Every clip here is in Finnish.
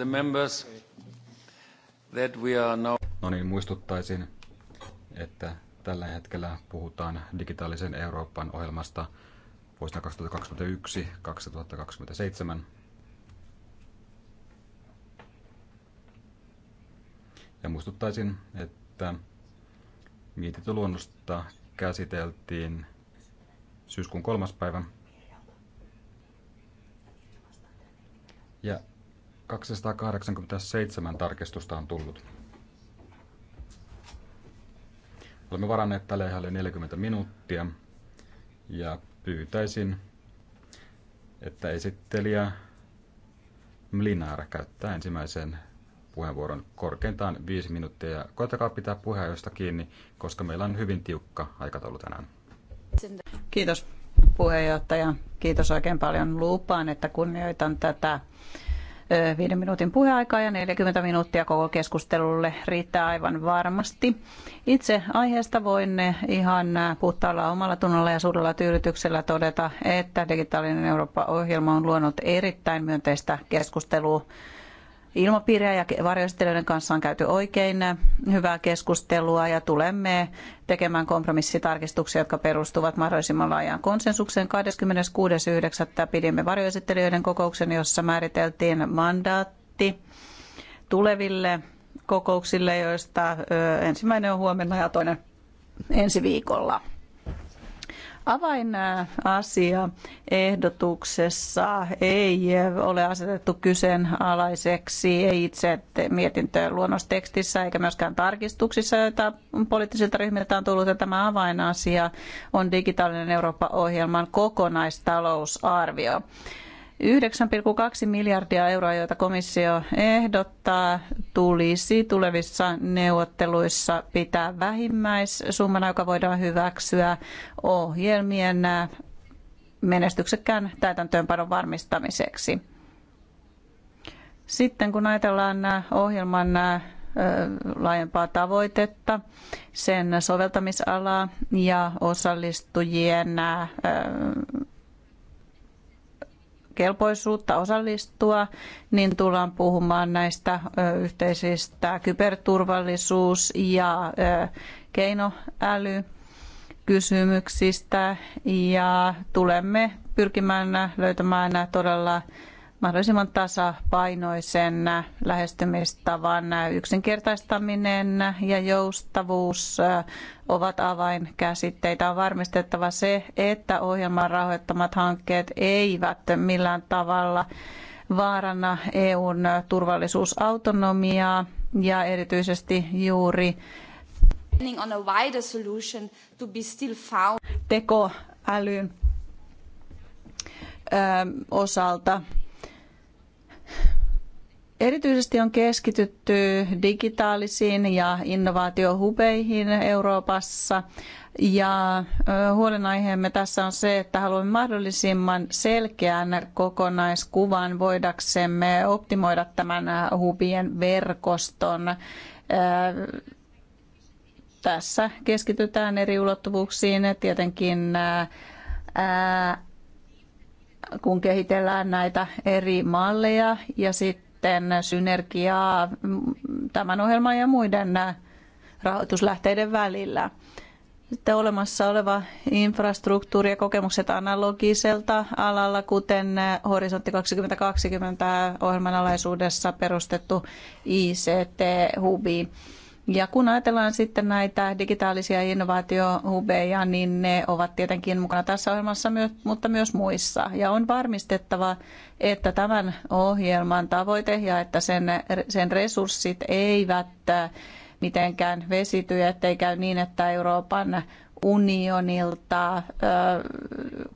the members that we are now... No niin, muistuttaisin, että tällä hetkellä puhutaan digitaalisen Euroopan ohjelmasta vuosina 2021-2027. Ja muistuttaisin, että mietintöluonnosta käsiteltiin syyskuun kolmas päivä. Ja 287 tarkistusta on tullut. Olemme varanneet tälle aiheelle 40 minuuttia ja pyytäisin, että esittelijä Mlinar käyttää ensimmäisen puheenvuoron korkeintaan 5 minuuttia. Ja koitakaa pitää puheenjohtajasta kiinni, koska meillä on hyvin tiukka aikataulu tänään. Kiitos puheenjohtaja. Kiitos oikein paljon. Lupaan, että kunnioitan tätä viiden minuutin puheaikaa ja 40 minuuttia koko keskustelulle riittää aivan varmasti. Itse aiheesta voin ihan puhtaalla omalla tunnolla ja suurella tyydytyksellä todeta, että digitaalinen Eurooppa-ohjelma on luonut erittäin myönteistä keskustelua ilmapiiriä ja varjostelijoiden kanssa on käyty oikein hyvää keskustelua ja tulemme tekemään kompromissitarkistuksia, jotka perustuvat mahdollisimman laajaan konsensukseen. 26.9. pidimme varjoesittelijöiden kokouksen, jossa määriteltiin mandaatti tuleville kokouksille, joista ensimmäinen on huomenna ja toinen ensi viikolla. Avainasia ehdotuksessa ei ole asetettu kyseenalaiseksi ei itse mietintöön luonnostekstissä eikä myöskään tarkistuksissa, joita poliittisilta ryhmiltä on tullut. Ja tämä avainasia on digitaalinen Eurooppa-ohjelman kokonaistalousarvio. 9,2 miljardia euroa, joita komissio ehdottaa, tulisi tulevissa neuvotteluissa pitää vähimmäissummana, joka voidaan hyväksyä ohjelmien äh, menestyksekkään täytäntöönpanon varmistamiseksi. Sitten kun ajatellaan äh, ohjelman äh, laajempaa tavoitetta, sen soveltamisalaa ja osallistujien kelpoisuutta osallistua, niin tullaan puhumaan näistä yhteisistä kyberturvallisuus- ja keinoälykysymyksistä ja tulemme pyrkimään löytämään todella mahdollisimman tasapainoisen lähestymistavan yksinkertaistaminen ja joustavuus äh, ovat avainkäsitteitä. On varmistettava se, että ohjelman rahoittamat hankkeet eivät millään tavalla vaarana EUn turvallisuusautonomiaa ja erityisesti juuri tekoälyn osalta Erityisesti on keskitytty digitaalisiin ja innovaatiohubeihin Euroopassa. Ja huolenaiheemme tässä on se, että haluamme mahdollisimman selkeän kokonaiskuvan voidaksemme optimoida tämän hubien verkoston. Tässä keskitytään eri ulottuvuuksiin, tietenkin kun kehitellään näitä eri malleja ja sitten synergiaa tämän ohjelman ja muiden rahoituslähteiden välillä. Sitten olemassa oleva infrastruktuuri ja kokemukset analogiselta alalla, kuten Horisontti 2020 ohjelman alaisuudessa perustettu ICT-hubi ja kun ajatellaan sitten näitä digitaalisia innovaatiohubeja, niin ne ovat tietenkin mukana tässä ohjelmassa, mutta myös muissa. Ja on varmistettava, että tämän ohjelman tavoite ja että sen, sen resurssit eivät mitenkään vesity, ettei käy niin, että Euroopan unionilta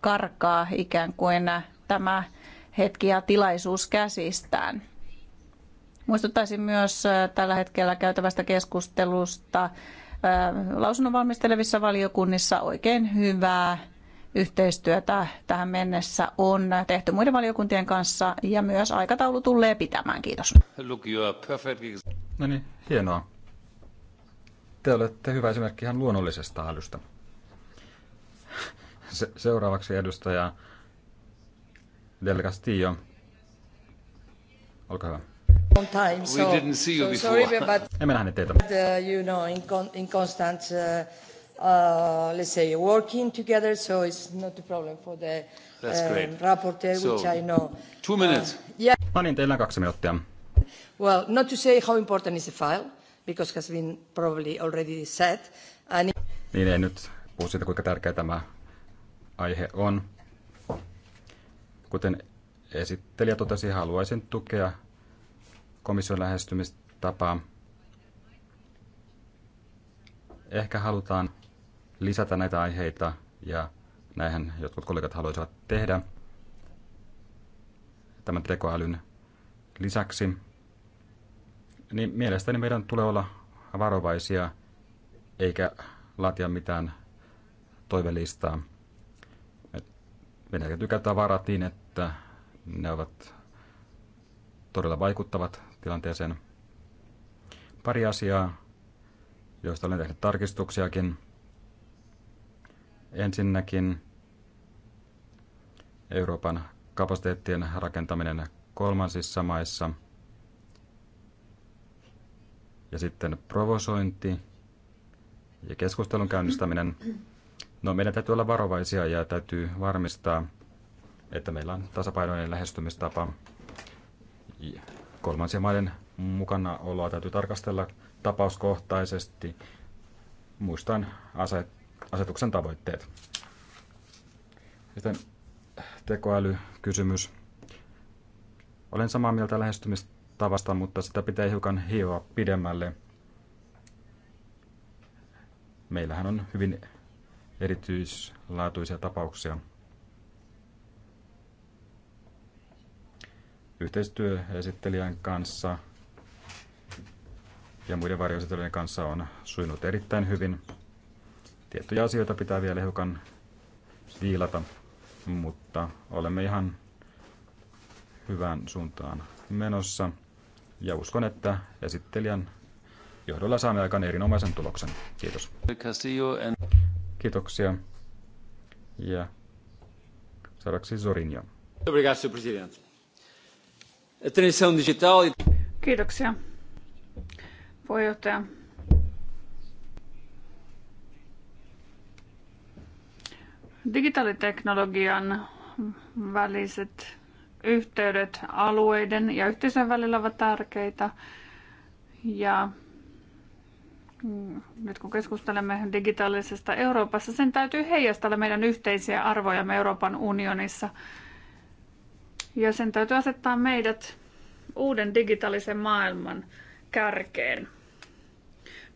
karkaa ikään kuin tämä hetki ja tilaisuus käsistään. Muistuttaisin myös äh, tällä hetkellä käytävästä keskustelusta äh, lausunnon valmistelevissa valiokunnissa oikein hyvää yhteistyötä tähän mennessä on tehty muiden valiokuntien kanssa ja myös aikataulu tulee pitämään. Kiitos. No niin, hienoa. Te olette hyvä esimerkki ihan luonnollisesta älystä. Se, seuraavaksi edustaja Del Castillo. Olkaa hyvä long time, so, We didn't see you so before. sorry, but Emme nähneet teitä. Uh, you know, in, con, in constant, uh, uh, let's say, working together, so it's not a problem for the uh, great. rapporteur, so, which I know. Two minutes. Uh, yeah. No niin, teillä on kaksi minuuttia. Well, not to say how important is the file, because it has been probably already said. And... Niin ei nyt puhu siitä, kuinka tärkeä tämä aihe on. Kuten esittelijä totesi, haluaisin tukea komission lähestymistapaa. Ehkä halutaan lisätä näitä aiheita ja näinhän jotkut kollegat haluaisivat tehdä tämän tekoälyn lisäksi. Niin mielestäni meidän tulee olla varovaisia eikä laatia mitään toivelistaa. Meidän täytyy käyttää varat niin, että ne ovat todella vaikuttavat tilanteeseen. Pari asiaa, joista olen tehnyt tarkistuksiakin. Ensinnäkin Euroopan kapasiteettien rakentaminen kolmansissa maissa. Ja sitten provosointi ja keskustelun käynnistäminen. No, meidän täytyy olla varovaisia ja täytyy varmistaa, että meillä on tasapainoinen lähestymistapa kolmansien maiden mukana oloa täytyy tarkastella tapauskohtaisesti, muistan asetuksen tavoitteet. Sitten tekoälykysymys. Olen samaa mieltä lähestymistavasta, mutta sitä pitää hiukan hioa pidemmälle. Meillähän on hyvin erityislaatuisia tapauksia. yhteistyöesittelijän kanssa ja muiden varjoesittelijöiden kanssa on sujunut erittäin hyvin. Tiettyjä asioita pitää vielä hiukan viilata, mutta olemme ihan hyvään suuntaan menossa. Ja uskon, että esittelijän johdolla saamme aikaan erinomaisen tuloksen. Kiitos. Kiitoksia. Ja seuraavaksi Zorinio. Obrigado, Sr. Presidente. Transição digital. E Kiitoksia, puheenjohtaja. Digitaaliteknologian väliset yhteydet alueiden ja yhteisön välillä ovat tärkeitä. Ja nyt kun keskustelemme digitaalisesta Euroopassa, sen täytyy heijastella meidän yhteisiä arvojamme Euroopan unionissa – ja sen täytyy asettaa meidät uuden digitaalisen maailman kärkeen.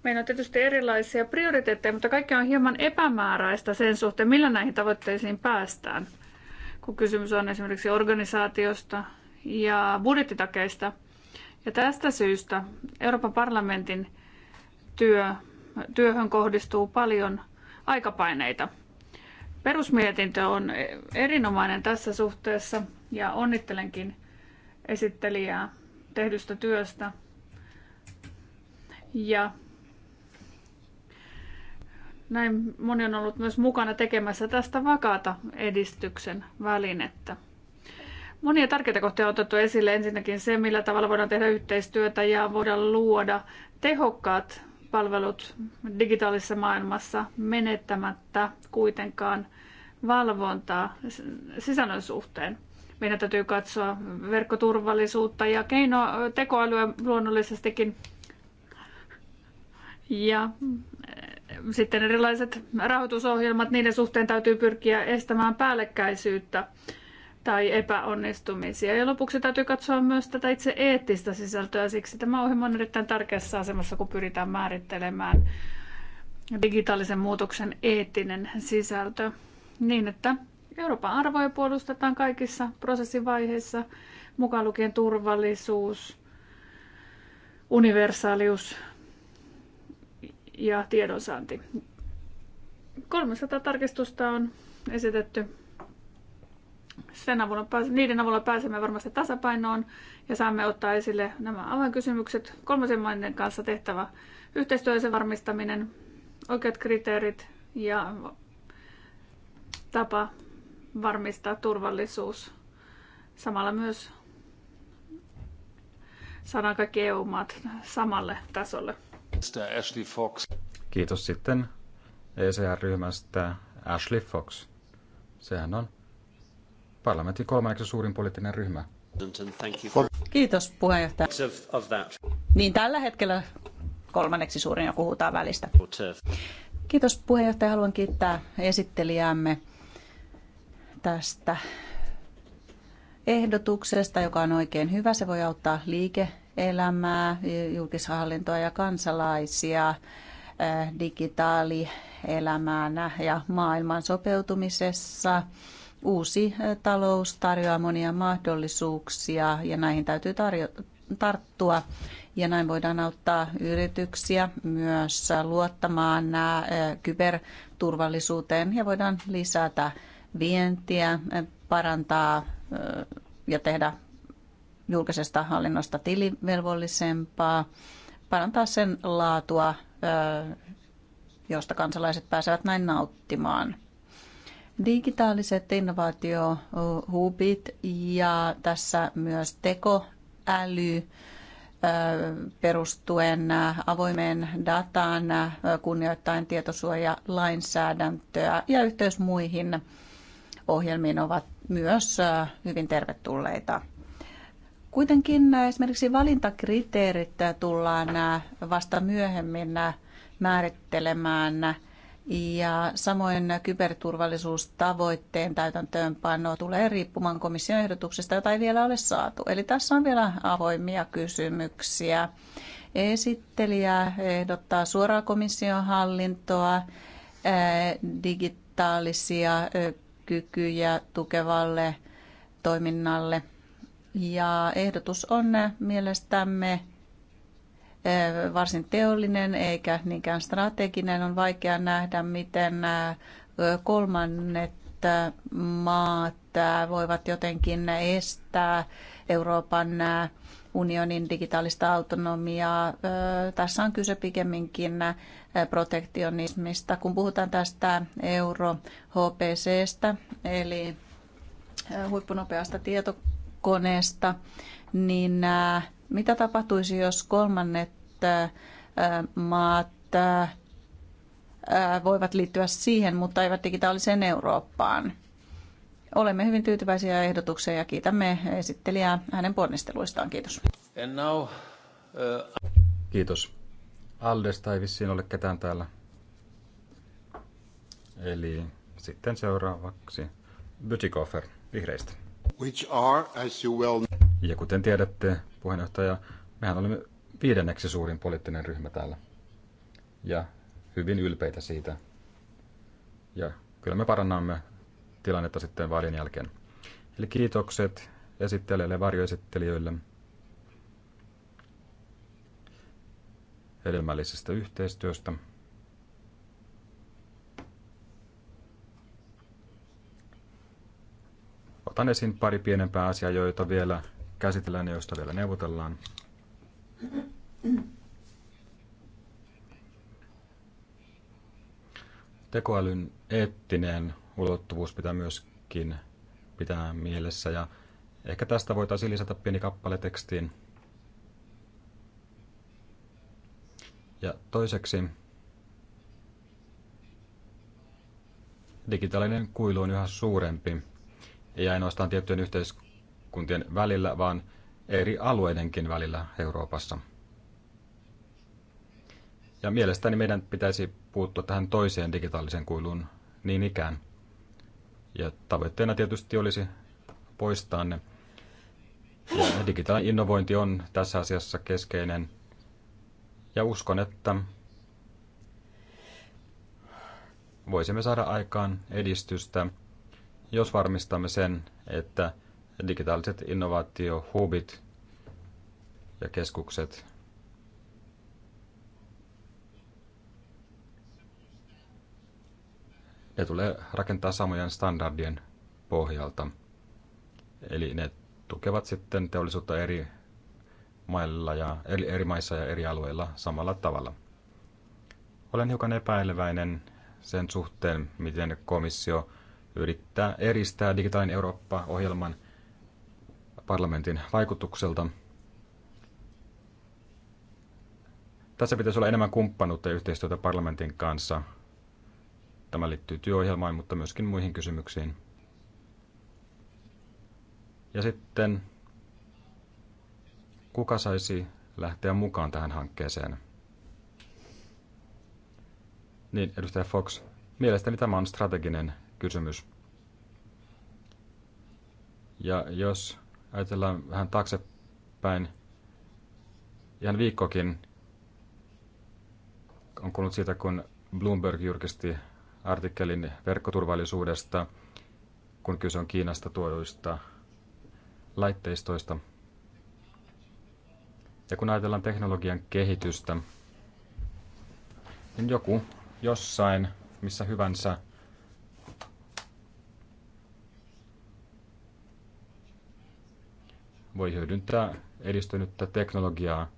Meillä on tietysti erilaisia prioriteetteja, mutta kaikki on hieman epämääräistä sen suhteen, millä näihin tavoitteisiin päästään. Kun kysymys on esimerkiksi organisaatiosta ja budjettitakeista. Ja tästä syystä Euroopan parlamentin työ, työhön kohdistuu paljon aikapaineita. Perusmietintö on erinomainen tässä suhteessa ja onnittelenkin esittelijää tehdystä työstä. Ja näin moni on ollut myös mukana tekemässä tästä vakaata edistyksen välinettä. Monia tärkeitä kohtia on otettu esille. Ensinnäkin se, millä tavalla voidaan tehdä yhteistyötä ja voidaan luoda tehokkaat palvelut digitaalisessa maailmassa menettämättä kuitenkaan valvontaa sisällön suhteen. Meidän täytyy katsoa verkkoturvallisuutta ja keino tekoälyä luonnollisestikin. Ja eh, sitten erilaiset rahoitusohjelmat, niiden suhteen täytyy pyrkiä estämään päällekkäisyyttä tai epäonnistumisia. Ja lopuksi täytyy katsoa myös tätä itse eettistä sisältöä, siksi tämä ohjelma on erittäin tärkeässä asemassa, kun pyritään määrittelemään digitaalisen muutoksen eettinen sisältö niin, että Euroopan arvoja puolustetaan kaikissa prosessivaiheissa mukaan lukien turvallisuus, universaalius ja tiedonsaanti. 300 tarkistusta on esitetty. Sen avulla, niiden avulla pääsemme varmasti tasapainoon ja saamme ottaa esille nämä avainkysymykset. Kolmasen maiden kanssa tehtävä yhteistyö ja sen varmistaminen, oikeat kriteerit ja tapa varmistaa turvallisuus. Samalla myös saadaan kaikki EU-maat samalle tasolle. Ashley Fox. Kiitos sitten ECR-ryhmästä Ashley Fox. Sehän on parlamentin kolmanneksi suurin poliittinen ryhmä. Kiitos puheenjohtaja. Niin tällä hetkellä kolmanneksi suurin ja puhutaan välistä. Kiitos puheenjohtaja. Haluan kiittää esittelijäämme tästä ehdotuksesta, joka on oikein hyvä. Se voi auttaa liike-elämää, julkishallintoa ja kansalaisia eh, digitaalielämään ja maailman sopeutumisessa. Uusi eh, talous tarjoaa monia mahdollisuuksia ja näihin täytyy tarttua ja näin voidaan auttaa yrityksiä myös luottamaan nämä eh, kyberturvallisuuteen ja voidaan lisätä vientiä, eh, parantaa eh, ja tehdä julkisesta hallinnosta tilivelvollisempaa, parantaa sen laatua, josta kansalaiset pääsevät näin nauttimaan. Digitaaliset innovaatiohubit ja tässä myös tekoäly perustuen avoimeen dataan, kunnioittain tietosuojalainsäädäntöä ja yhteys muihin ohjelmiin ovat myös hyvin tervetulleita. Kuitenkin esimerkiksi valintakriteerit tullaan vasta myöhemmin määrittelemään – ja samoin kyberturvallisuustavoitteen täytäntöönpano tulee riippumaan komission ehdotuksesta, jota ei vielä ole saatu. Eli tässä on vielä avoimia kysymyksiä. Esittelijä ehdottaa suoraa komission hallintoa, eh, digitaalisia eh, kykyjä tukevalle toiminnalle. Ja ehdotus on mielestämme varsin teollinen eikä niinkään strateginen. On vaikea nähdä, miten kolmannet maat voivat jotenkin estää Euroopan unionin digitaalista autonomiaa. Tässä on kyse pikemminkin protektionismista. Kun puhutaan tästä euro HPCstä, eli huippunopeasta tietokoneesta, niin mitä tapahtuisi, jos kolmannet maat voivat liittyä siihen, mutta eivät digitaaliseen Eurooppaan? Olemme hyvin tyytyväisiä ehdotukseen ja kiitämme esittelijää hänen ponnisteluistaan. Kiitos. And now, uh... Kiitos. Aldesta ei vissiin ole ketään täällä. Eli sitten seuraavaksi Bytikofer vihreistä. Which are, as you well... Ja kuten tiedätte, puheenjohtaja, mehän olimme viidenneksi suurin poliittinen ryhmä täällä. Ja hyvin ylpeitä siitä. Ja kyllä me parannamme tilannetta sitten vaalien jälkeen. Eli kiitokset esittelijöille ja varjoesittelijöille hedelmällisestä yhteistyöstä. Otan esiin pari pienempää asiaa, joita vielä käsitellään ja joista vielä neuvotellaan. Tekoälyn eettinen ulottuvuus pitää myöskin pitää mielessä ja ehkä tästä voitaisiin lisätä pieni kappale tekstiin. Ja toiseksi digitaalinen kuilu on yhä suurempi, ei ainoastaan tiettyjen yhteiskunnan kuntien välillä, vaan eri alueidenkin välillä Euroopassa. Ja mielestäni meidän pitäisi puuttua tähän toiseen digitaaliseen kuiluun niin ikään. Ja tavoitteena tietysti olisi poistaa ne. Ja digitaalinen innovointi on tässä asiassa keskeinen. Ja uskon, että voisimme saada aikaan edistystä, jos varmistamme sen, että digitaaliset innovaatiohubit ja keskukset. Ne tulee rakentaa samojen standardien pohjalta. Eli ne tukevat sitten teollisuutta eri mailla ja eri, eri maissa ja eri alueilla samalla tavalla. Olen hiukan epäileväinen sen suhteen, miten komissio yrittää eristää digitaalinen Eurooppa-ohjelman – parlamentin vaikutukselta. Tässä pitäisi olla enemmän kumppanuutta ja yhteistyötä parlamentin kanssa. Tämä liittyy työohjelmaan, mutta myöskin muihin kysymyksiin. Ja sitten, kuka saisi lähteä mukaan tähän hankkeeseen? Niin, edustaja Fox, mielestäni tämä on strateginen kysymys. Ja jos ajatellaan vähän taaksepäin, ihan viikkokin on kuullut siitä, kun Bloomberg julkisti artikkelin verkkoturvallisuudesta, kun kyse on Kiinasta tuoduista laitteistoista. Ja kun ajatellaan teknologian kehitystä, niin joku jossain, missä hyvänsä, voi hyödyntää edistynyttä teknologiaa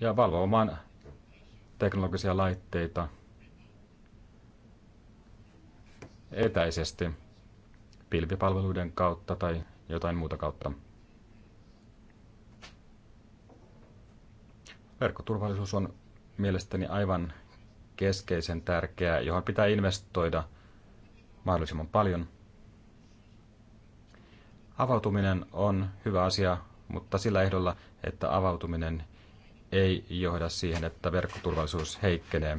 ja valvomaan teknologisia laitteita etäisesti pilvipalveluiden kautta tai jotain muuta kautta. Verkkoturvallisuus on mielestäni aivan keskeisen tärkeää, johon pitää investoida mahdollisimman paljon – Avautuminen on hyvä asia, mutta sillä ehdolla, että avautuminen ei johda siihen, että verkkoturvallisuus heikkenee.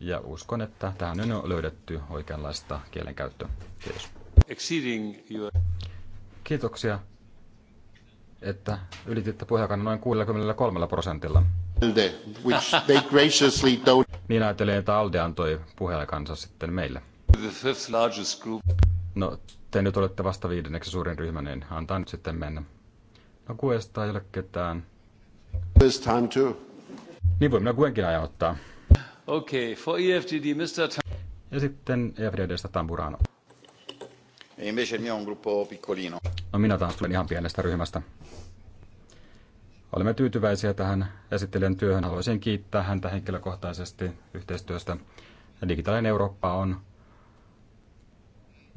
Ja uskon, että tähän on löydetty oikeanlaista kielenkäyttöä. Kiitos. Kiitoksia, että ylititte puheenjohtajan noin 63 prosentilla. Uh, which they graciously don't. Niin ajattelin, että Alde antoi puheenjohtajansa sitten meille. No, te nyt olette vasta viidenneksi suurin ryhmä, niin antaa nyt sitten mennä. No kuesta ei ole ketään. This time too. Niin voi minä kuenkin ajan ottaa. Okay, for EFDD, Mr. Tam- ja sitten EFDDstä Tamburano. E invece il mio un gruppo piccolino. No minä taas tulen ihan pienestä ryhmästä. Olemme tyytyväisiä tähän esittelijän työhön. Haluaisin kiittää häntä henkilökohtaisesti yhteistyöstä. Digitaalinen Eurooppa on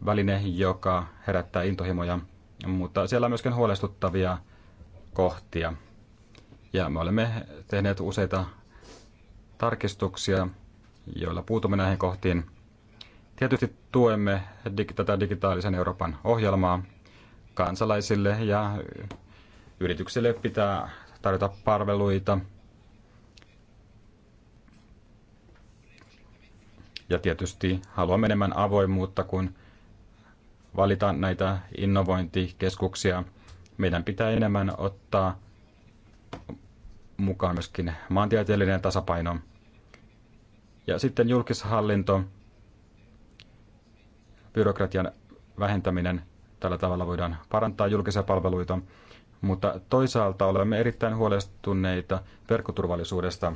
väline, joka herättää intohimoja, mutta siellä on myöskin huolestuttavia kohtia. Ja me olemme tehneet useita tarkistuksia, joilla puutumme näihin kohtiin. Tietysti tuemme tätä digitaalisen Euroopan ohjelmaa kansalaisille ja yrityksille pitää tarjota palveluita. Ja tietysti haluamme enemmän avoimuutta, kuin valita näitä innovointikeskuksia. Meidän pitää enemmän ottaa mukaan myöskin maantieteellinen tasapaino. Ja sitten julkishallinto, byrokratian vähentäminen. Tällä tavalla voidaan parantaa julkisia palveluita, mutta toisaalta olemme erittäin huolestuneita verkkoturvallisuudesta.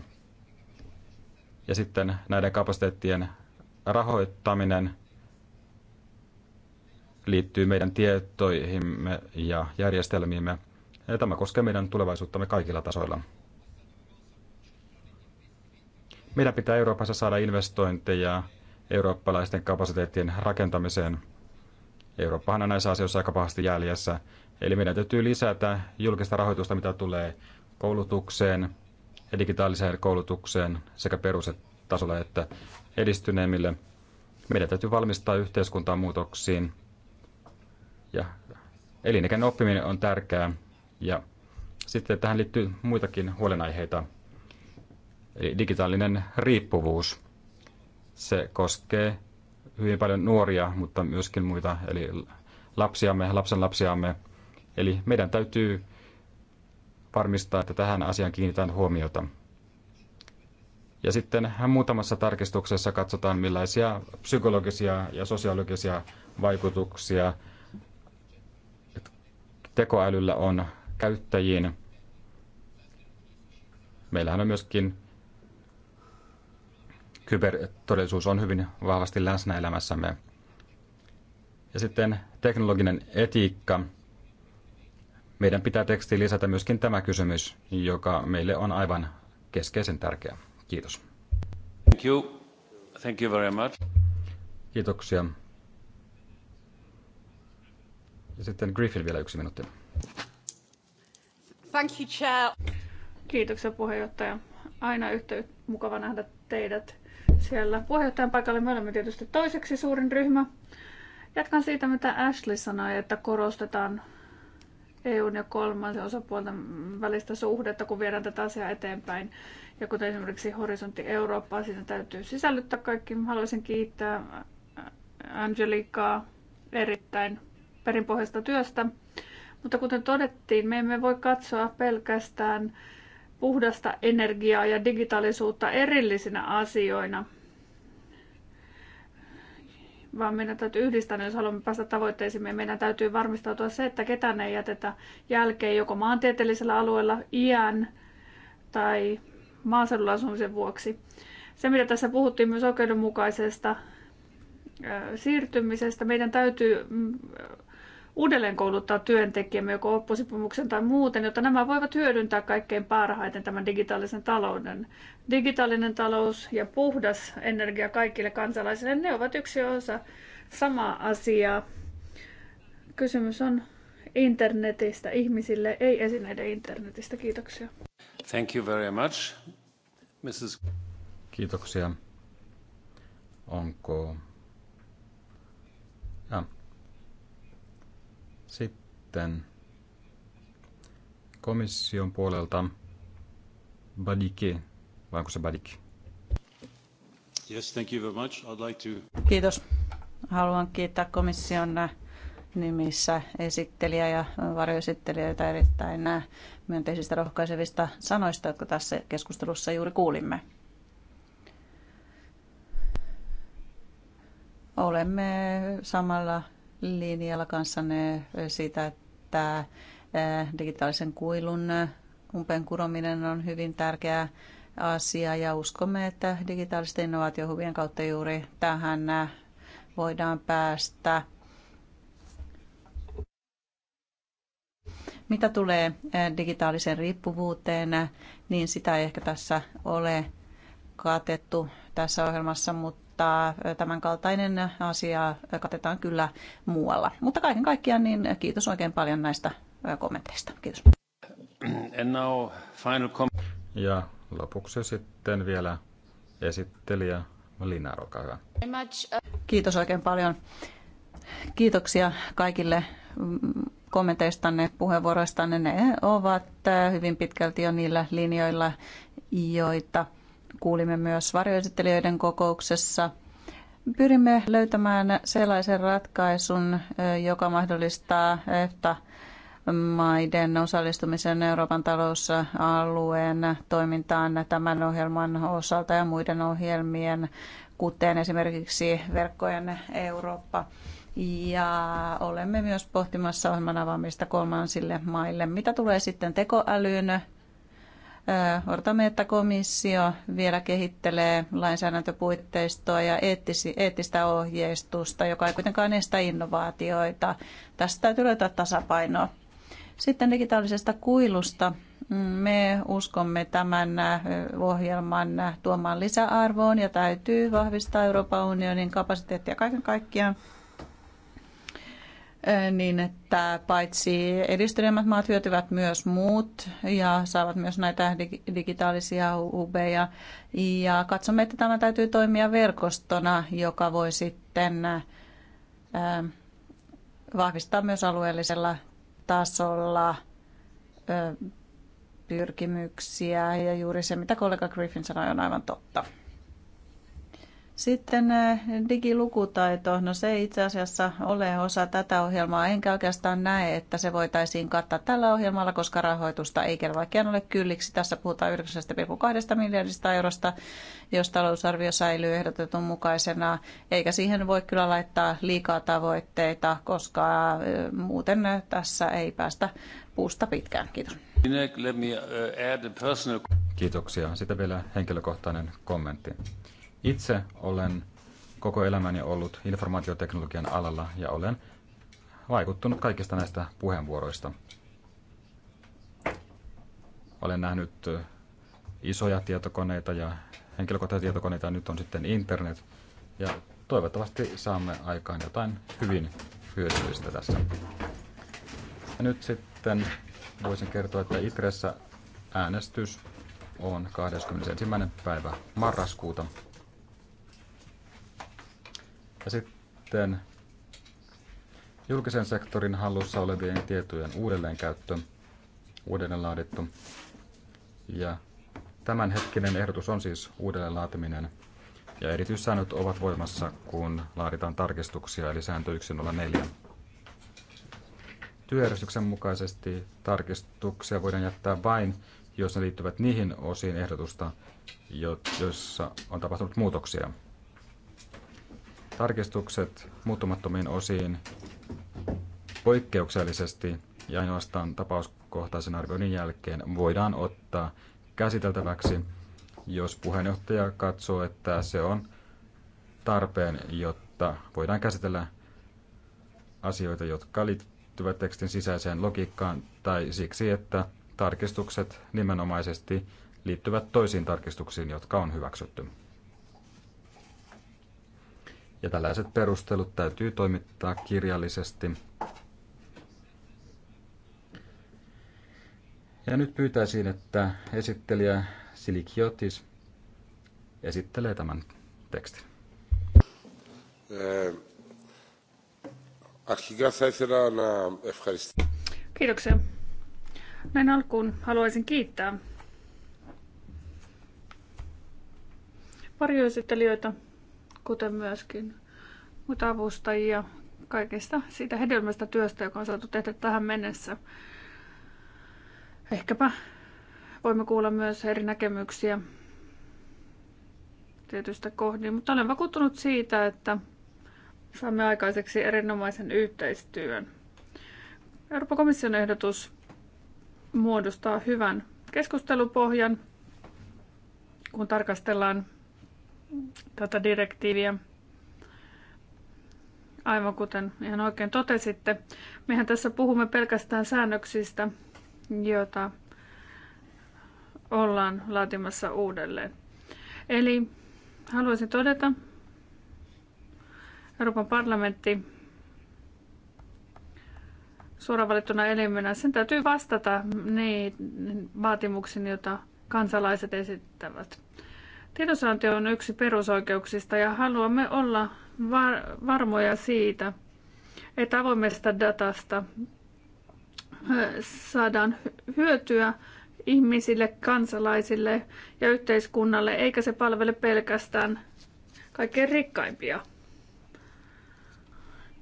Ja sitten näiden kapasiteettien rahoittaminen – liittyy meidän tietoihimme ja järjestelmiimme. Ja tämä koskee meidän tulevaisuuttamme kaikilla tasoilla. Meidän pitää Euroopassa saada investointeja eurooppalaisten kapasiteettien rakentamiseen. Eurooppahan on näissä asioissa aika pahasti jäljessä. Eli meidän täytyy lisätä julkista rahoitusta, mitä tulee koulutukseen ja digitaaliseen koulutukseen sekä perustasolla että edistyneemmille. Meidän täytyy valmistaa yhteiskuntaa muutoksiin – ja elinikäinen oppiminen on tärkeää. Ja sitten tähän liittyy muitakin huolenaiheita. Eli digitaalinen riippuvuus. Se koskee hyvin paljon nuoria, mutta myöskin muita, eli lapsiamme, lapsenlapsiamme. Eli meidän täytyy varmistaa, että tähän asiaan kiinnitään huomiota. Ja sitten muutamassa tarkistuksessa katsotaan, millaisia psykologisia ja sosiologisia vaikutuksia tekoälyllä on käyttäjiin. Meillähän on myöskin kybertodellisuus on hyvin vahvasti läsnä elämässämme. Ja sitten teknologinen etiikka. Meidän pitää tekstiin lisätä myöskin tämä kysymys, joka meille on aivan keskeisen tärkeä. Kiitos. Thank you. Thank you very much. Kiitoksia. Ja sitten Griffin vielä yksi minuutti. Thank you, Chair. Kiitoksia puheenjohtaja. Aina yhtä mukava nähdä teidät siellä puheenjohtajan paikalla. Me olemme tietysti toiseksi suurin ryhmä. Jatkan siitä, mitä Ashley sanoi, että korostetaan EUn ja kolmansen osapuolten välistä suhdetta, kun viedään tätä asiaa eteenpäin. Ja kuten esimerkiksi Horisontti Eurooppaa, siinä täytyy sisällyttää kaikki. Haluaisin kiittää Angelikaa erittäin perinpohjaista työstä. Mutta kuten todettiin, me emme voi katsoa pelkästään puhdasta energiaa ja digitaalisuutta erillisinä asioina, vaan meidän täytyy yhdistää, jos haluamme päästä tavoitteisiin, meidän täytyy varmistautua se, että ketään ei jätetä jälkeen joko maantieteellisellä alueella iän tai maaseudulla asumisen vuoksi. Se, mitä tässä puhuttiin myös oikeudenmukaisesta siirtymisestä, meidän täytyy mm, uudelleen kouluttaa työntekijämme joko opposipumuksen tai muuten, jotta nämä voivat hyödyntää kaikkein parhaiten tämän digitaalisen talouden. Digitaalinen talous ja puhdas energia kaikille kansalaisille, ne ovat yksi osa samaa asiaa. Kysymys on internetistä ihmisille, ei esineiden internetistä. Kiitoksia. Thank you very much, Mrs. Kiitoksia. Onko... Ja, sitten komission puolelta Badike, vai onko se Badike? Yes, thank you very much. I'd like to... Kiitos. Haluan kiittää komission nimissä esittelijä ja varjoesittelijöitä erittäin myönteisistä rohkaisevista sanoista, jotka tässä keskustelussa juuri kuulimme. Olemme samalla linjalla kanssanne siitä, että eh, digitaalisen kuilun eh, umpeen kurominen on hyvin tärkeä asia ja uskomme, että digitaalisten innovaatiohuvien kautta juuri tähän eh, voidaan päästä. Mitä tulee digitaaliseen riippuvuuteen, niin sitä ei ehkä tässä ole katettu tässä ohjelmassa, mutta mutta tämän asia katetaan kyllä muualla. Mutta kaiken kaikkiaan niin kiitos oikein paljon näistä kommenteista. Kiitos. And now final com- ja lopuksi sitten vielä esittelijä Lina, olkaa hyvä. Kiitos oikein paljon. Kiitoksia kaikille mm, kommenteistanne, puheenvuoroistanne. Ne ovat hyvin pitkälti jo niillä linjoilla, joita kuulimme myös varjoesittelijöiden kokouksessa. Pyrimme löytämään sellaisen ratkaisun, joka mahdollistaa EFTA maiden osallistumisen Euroopan talousalueen toimintaan tämän ohjelman osalta ja muiden ohjelmien, kuten esimerkiksi verkkojen Eurooppa. Ja olemme myös pohtimassa ohjelman avaamista kolmansille maille. Mitä tulee sitten tekoälyyn, Odotamme, että komissio vielä kehittelee lainsäädäntöpuitteistoa ja eettistä ohjeistusta, joka ei kuitenkaan estä innovaatioita. Tästä täytyy löytää tasapainoa. Sitten digitaalisesta kuilusta. Mm, me uskomme tämän ohjelman tuomaan lisäarvoon ja täytyy vahvistaa Euroopan unionin kapasiteettia kaiken kaikkiaan niin että paitsi edistyneemmät maat hyötyvät myös muut ja saavat myös näitä digitaalisia ubeja. Ja katsomme, että tämä täytyy toimia verkostona, joka voi sitten vahvistaa myös alueellisella tasolla pyrkimyksiä. Ja juuri se, mitä kollega Griffin sanoi, on aivan totta. Sitten eh, digilukutaito, no se ei itse asiassa ole osa tätä ohjelmaa, enkä oikeastaan näe, että se voitaisiin kattaa tällä ohjelmalla, koska rahoitusta ei kerran ole kylliksi. Tässä puhutaan 9,2 miljardista eurosta, jos talousarvio säilyy ehdotetun mukaisena, eikä siihen voi kyllä laittaa liikaa tavoitteita, koska eh, muuten tässä ei päästä puusta pitkään. Kiitos. Eh, Kiitoksia. Sitten vielä henkilökohtainen kommentti. Itse olen koko elämäni ollut informaatioteknologian alalla ja olen vaikuttunut kaikista näistä puheenvuoroista. Olen nähnyt isoja tietokoneita ja henkilökohtaisia tietokoneita, ja nyt on sitten internet. Ja toivottavasti saamme aikaan jotain hyvin hyödyllistä tässä. Ja nyt sitten voisin kertoa, että Itressä äänestys on 21. päivä marraskuuta ja sitten julkisen sektorin hallussa olevien tietojen uudelleenkäyttö, uudelleenlaadittu. Ja tämänhetkinen ehdotus on siis uudelleenlaatiminen Ja erityissäännöt ovat voimassa, kun laaditaan tarkistuksia, eli sääntö 104. Työjärjestyksen mukaisesti tarkistuksia voidaan jättää vain, jos ne liittyvät niihin osiin ehdotusta, joissa on tapahtunut muutoksia. Tarkistukset muuttumattomiin osiin poikkeuksellisesti ja ainoastaan tapauskohtaisen arvioinnin jälkeen voidaan ottaa käsiteltäväksi, jos puheenjohtaja katsoo, että se on tarpeen, jotta voidaan käsitellä asioita, jotka liittyvät tekstin sisäiseen logiikkaan, tai siksi, että tarkistukset nimenomaisesti liittyvät toisiin tarkistuksiin, jotka on hyväksytty ja tällaiset perustelut täytyy toimittaa kirjallisesti. Ja nyt pyytäisin, että esittelijä Silikiotis esittelee tämän tekstin. Eh, Kiitoksia. Näin alkuun haluaisin kiittää varjoesittelijöitä kuten myöskin muita avustajia kaikesta siitä hedelmästä työstä, joka on saatu tehdä tähän mennessä. Ehkäpä voimme kuulla myös eri näkemyksiä tietystä kohdin, mutta olen vakuuttunut siitä, että saamme aikaiseksi erinomaisen yhteistyön. Euroopan komission ehdotus muodostaa hyvän keskustelupohjan, kun tarkastellaan tätä direktiiviä. Aivan kuten ihan oikein totesitte, mehän tässä puhumme pelkästään säännöksistä, joita ollaan laatimassa uudelleen. Eli haluaisin todeta, Euroopan parlamentti suoraan valittuna elimenä, sen täytyy vastata niihin vaatimuksiin, joita kansalaiset esittävät. Tiedonsaanti on yksi perusoikeuksista ja haluamme olla var- varmoja siitä, että avoimesta datasta saadaan hyötyä ihmisille, kansalaisille ja yhteiskunnalle, eikä se palvele pelkästään kaikkein rikkaimpia.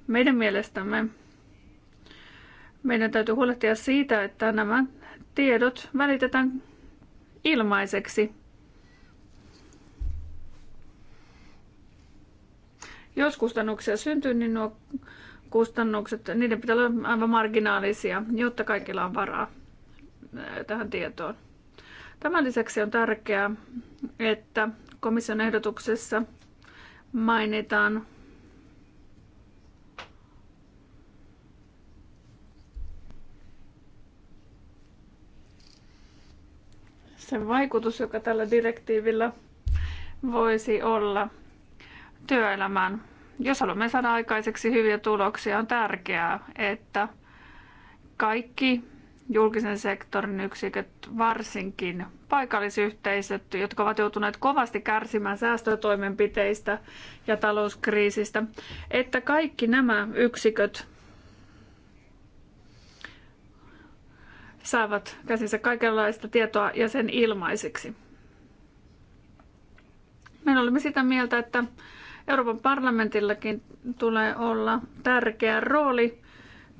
Meidän mielestämme meidän täytyy huolehtia siitä, että nämä tiedot välitetään ilmaiseksi Jos kustannuksia syntyy, niin nuo kustannukset, niiden pitää olla aivan marginaalisia, jotta kaikilla on varaa tähän tietoon. Tämän lisäksi on tärkeää, että komission ehdotuksessa mainitaan sen vaikutus, joka tällä direktiivillä voisi olla työelämään. Jos haluamme saada aikaiseksi hyviä tuloksia, on tärkeää, että kaikki julkisen sektorin yksiköt, varsinkin paikallisyhteisöt, jotka ovat joutuneet kovasti kärsimään säästötoimenpiteistä ja talouskriisistä, että kaikki nämä yksiköt saavat käsissä kaikenlaista tietoa ja sen ilmaiseksi. Me olemme sitä mieltä, että Euroopan parlamentillakin tulee olla tärkeä rooli,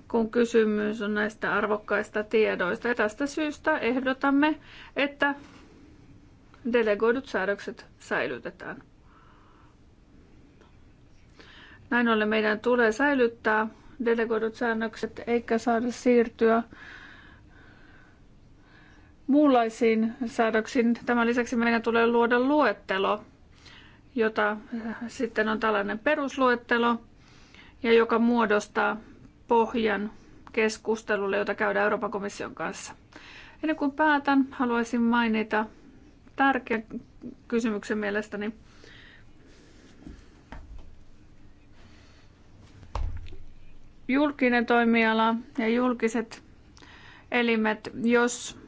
kun kysymys on näistä arvokkaista tiedoista. Ja tästä syystä ehdotamme, että delegoidut säädökset säilytetään. Näin ollen meidän tulee säilyttää delegoidut säännökset eikä saada siirtyä muunlaisiin säädöksiin. Tämän lisäksi meidän tulee luoda luettelo jota äh, sitten on tällainen perusluettelo ja joka muodostaa pohjan keskustelulle, jota käydään Euroopan komission kanssa. Ennen kuin päätän, haluaisin mainita tärkeän kysymyksen mielestäni. Julkinen toimiala ja julkiset elimet, jos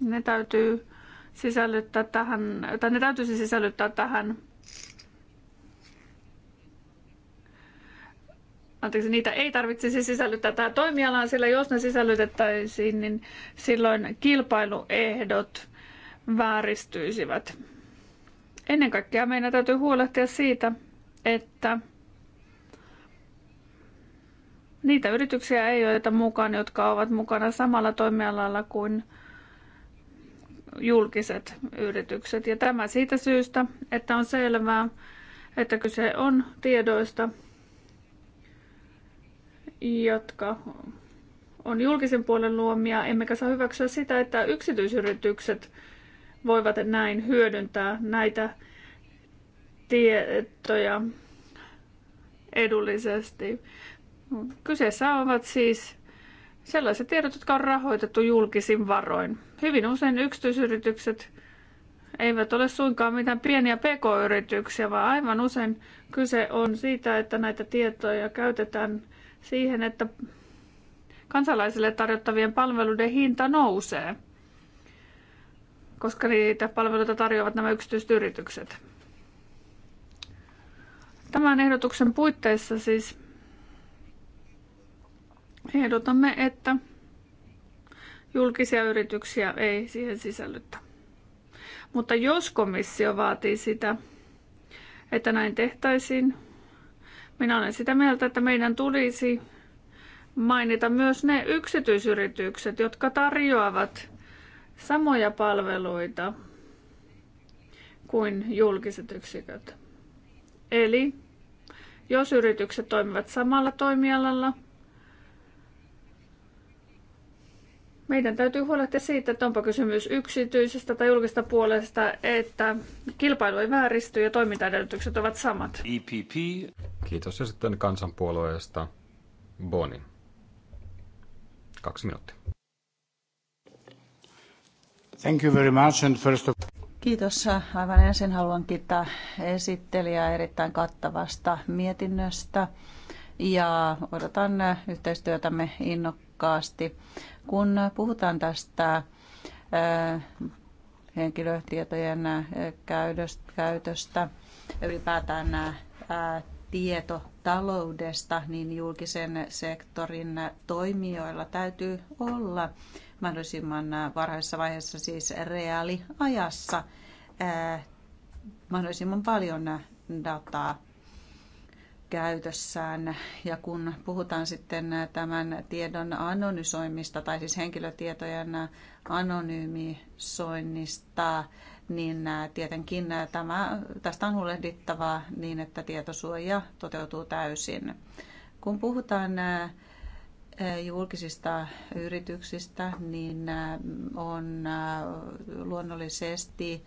ne täytyy sisällyttää tähän, tai ne täytyisi sisällyttää tähän anteeksi, niitä ei tarvitsisi sisällyttää tähän toimialaan, sillä jos ne sisällytettäisiin, niin silloin kilpailuehdot vääristyisivät. Ennen kaikkea meidän täytyy huolehtia siitä, että niitä yrityksiä ei ole mukaan, jotka ovat mukana samalla toimialalla kuin julkiset yritykset. Ja tämä siitä syystä, että on selvää, että kyse on tiedoista, jotka on julkisen puolen luomia, emmekä saa hyväksyä sitä, että yksityisyritykset voivat näin hyödyntää näitä tietoja edullisesti. Kyseessä ovat siis sellaiset tiedot, jotka on rahoitettu julkisin varoin. Hyvin usein yksityisyritykset eivät ole suinkaan mitään pieniä pk-yrityksiä, vaan aivan usein kyse on siitä, että näitä tietoja käytetään – siihen, että kansalaisille tarjottavien palveluiden hinta nousee, koska niitä palveluita tarjoavat nämä yksityiset yritykset. Tämän ehdotuksen puitteissa siis ehdotamme, että julkisia yrityksiä ei siihen sisällyttä. Mutta jos komissio vaatii sitä, että näin tehtäisiin, minä olen sitä mieltä, että meidän tulisi mainita myös ne yksityisyritykset, jotka tarjoavat samoja palveluita kuin julkiset yksiköt. Eli jos yritykset toimivat samalla toimialalla – Meidän täytyy huolehtia siitä, että onpa kysymys yksityisestä tai julkisesta puolesta, että kilpailu ei vääristy ja toimintaedellytykset ovat samat. EPP. Kiitos ja sitten kansanpuolueesta Boni. Kaksi minuuttia. Thank you very much and first of... Kiitos. Aivan ensin haluan kiittää esittelijää erittäin kattavasta mietinnöstä ja odotan yhteistyötämme innokkaasti voimakkaasti. Kun puhutaan tästä äh, henkilötietojen äh, käytöstä, ylipäätään äh, tietotaloudesta, niin julkisen sektorin toimijoilla täytyy olla mahdollisimman varhaisessa vaiheessa, siis reaaliajassa, mahdollisimman paljon dataa käytössään. Ja kun puhutaan sitten tämän tiedon anonysoimista tai siis henkilötietojen anonymisoinnista, niin tietenkin tämä, tästä on huolehdittava niin, että tietosuoja toteutuu täysin. Kun puhutaan eh, julkisista yrityksistä, niin eh, on eh, luonnollisesti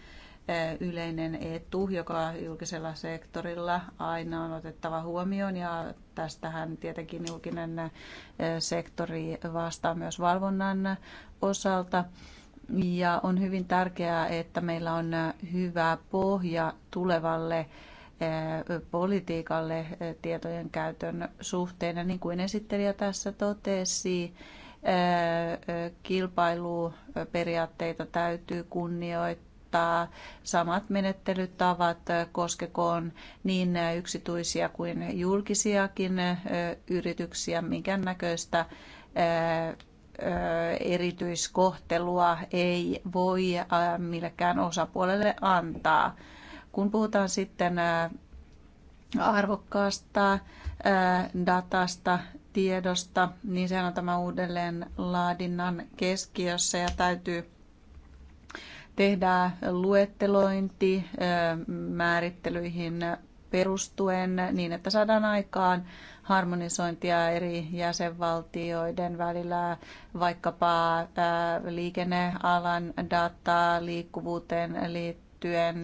yleinen etu, joka julkisella sektorilla aina on otettava huomioon ja tästähän tietenkin julkinen eh, sektori vastaa myös valvonnan osalta. Ja on hyvin tärkeää, että meillä on hyvä pohja tulevalle eh, politiikalle eh, tietojen käytön suhteen. Ja niin kuin esittelijä tässä totesi, kilpailuperiaatteita täytyy kunnioittaa noudattaa samat menettelytavat, koskekoon niin yksityisiä kuin julkisiakin yrityksiä, minkään näköistä erityiskohtelua ei voi millekään osapuolelle antaa. Kun puhutaan sitten arvokkaasta datasta, tiedosta, niin sehän on tämä uudelleen laadinnan keskiössä ja täytyy tehdään luettelointi määrittelyihin perustuen niin, että saadaan aikaan harmonisointia eri jäsenvaltioiden välillä, vaikkapa liikennealan dataa liikkuvuuteen liittyen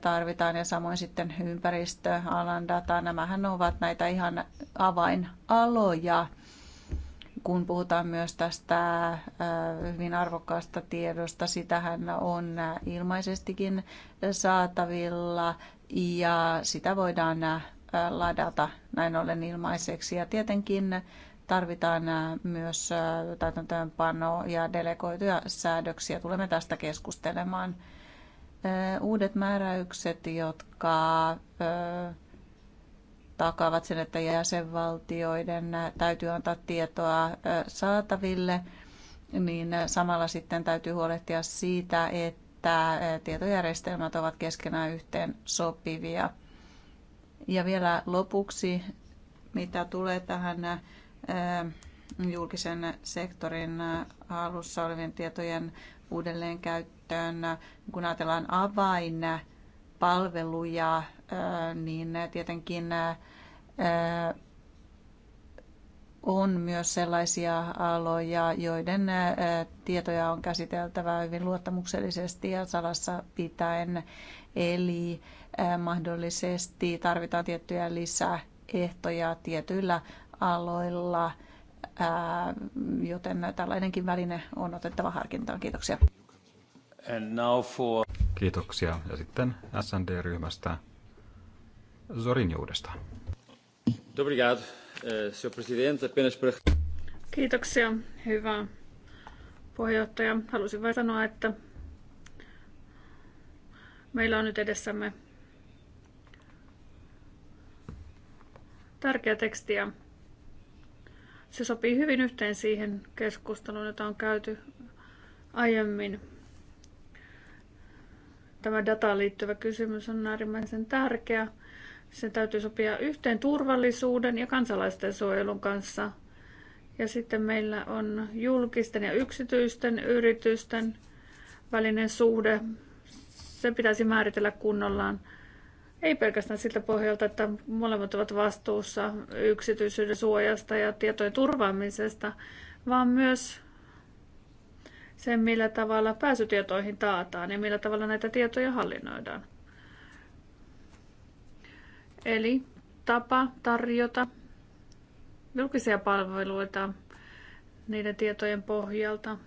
tarvitaan ja samoin sitten ympäristöalan dataa. Nämähän ovat näitä ihan avainaloja kun puhutaan myös tästä äh, hyvin arvokkaasta tiedosta, sitähän on ilmaisestikin saatavilla ja sitä voidaan äh, ladata näin ollen ilmaiseksi. Ja tietenkin tarvitaan äh, myös täytäntöönpano- ja delegoituja säädöksiä. Tulemme tästä keskustelemaan. Uudet määräykset, jotka takaavat sen, että jäsenvaltioiden täytyy antaa tietoa saataville, niin samalla sitten täytyy huolehtia siitä, että tietojärjestelmät ovat keskenään yhteen sopivia. Ja vielä lopuksi, mitä tulee tähän julkisen sektorin alussa olevien tietojen uudelleenkäyttöön, kun ajatellaan avainpalveluja, niin tietenkin on myös sellaisia aloja, joiden tietoja on käsiteltävä hyvin luottamuksellisesti ja salassa pitäen. Eli mahdollisesti tarvitaan tiettyjä lisäehtoja tietyillä aloilla, joten tällainenkin väline on otettava harkintaan. Kiitoksia. For... Kiitoksia. Ja sitten SND-ryhmästä Zorin uudestaan. Eh, Kiitoksia, hyvä puheenjohtaja. Halusin vain sanoa, että meillä on nyt edessämme tärkeä teksti ja se sopii hyvin yhteen siihen keskusteluun, jota on käyty aiemmin. Tämä dataan liittyvä kysymys on äärimmäisen tärkeä. Sen täytyy sopia yhteen turvallisuuden ja kansalaisten suojelun kanssa. Ja sitten meillä on julkisten ja yksityisten yritysten välinen suhde. Se pitäisi määritellä kunnollaan. Ei pelkästään siltä pohjalta, että molemmat ovat vastuussa yksityisyyden suojasta ja tietojen turvaamisesta, vaan myös sen, millä tavalla pääsytietoihin taataan ja millä tavalla näitä tietoja hallinnoidaan. Eli tapa tarjota julkisia palveluita niiden tietojen pohjalta,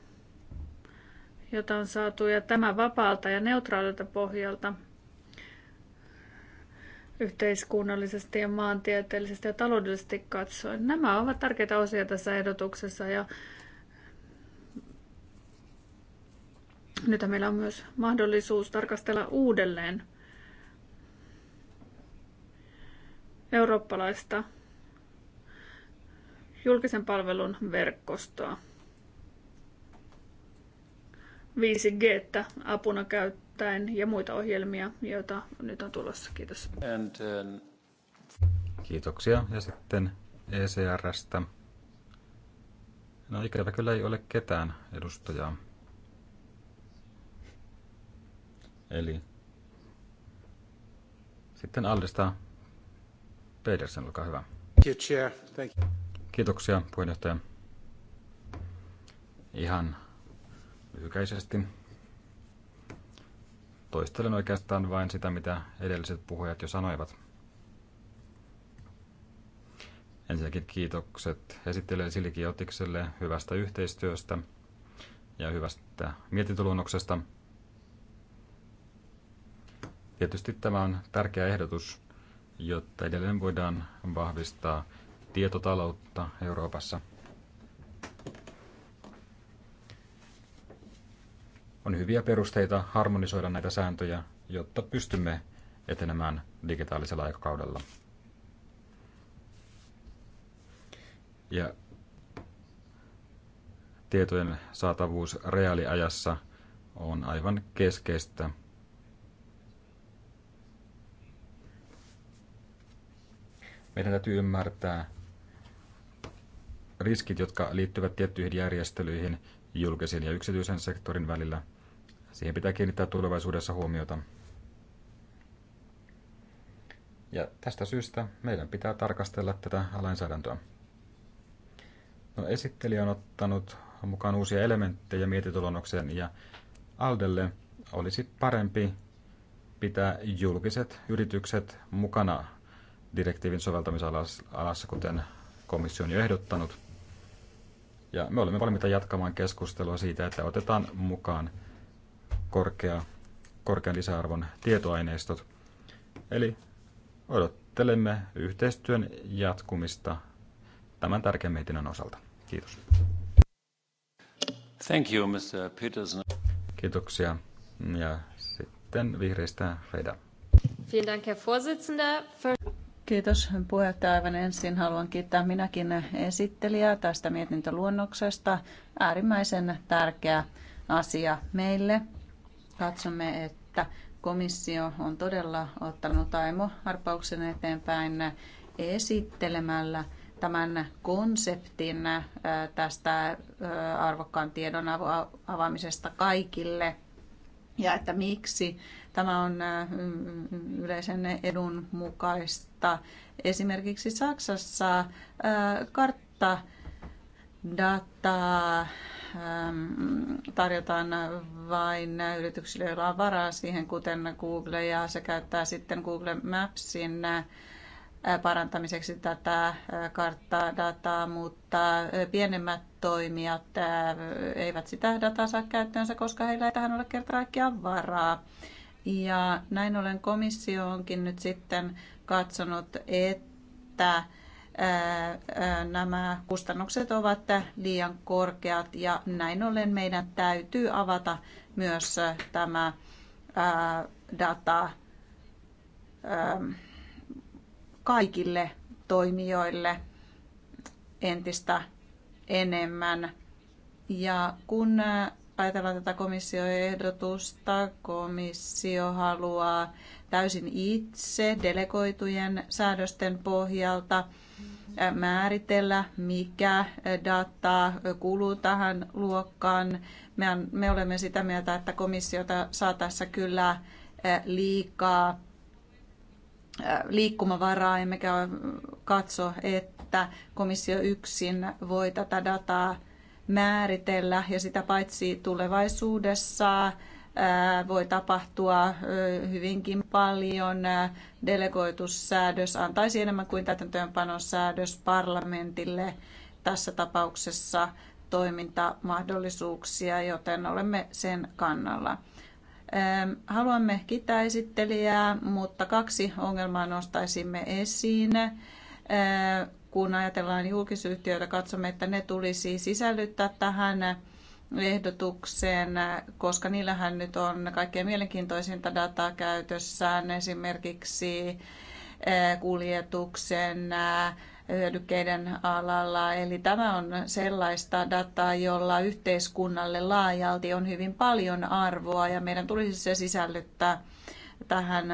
jota on saatu, ja tämä vapaalta ja neutraalilta pohjalta yhteiskunnallisesti ja maantieteellisesti ja taloudellisesti katsoen. Nämä ovat tärkeitä osia tässä ehdotuksessa ja nyt meillä on myös mahdollisuus tarkastella uudelleen eurooppalaista julkisen palvelun verkostoa. 5G apuna käyttäen ja muita ohjelmia, joita nyt on tulossa. Kiitos. And, uh... Kiitoksia. Ja sitten ECRstä. No ikävä kyllä ei ole ketään edustajaa. Eli sitten Aldista Pedersen, olkaa hyvä. Kiitoksia, puheenjohtaja. Ihan lyhykäisesti toistelen oikeastaan vain sitä, mitä edelliset puhujat jo sanoivat. Ensinnäkin kiitokset esittelijä Silki Otikselle hyvästä yhteistyöstä ja hyvästä mietintöluonnoksesta. Tietysti tämä on tärkeä ehdotus, jotta edelleen voidaan vahvistaa tietotaloutta Euroopassa. On hyviä perusteita harmonisoida näitä sääntöjä, jotta pystymme etenemään digitaalisella aikakaudella. Ja tietojen saatavuus reaaliajassa on aivan keskeistä Meidän täytyy ymmärtää riskit, jotka liittyvät tiettyihin järjestelyihin julkisen ja yksityisen sektorin välillä. Siihen pitää kiinnittää tulevaisuudessa huomiota. Ja tästä syystä meidän pitää tarkastella tätä lainsäädäntöä. No, esittelijä on ottanut mukaan uusia elementtejä mietitulonnokseen ja Aldelle olisi parempi pitää julkiset yritykset mukana direktiivin soveltamisalassa, kuten komissio on jo ehdottanut. Ja me olemme valmiita jatkamaan keskustelua siitä, että otetaan mukaan korkea, korkean lisäarvon tietoaineistot. Eli odottelemme yhteistyön jatkumista tämän tärkeän mietinnön osalta. Kiitos. Thank you, Mr. Peterson. Kiitoksia. Ja sitten vihreistä Reda. Vielen Dank, Herr Vorsitzender. Kiitos puheenjohtaja. Aivan ensin haluan kiittää minäkin esittelijää tästä mietintöluonnoksesta. Äärimmäisen tärkeä asia meille. Katsomme, että komissio on todella ottanut aimo-harppauksen eteenpäin esittelemällä tämän konseptin tästä arvokkaan tiedon avaamisesta kaikille ja että miksi Tämä on äh, yleisen edun mukaista. Esimerkiksi Saksassa äh, kartta dataa ähm, tarjotaan vain yrityksille, joilla on varaa siihen, kuten Google, ja se käyttää sitten Google Mapsin äh, parantamiseksi tätä karttaa, dataa, mutta pienemmät toimijat eivät sitä dataa saa käyttöönsä, koska heillä ei tähän ole kerta kaikkiaan varaa. Ja näin ollen komissio onkin nyt sitten katsonut, että nämä kustannukset ovat liian korkeat ja näin ollen meidän täytyy avata myös tämä data kaikille toimijoille entistä enemmän. Ja kun ajatellaan tätä komissioehdotusta, komissio haluaa täysin itse delegoitujen säädösten pohjalta määritellä, mikä data kuuluu tähän luokkaan. Me, me olemme sitä mieltä, että komissiota saa tässä kyllä liikaa liikkumavaraa, emmekä katso, että komissio yksin voi tätä dataa määritellä ja sitä paitsi tulevaisuudessa voi tapahtua hyvinkin paljon. Delegoitussäädös antaisi enemmän kuin täytäntöönpanosäädös parlamentille tässä tapauksessa toimintamahdollisuuksia, joten olemme sen kannalla. Haluamme kiittää esittelijää, mutta kaksi ongelmaa nostaisimme esiin kun ajatellaan julkisyhtiöitä, katsomme, että ne tulisi sisällyttää tähän ehdotukseen, koska niillähän nyt on kaikkein mielenkiintoisinta dataa käytössään, esimerkiksi eh, kuljetuksen eh, hyödykkeiden alalla. Eli tämä on sellaista dataa, jolla yhteiskunnalle laajalti on hyvin paljon arvoa ja meidän tulisi se sisällyttää tähän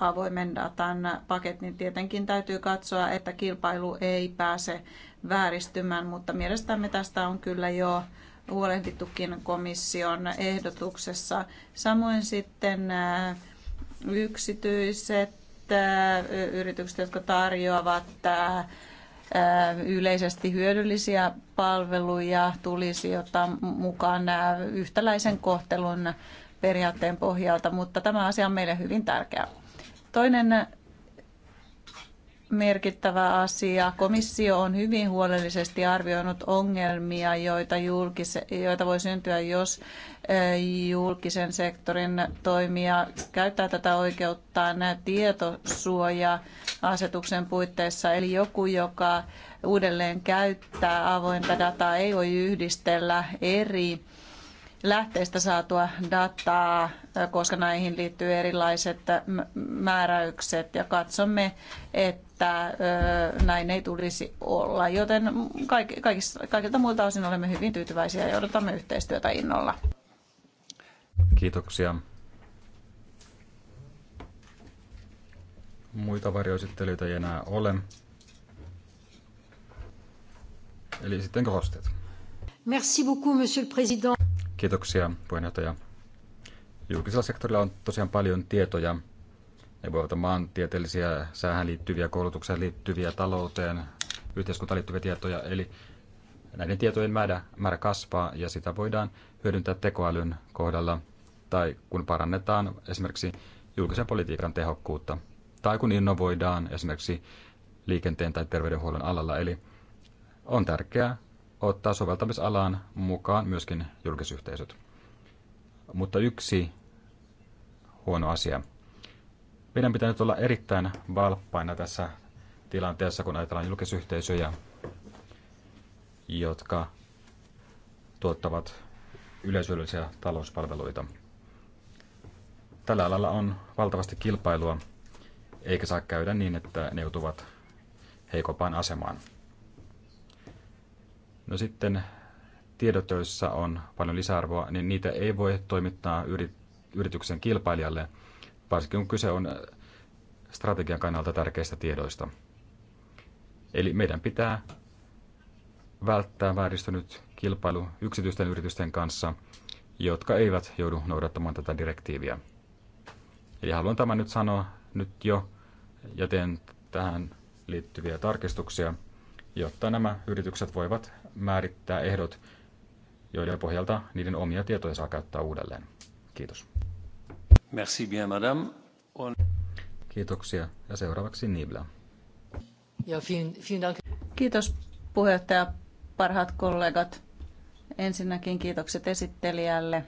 avoimen datan paket, niin tietenkin täytyy katsoa, että kilpailu ei pääse vääristymään, mutta mielestämme tästä on kyllä jo huolehdittukin komission ehdotuksessa. Samoin sitten äh, yksityiset äh, yritykset, jotka tarjoavat äh, yleisesti hyödyllisiä palveluja, tulisi ottaa mukaan yhtäläisen kohtelun periaatteen pohjalta, mutta tämä asia on meille hyvin tärkeä. Toinen merkittävä asia. Komissio on hyvin huolellisesti arvioinut ongelmia, joita, julkise, joita voi syntyä, jos eh, julkisen sektorin toimija käyttää tätä oikeuttaan tietosuoja-asetuksen puitteissa. Eli joku, joka uudelleen käyttää avointa dataa, ei voi yhdistellä eri lähteistä saatua dataa, koska näihin liittyy erilaiset määräykset ja katsomme, että näin ei tulisi olla. Joten kaikista, kaikilta muilta osin olemme hyvin tyytyväisiä ja odotamme yhteistyötä innolla. Kiitoksia. Muita varjoesittelyitä ei enää ole. Eli sitten kohosteet. Merci beaucoup, monsieur le président. Kiitoksia puheenjohtaja. Julkisella sektorilla on tosiaan paljon tietoja. Ne voivat olla maantieteellisiä, säähän liittyviä, koulutukseen liittyviä, talouteen, yhteiskuntaan liittyviä tietoja. Eli näiden tietojen määrä, määrä kasvaa ja sitä voidaan hyödyntää tekoälyn kohdalla tai kun parannetaan esimerkiksi julkisen politiikan tehokkuutta tai kun innovoidaan esimerkiksi liikenteen tai terveydenhuollon alalla. Eli on tärkeää ottaa soveltamisalaan mukaan myöskin julkisyhteisöt. Mutta yksi huono asia. Meidän pitää nyt olla erittäin valppaina tässä tilanteessa, kun ajatellaan julkisyhteisöjä, jotka tuottavat yleisöllisiä talouspalveluita. Tällä alalla on valtavasti kilpailua, eikä saa käydä niin, että ne joutuvat heikompaan asemaan. No sitten tiedot, joissa on paljon lisäarvoa, niin niitä ei voi toimittaa yrityksen kilpailijalle, varsinkin kun kyse on strategian kannalta tärkeistä tiedoista. Eli meidän pitää välttää vääristynyt kilpailu yksityisten yritysten kanssa, jotka eivät joudu noudattamaan tätä direktiiviä. Eli haluan tämän nyt sanoa nyt jo ja teen tähän liittyviä tarkistuksia, jotta nämä yritykset voivat määrittää ehdot, joiden pohjalta niiden omia tietoja saa käyttää uudelleen. Kiitos. Merci bien, madame. On... Kiitoksia. Ja seuraavaksi Nibla. Ja, fin, fin dank. Kiitos puheenjohtaja, parhaat kollegat. Ensinnäkin kiitokset esittelijälle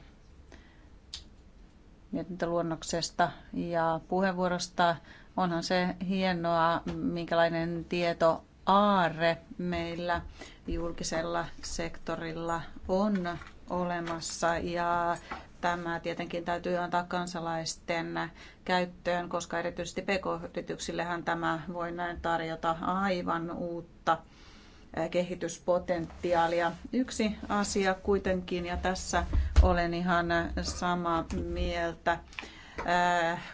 mietintöluonnoksesta ja puheenvuorosta. Onhan se hienoa, minkälainen tieto aarre meillä julkisella sektorilla on olemassa ja tämä tietenkin täytyy antaa kansalaisten käyttöön, koska erityisesti pk-yrityksillähän tämä voi näin tarjota aivan uutta kehityspotentiaalia. Yksi asia kuitenkin, ja tässä olen ihan samaa mieltä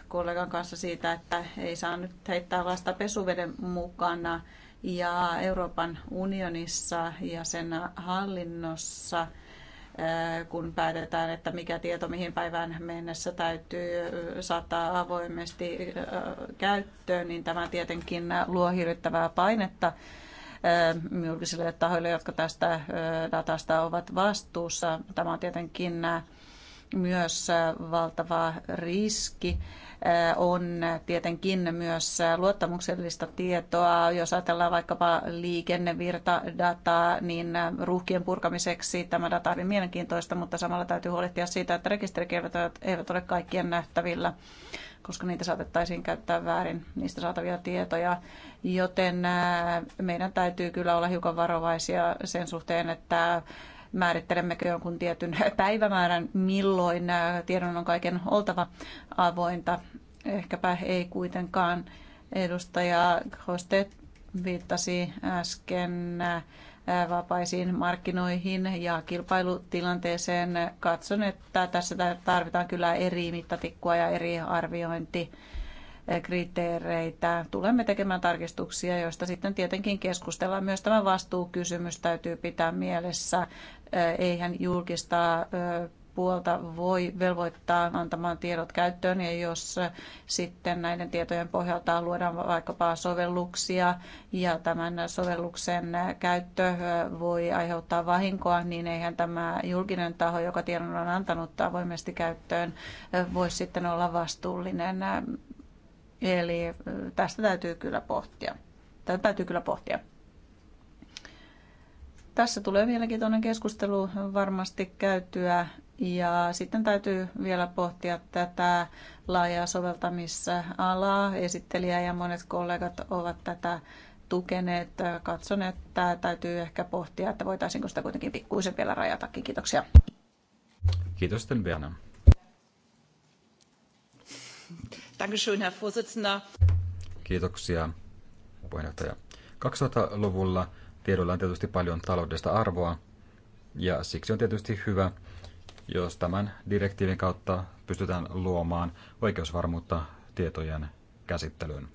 kollegan kanssa siitä, että ei saa nyt heittää lasta pesuveden mukana ja Euroopan unionissa ja sen hallinnossa äh, kun päätetään, että mikä tieto mihin päivään mennessä täytyy äh, saattaa avoimesti äh, käyttöön, niin tämä tietenkin luo hirvittävää painetta julkisille tahoille, jotka tästä datasta ovat vastuussa. Tämä on tietenkin myös valtava riski on tietenkin myös luottamuksellista tietoa. Jos ajatellaan vaikkapa liikennevirtadataa, niin ruuhkien purkamiseksi tämä data on hyvin mielenkiintoista, mutta samalla täytyy huolehtia siitä, että rekisterikirjat eivät ole kaikkien nähtävillä koska niitä saatettaisiin käyttää väärin, niistä saatavia tietoja. Joten meidän täytyy kyllä olla hiukan varovaisia sen suhteen, että määrittelemmekö jonkun tietyn päivämäärän, milloin äh, tiedon on kaiken oltava avointa. Ehkäpä ei kuitenkaan. Edustaja Hoste viittasi äsken äh, vapaisiin markkinoihin ja kilpailutilanteeseen. Katson, että tässä tarvitaan kyllä eri mittatikkua ja eri arviointi kriteereitä. Tulemme tekemään tarkistuksia, joista sitten tietenkin keskustellaan. Myös tämä vastuukysymys täytyy pitää mielessä. Eihän julkista puolta voi velvoittaa antamaan tiedot käyttöön ja jos sitten näiden tietojen pohjalta luodaan vaikkapa sovelluksia ja tämän sovelluksen käyttö voi aiheuttaa vahinkoa, niin eihän tämä julkinen taho, joka tiedon on antanut avoimesti käyttöön, voi sitten olla vastuullinen. Eli tästä täytyy kyllä pohtia. Tätä täytyy kyllä pohtia. Tässä tulee mielenkiintoinen keskustelu varmasti käytyä ja sitten täytyy vielä pohtia tätä laajaa soveltamisalaa. Esittelijä ja monet kollegat ovat tätä tukeneet. Katson, että täytyy ehkä pohtia, että voitaisiinko sitä kuitenkin pikkuisen vielä rajatakin. Kiitoksia. Kiitos sitten Berna. Dankeschön, Herr Vorsitzender. Kiitoksia, puheenjohtaja. 2000-luvulla Tiedolla on tietysti paljon taloudellista arvoa, ja siksi on tietysti hyvä, jos tämän direktiivin kautta pystytään luomaan oikeusvarmuutta tietojen käsittelyyn.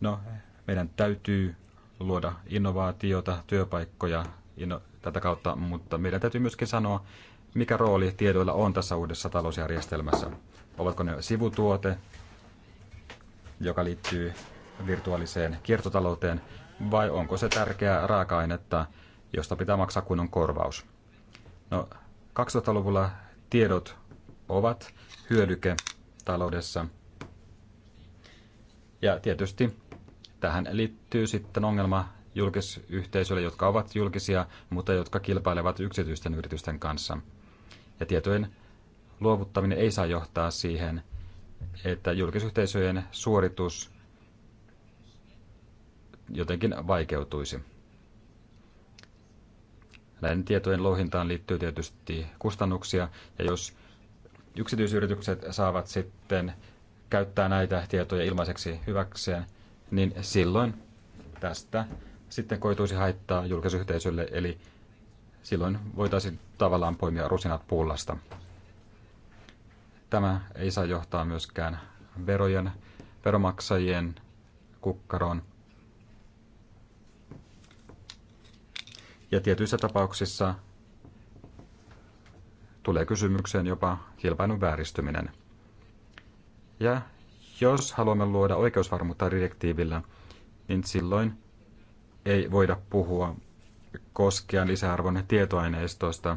No, meidän täytyy luoda innovaatiota, työpaikkoja inno, tätä kautta, mutta meidän täytyy myöskin sanoa, mikä rooli tiedoilla on tässä uudessa talousjärjestelmässä. Ovatko ne sivutuote, joka liittyy virtuaaliseen kiertotalouteen, vai onko se tärkeää raaka-ainetta, josta pitää maksaa kunnon korvaus? No, 2000-luvulla tiedot ovat hyödyke taloudessa. Ja tietysti tähän liittyy sitten ongelma julkisyhteisöille, jotka ovat julkisia, mutta jotka kilpailevat yksityisten yritysten kanssa. Ja tietojen luovuttaminen ei saa johtaa siihen, että julkisyhteisöjen suoritus jotenkin vaikeutuisi. Näiden tietojen louhintaan liittyy tietysti kustannuksia, ja jos yksityisyritykset saavat sitten käyttää näitä tietoja ilmaiseksi hyväkseen, niin silloin tästä sitten koituisi haittaa julkisyhteisölle, eli silloin voitaisiin tavallaan poimia rusinat pullasta. Tämä ei saa johtaa myöskään verojen, veromaksajien kukkaroon – Ja tietyissä tapauksissa tulee kysymykseen jopa kilpailun vääristyminen. Ja jos haluamme luoda oikeusvarmuutta direktiivillä, niin silloin ei voida puhua koskea lisäarvon tietoaineistosta.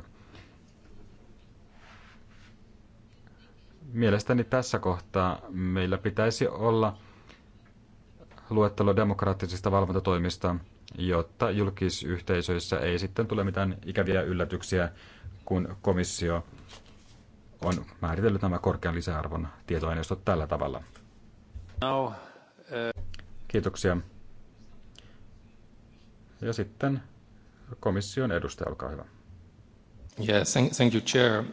Mielestäni tässä kohtaa meillä pitäisi olla luettelo demokraattisista valvontatoimista, jotta julkisyhteisöissä ei sitten tule mitään ikäviä yllätyksiä, kun komissio on määritellyt nämä korkean lisäarvon tietoaineistot tällä tavalla. No, uh... Kiitoksia. Ja sitten komission edustaja, olkaa hyvä. Yes, thank, thank you, chair.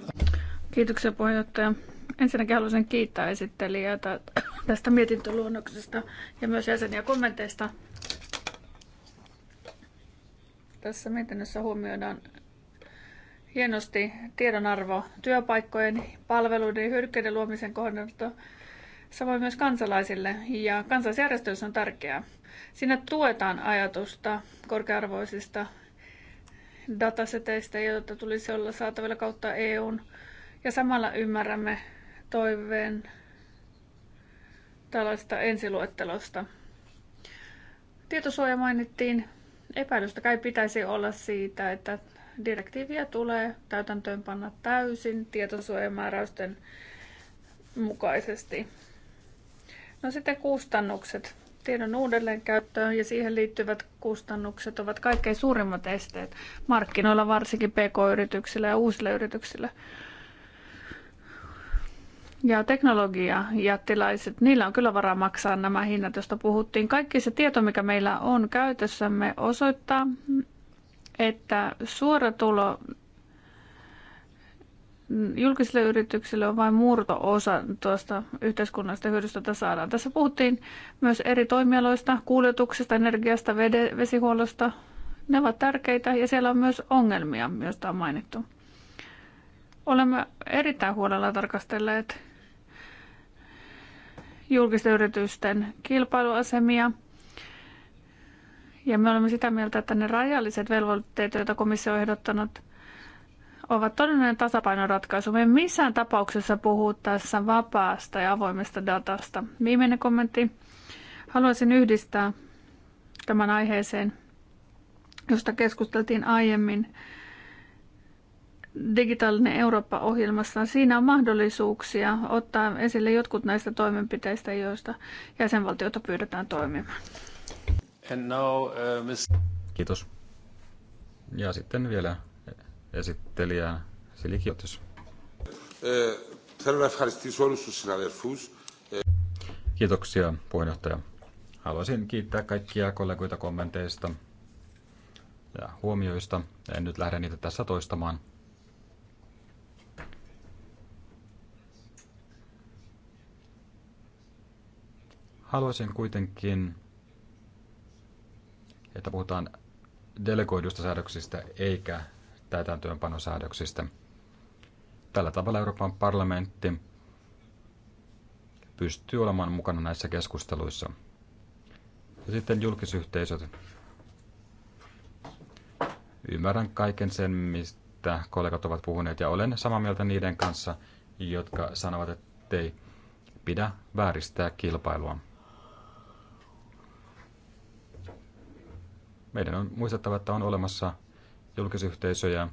Kiitoksia puheenjohtaja. Ensinnäkin haluaisin kiittää esittelijää tästä mietintöluonnoksesta ja myös jäseniä kommenteista. Tässä mietinnössä huomioidaan hienosti tiedonarvo työpaikkojen, palveluiden ja hyödykkeiden luomisen kohdalta, samoin myös kansalaisille ja kansalaisjärjestöissä on tärkeää. Siinä tuetaan ajatusta korkearvoisista dataseteistä, joita tulisi olla saatavilla kautta EUn. Ja samalla ymmärrämme toiveen tällaista ensiluettelosta. Tietosuoja mainittiin. Epäilystä kai pitäisi olla siitä, että direktiiviä tulee täytäntöönpanna täysin tietosuojamääräysten mukaisesti. No sitten kustannukset. Tiedon uudelleenkäyttöön ja siihen liittyvät kustannukset ovat kaikkein suurimmat esteet markkinoilla, varsinkin pk-yrityksillä ja uusilla yrityksillä ja teknologiajättiläiset, niillä on kyllä varaa maksaa nämä hinnat, joista puhuttiin. Kaikki se tieto, mikä meillä on käytössämme, osoittaa, että suora tulo julkisille yrityksille on vain murto-osa tuosta yhteiskunnallisesta hyödystä, jota saadaan. Tässä puhuttiin myös eri toimialoista, kuljetuksesta, energiasta, vede, vesihuollosta. Ne ovat tärkeitä ja siellä on myös ongelmia, joista on mainittu. Olemme erittäin huolella tarkastelleet julkisten yritysten kilpailuasemia. Ja me olemme sitä mieltä, että ne rajalliset velvoitteet, joita komissio on ehdottanut, ovat todellinen tasapainoratkaisu. Me missään tapauksessa puhu tässä vapaasta ja avoimesta datasta. Viimeinen kommentti. Haluaisin yhdistää tämän aiheeseen, josta keskusteltiin aiemmin digitaalinen Eurooppa-ohjelmassa. Siinä on mahdollisuuksia ottaa esille jotkut näistä toimenpiteistä, joista jäsenvaltiota pyydetään toimimaan. And now, uh, miss... Kiitos. Ja sitten vielä esittelijä Silikiotis. Kiitoksia puheenjohtaja. Haluaisin kiittää kaikkia kollegoita kommenteista ja huomioista. En nyt lähde niitä tässä toistamaan. Haluaisin kuitenkin, että puhutaan delegoidusta säädöksistä eikä täytäntöönpanosäädöksistä. Tällä tavalla Euroopan parlamentti pystyy olemaan mukana näissä keskusteluissa. Ja sitten julkisyhteisöt. Ymmärrän kaiken sen, mistä kollegat ovat puhuneet, ja olen samaa mieltä niiden kanssa, jotka sanovat, ettei pidä vääristää kilpailua. Meidän on muistettava, että on olemassa julkisyhteisöjä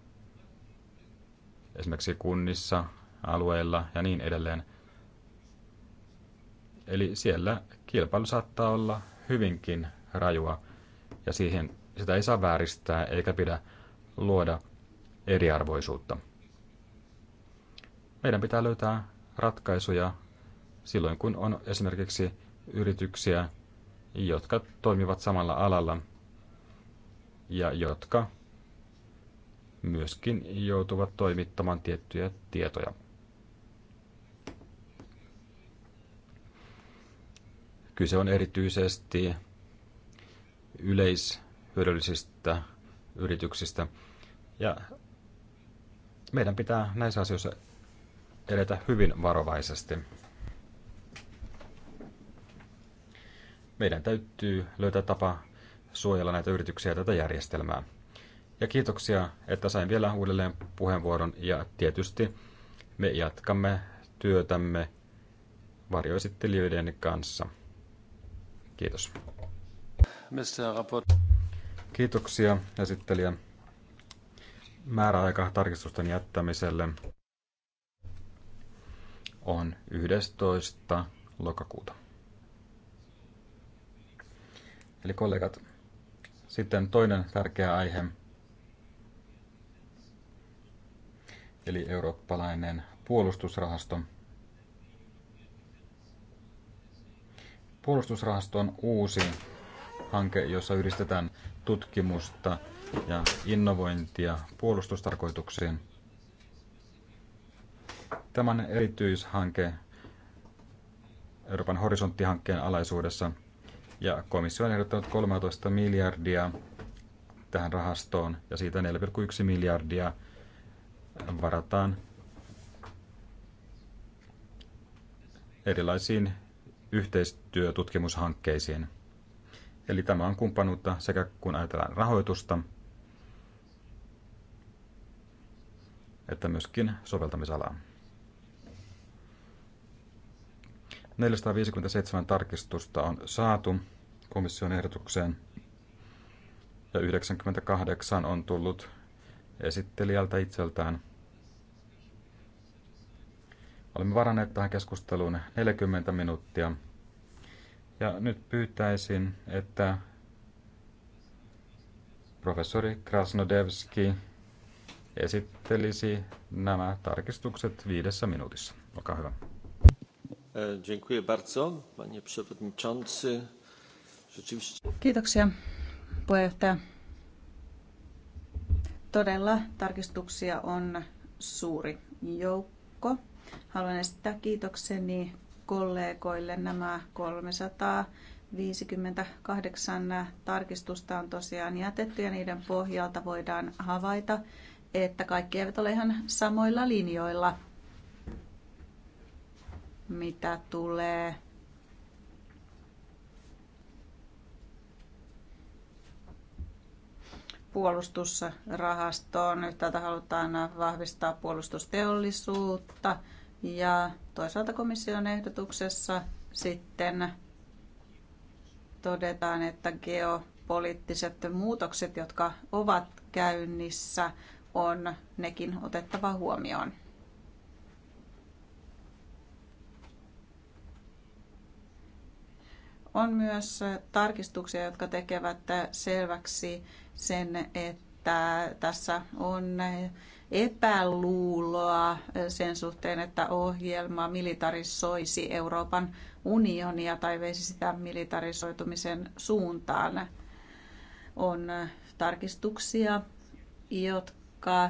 esimerkiksi kunnissa, alueilla ja niin edelleen. Eli siellä kilpailu saattaa olla hyvinkin rajua ja siihen sitä ei saa vääristää eikä pidä luoda eriarvoisuutta. Meidän pitää löytää ratkaisuja silloin, kun on esimerkiksi yrityksiä, jotka toimivat samalla alalla ja jotka myöskin joutuvat toimittamaan tiettyjä tietoja. Kyse on erityisesti yleishyödyllisistä yrityksistä. Ja meidän pitää näissä asioissa edetä hyvin varovaisesti. Meidän täytyy löytää tapa suojella näitä yrityksiä ja tätä järjestelmää. Ja kiitoksia, että sain vielä uudelleen puheenvuoron ja tietysti me jatkamme työtämme varjoesittelijöiden kanssa. Kiitos. Kiitoksia esittelijä. Määräaika tarkistusten jättämiselle on 11. lokakuuta. Eli kollegat, sitten toinen tärkeä aihe, eli eurooppalainen puolustusrahasto. Puolustusrahasto on uusi hanke, jossa yhdistetään tutkimusta ja innovointia puolustustarkoituksiin. Tämän erityishanke Euroopan horisonttihankkeen alaisuudessa – ja komissio on ehdottanut 13 miljardia tähän rahastoon ja siitä 4,1 miljardia varataan erilaisiin yhteistyötutkimushankkeisiin. Eli tämä on kumppanuutta sekä kun ajatellaan rahoitusta, että myöskin soveltamisalaa. 457 tarkistusta on saatu komission ehdotukseen ja 98 on tullut esittelijältä itseltään. Olemme varanneet tähän keskusteluun 40 minuuttia. Ja nyt pyytäisin, että professori Krasnodevski esittelisi nämä tarkistukset viidessä minuutissa. Olkaa hyvä. E, Kiitoksia, puheenjohtaja. Todella tarkistuksia on suuri joukko. Haluan esittää kiitokseni kollegoille nämä 358 tarkistusta on tosiaan jätetty ja niiden pohjalta voidaan havaita, että kaikki eivät ole ihan samoilla linjoilla mitä tulee puolustusrahastoon. Yhtäältä halutaan vahvistaa puolustusteollisuutta ja toisaalta komission ehdotuksessa sitten todetaan, että geopoliittiset muutokset, jotka ovat käynnissä, on nekin otettava huomioon. On myös tarkistuksia, jotka tekevät selväksi sen, että tässä on epäluuloa sen suhteen, että ohjelma militarisoisi Euroopan unionia tai veisi sitä militarisoitumisen suuntaan. On tarkistuksia, jotka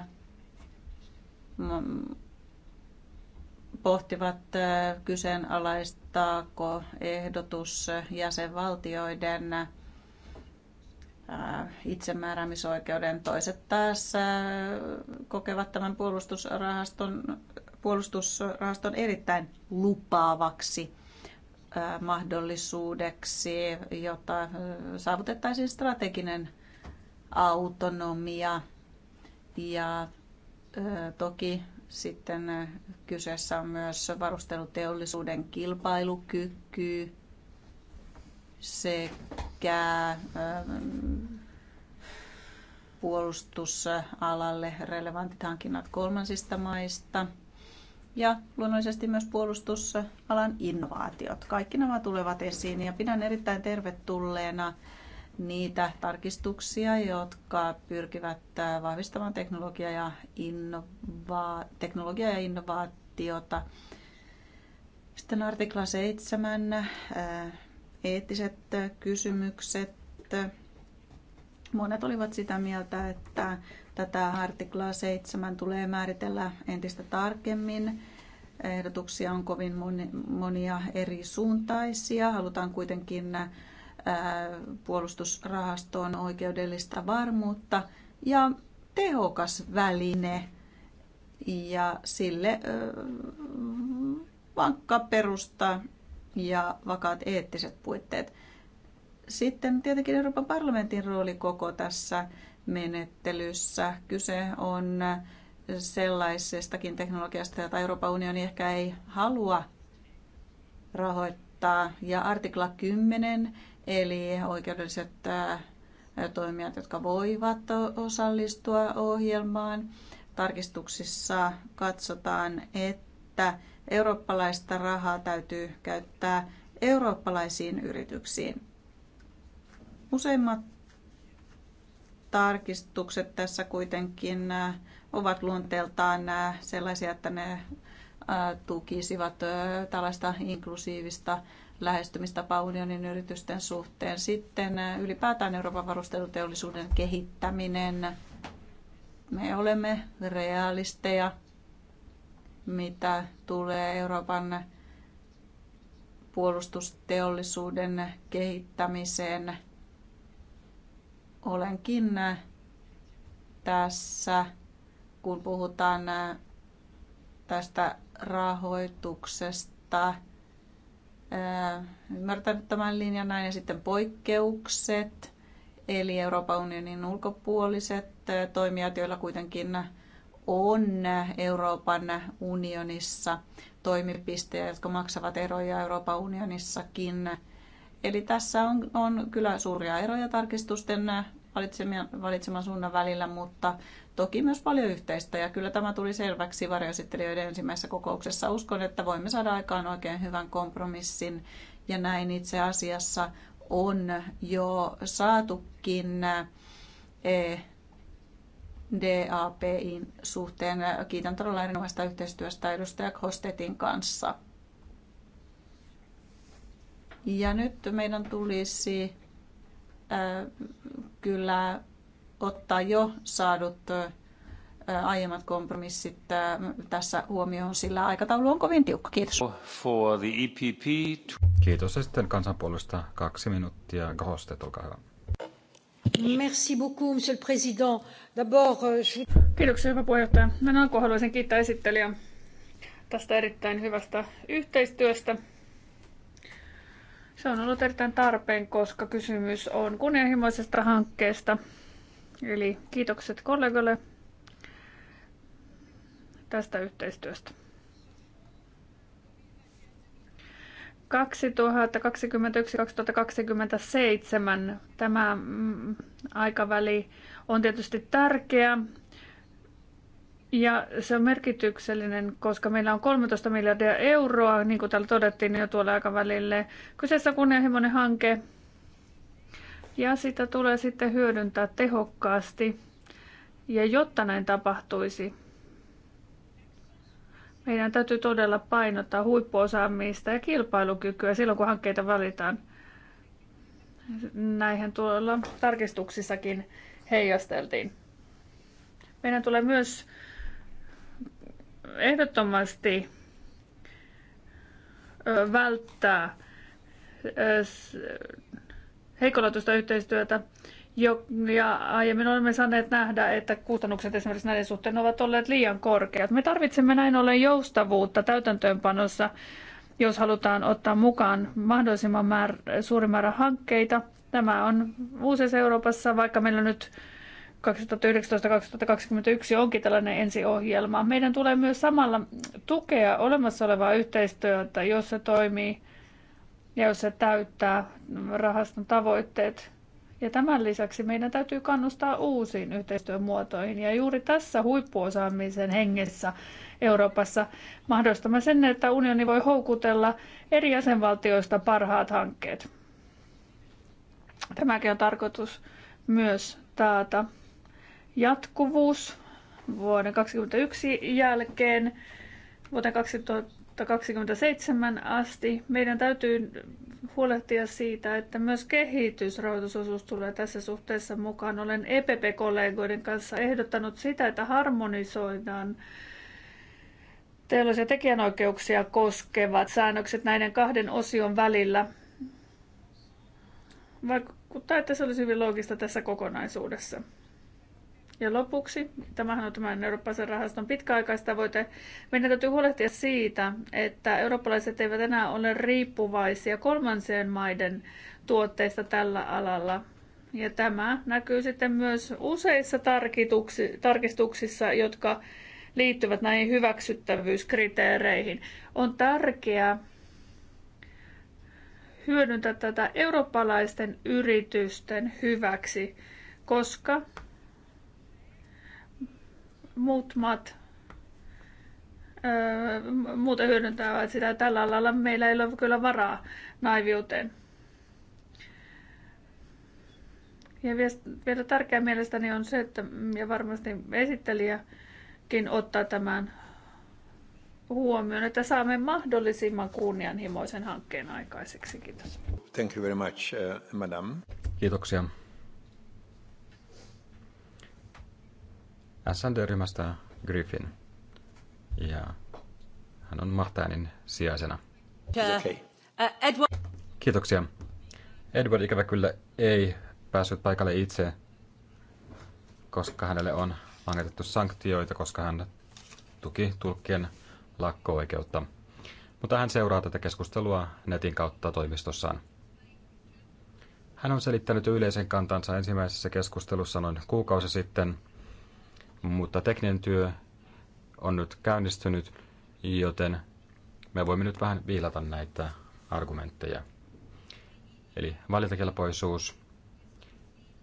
pohtivat kyseenalaistaako ehdotus jäsenvaltioiden itsemääräämisoikeuden. Toiset taas kokevat tämän puolustusrahaston, puolustusrahaston erittäin lupaavaksi mahdollisuudeksi, jotta saavutettaisiin strateginen autonomia. Ja toki sitten äh, kyseessä on myös varusteluteollisuuden kilpailukyky sekä äh, puolustusalalle relevantit hankinnat kolmansista maista ja luonnollisesti myös puolustusalan innovaatiot. Kaikki nämä tulevat esiin ja pidän erittäin tervetulleena niitä tarkistuksia, jotka pyrkivät vahvistamaan teknologiaa ja, innova- teknologia ja innovaatiota. Sitten artikla 7, äh, eettiset kysymykset. Monet olivat sitä mieltä, että tätä artiklaa 7 tulee määritellä entistä tarkemmin. Ehdotuksia on kovin monia eri suuntaisia. Halutaan kuitenkin puolustusrahastoon oikeudellista varmuutta ja tehokas väline ja sille vankka perusta ja vakaat eettiset puitteet. Sitten tietenkin Euroopan parlamentin rooli koko tässä menettelyssä. Kyse on sellaisestakin teknologiasta, jota Euroopan unioni ehkä ei halua rahoittaa kohtaa ja artikla 10, eli oikeudelliset toimijat, jotka voivat osallistua ohjelmaan. Tarkistuksissa katsotaan, että eurooppalaista rahaa täytyy käyttää eurooppalaisiin yrityksiin. Useimmat tarkistukset tässä kuitenkin ovat luonteeltaan sellaisia, että ne tukisivat tällaista inklusiivista lähestymistapa unionin yritysten suhteen. Sitten ylipäätään Euroopan varusteluteollisuuden kehittäminen. Me olemme realisteja, mitä tulee Euroopan puolustusteollisuuden kehittämiseen. Olenkin tässä, kun puhutaan tästä rahoituksesta. Ymmärtänyt tämän linjan näin ja sitten poikkeukset, eli Euroopan unionin ulkopuoliset toimijat, joilla kuitenkin on Euroopan unionissa toimipistejä, jotka maksavat eroja Euroopan unionissakin. Eli tässä on, on kyllä suuria eroja tarkistusten valitseman suunnan välillä, mutta toki myös paljon yhteistä ja kyllä tämä tuli selväksi varjoesittelijöiden ensimmäisessä kokouksessa. Uskon, että voimme saada aikaan oikein hyvän kompromissin ja näin itse asiassa on jo saatukin e, DAPin suhteen. Kiitän todella erinomaista yhteistyöstä edustaja Kostetin kanssa. Ja nyt meidän tulisi kyllä ottaa jo saadut aiemmat kompromissit tässä huomioon, sillä aikataulu on kovin tiukka. Kiitos. For the EPP Kiitos. Ja sitten kansanpuolesta kaksi minuuttia. Kohostet, olkaa hyvä. Merci beaucoup, monsieur le président. D'abord, euh, je... Kiitoksia, hyvä puheenjohtaja. Minä alkuun haluaisin kiittää esittelijä tästä erittäin hyvästä yhteistyöstä. Se on ollut erittäin tarpeen, koska kysymys on kunnianhimoisesta hankkeesta, Eli kiitokset kollegalle tästä yhteistyöstä. 2021-2027 tämä mm, aikaväli on tietysti tärkeä ja se on merkityksellinen, koska meillä on 13 miljardia euroa, niin kuin täällä todettiin jo tuolla aikavälille. Kyseessä on kunnianhimoinen hanke, ja sitä tulee sitten hyödyntää tehokkaasti. Ja jotta näin tapahtuisi, meidän täytyy todella painottaa huippuosaamista ja kilpailukykyä silloin, kun hankkeita valitaan. Näihin tuolla tarkistuksissakin heijasteltiin. Meidän tulee myös ehdottomasti välttää heikkolaatuista yhteistyötä. Jo, ja aiemmin olemme saaneet nähdä, että kustannukset esimerkiksi näiden suhteen ovat olleet liian korkeat. Me tarvitsemme näin ollen joustavuutta täytäntöönpanossa, jos halutaan ottaa mukaan mahdollisimman määr- suuri määrä hankkeita. Tämä on uusessa Euroopassa, vaikka meillä nyt 2019-2021 onkin tällainen ensiohjelma. Meidän tulee myös samalla tukea olemassa olevaa yhteistyötä, jos se toimii – ja jos se täyttää rahaston tavoitteet. Ja tämän lisäksi meidän täytyy kannustaa uusiin yhteistyömuotoihin. Ja juuri tässä huippuosaamisen hengessä Euroopassa mahdollistamme sen, että unioni voi houkutella eri jäsenvaltioista parhaat hankkeet. Tämäkin on tarkoitus myös taata jatkuvuus vuoden 2021 jälkeen vuoteen 2000 2027 asti. Meidän täytyy huolehtia siitä, että myös kehitysrahoitusosuus tulee tässä suhteessa mukaan. Olen EPP-kollegoiden kanssa ehdottanut sitä, että harmonisoidaan teollisia tekijänoikeuksia koskevat säännökset näiden kahden osion välillä. Vaikuttaa, että se olisi hyvin loogista tässä kokonaisuudessa. Ja lopuksi, tämähän on tämän eurooppalaisen rahaston pitkäaikaistavoite, meidän täytyy huolehtia siitä, että eurooppalaiset eivät enää ole riippuvaisia kolmansien maiden tuotteista tällä alalla. Ja tämä näkyy sitten myös useissa tarkistuksissa, jotka liittyvät näihin hyväksyttävyyskriteereihin. On tärkeää hyödyntää tätä eurooppalaisten yritysten hyväksi, koska muut maat muuten hyödyntävät sitä tällä alalla. Meillä ei ole kyllä varaa naiviuteen. Ja vielä tärkeää mielestäni on se, että ja varmasti esittelijäkin ottaa tämän huomioon, että saamme mahdollisimman kunnianhimoisen hankkeen aikaiseksi. Kiitos. Thank you very much, uh, madam. Kiitoksia. SND-ryhmästä Griffin. Ja hän on Mahtäänin sijaisena. Uh, Kiitoksia. Edward ikävä kyllä ei päässyt paikalle itse, koska hänelle on langetettu sanktioita, koska hän tuki tulkkien lakko-oikeutta. Mutta hän seuraa tätä keskustelua netin kautta toimistossaan. Hän on selittänyt yleisen kantansa ensimmäisessä keskustelussa noin kuukausi sitten – mutta tekninen työ on nyt käynnistynyt, joten me voimme nyt vähän viilata näitä argumentteja. Eli valintakelpoisuus,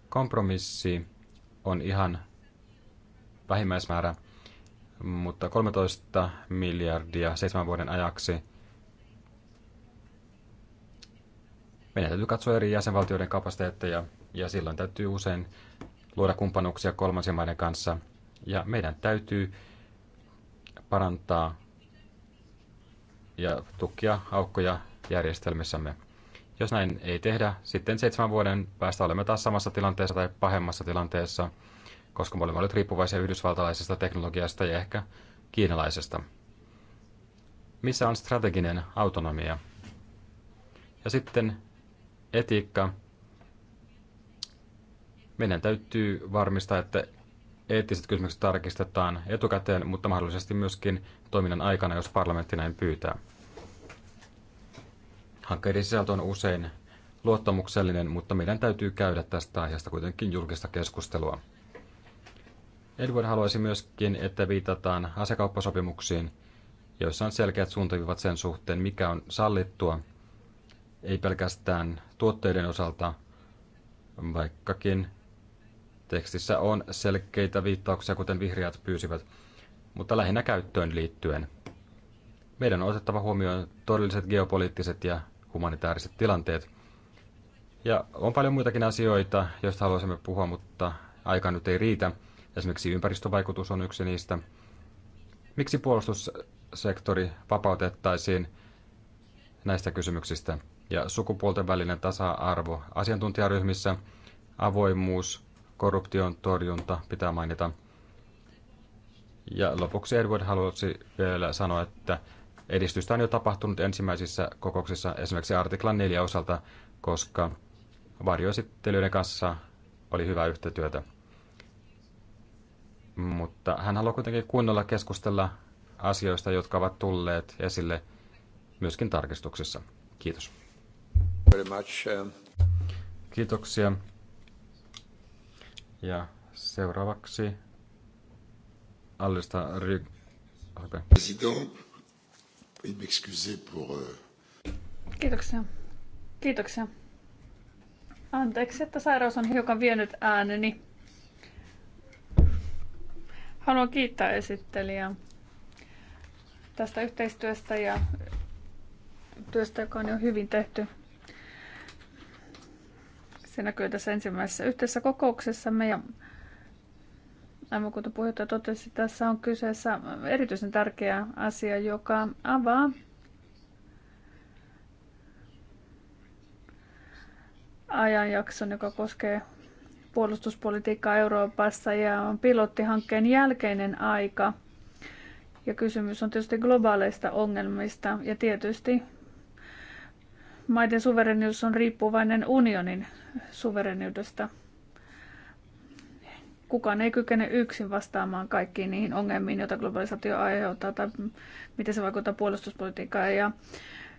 kompromissi on ihan vähimmäismäärä, mutta 13 miljardia seitsemän vuoden ajaksi. Meidän täytyy katsoa eri jäsenvaltioiden kapasiteetteja ja silloin täytyy usein luoda kumppanuuksia kolmansien maiden kanssa – ja meidän täytyy parantaa ja tukkia aukkoja järjestelmissämme. Jos näin ei tehdä, sitten seitsemän vuoden päästä olemme taas samassa tilanteessa tai pahemmassa tilanteessa, koska me olemme olleet riippuvaisia yhdysvaltalaisesta teknologiasta ja ehkä kiinalaisesta. Missä on strateginen autonomia? Ja sitten etiikka. Meidän täytyy varmistaa, että eettiset kysymykset tarkistetaan etukäteen, mutta mahdollisesti myöskin toiminnan aikana, jos parlamentti näin pyytää. Hankkeiden sisältö on usein luottamuksellinen, mutta meidän täytyy käydä tästä aiheesta kuitenkin julkista keskustelua. Edward haluaisi myöskin, että viitataan asekauppasopimuksiin, joissa on selkeät suuntaviivat sen suhteen, mikä on sallittua, ei pelkästään tuotteiden osalta, vaikkakin Tekstissä on selkeitä viittauksia, kuten vihreät pyysivät, mutta lähinnä käyttöön liittyen. Meidän on otettava huomioon todelliset geopoliittiset ja humanitaariset tilanteet. Ja on paljon muitakin asioita, joista haluaisimme puhua, mutta aika nyt ei riitä. Esimerkiksi ympäristövaikutus on yksi niistä. Miksi puolustussektori vapautettaisiin näistä kysymyksistä? Ja sukupuolten välinen tasa-arvo asiantuntijaryhmissä, avoimuus korruption torjunta pitää mainita. Ja lopuksi Edward halusi vielä sanoa, että edistystä on jo tapahtunut ensimmäisissä kokouksissa esimerkiksi artiklan 4 osalta, koska varjoesittelyiden kanssa oli hyvä yhteistyötä. Mutta hän haluaa kuitenkin kunnolla keskustella asioista, jotka ovat tulleet esille myöskin tarkistuksissa. Kiitos. Um, Kiitoksia. Ja seuraavaksi Alista Ryg. Okay. Euh, Kiitoksia. Kiitoksia. Anteeksi, että sairaus on hiukan vienyt ääneni. Haluan kiittää esittelijää tästä yhteistyöstä ja työstä, joka on jo hyvin tehty. Se näkyy tässä ensimmäisessä yhteisessä kokouksessamme ja aivan kuten puheenjohtaja totesi, tässä on kyseessä erityisen tärkeä asia, joka avaa ajanjakson, joka koskee puolustuspolitiikkaa Euroopassa ja on pilottihankkeen jälkeinen aika. Ja kysymys on tietysti globaaleista ongelmista ja tietysti maiden suverenius on riippuvainen unionin suvereniudesta. Kukaan ei kykene yksin vastaamaan kaikkiin niihin ongelmiin, joita globalisaatio aiheuttaa tai miten se vaikuttaa puolustuspolitiikkaan. Ja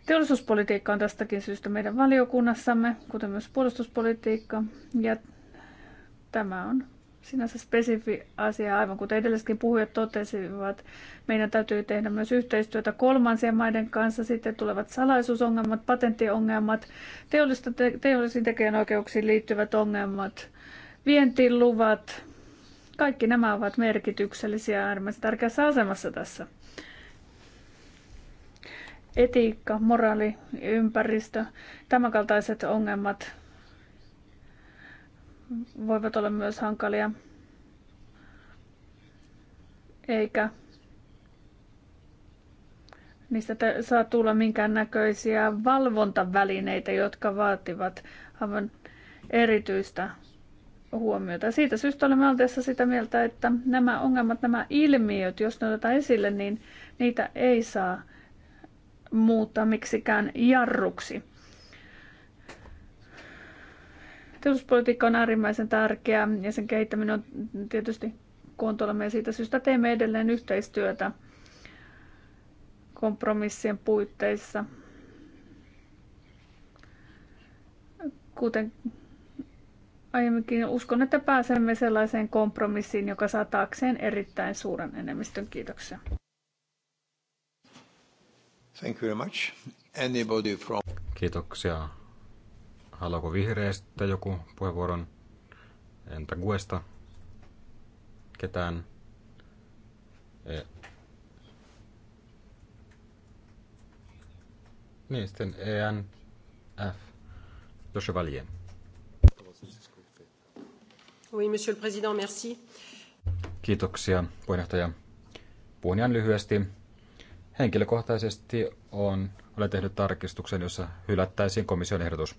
teollisuuspolitiikka on tästäkin syystä meidän valiokunnassamme, kuten myös puolustuspolitiikka. Ja tämä on sinänsä spesifi asia, aivan kuten edelliskin puhujat totesivat. Meidän täytyy tehdä myös yhteistyötä kolmansien maiden kanssa. Sitten tulevat salaisuusongelmat, patenttiongelmat, te- teollisiin tekijänoikeuksiin liittyvät ongelmat, vientiluvat. Kaikki nämä ovat merkityksellisiä ja äärimmäisen tärkeässä asemassa tässä. Etiikka, moraali, ympäristö, tämänkaltaiset ongelmat voivat olla myös hankalia. Eikä niistä saa tulla minkäännäköisiä valvontavälineitä, jotka vaativat aivan erityistä huomiota. Siitä syystä olemme alteessa sitä mieltä, että nämä ongelmat, nämä ilmiöt, jos ne otetaan esille, niin niitä ei saa muuttaa miksikään jarruksi. Teollisuuspolitiikka on äärimmäisen tärkeää ja sen kehittäminen on tietysti kuuntollamme ja siitä syystä teemme edelleen yhteistyötä kompromissien puitteissa. Kuten aiemminkin uskon, että pääsemme sellaiseen kompromissiin, joka saa taakseen erittäin suuren enemmistön. Kiitoksia. Thank you very much. Anybody from... Kiitoksia. Haluaako vihreistä joku puheenvuoron? Entä Guesta? Ketään? E- niin, sitten ENF. Le Chevalier. Oui, monsieur le président, merci. Kiitoksia, puheenjohtaja. Puhun ihan lyhyesti. Henkilökohtaisesti on, olen tehnyt tarkistuksen, jossa hylättäisiin komission ehdotus.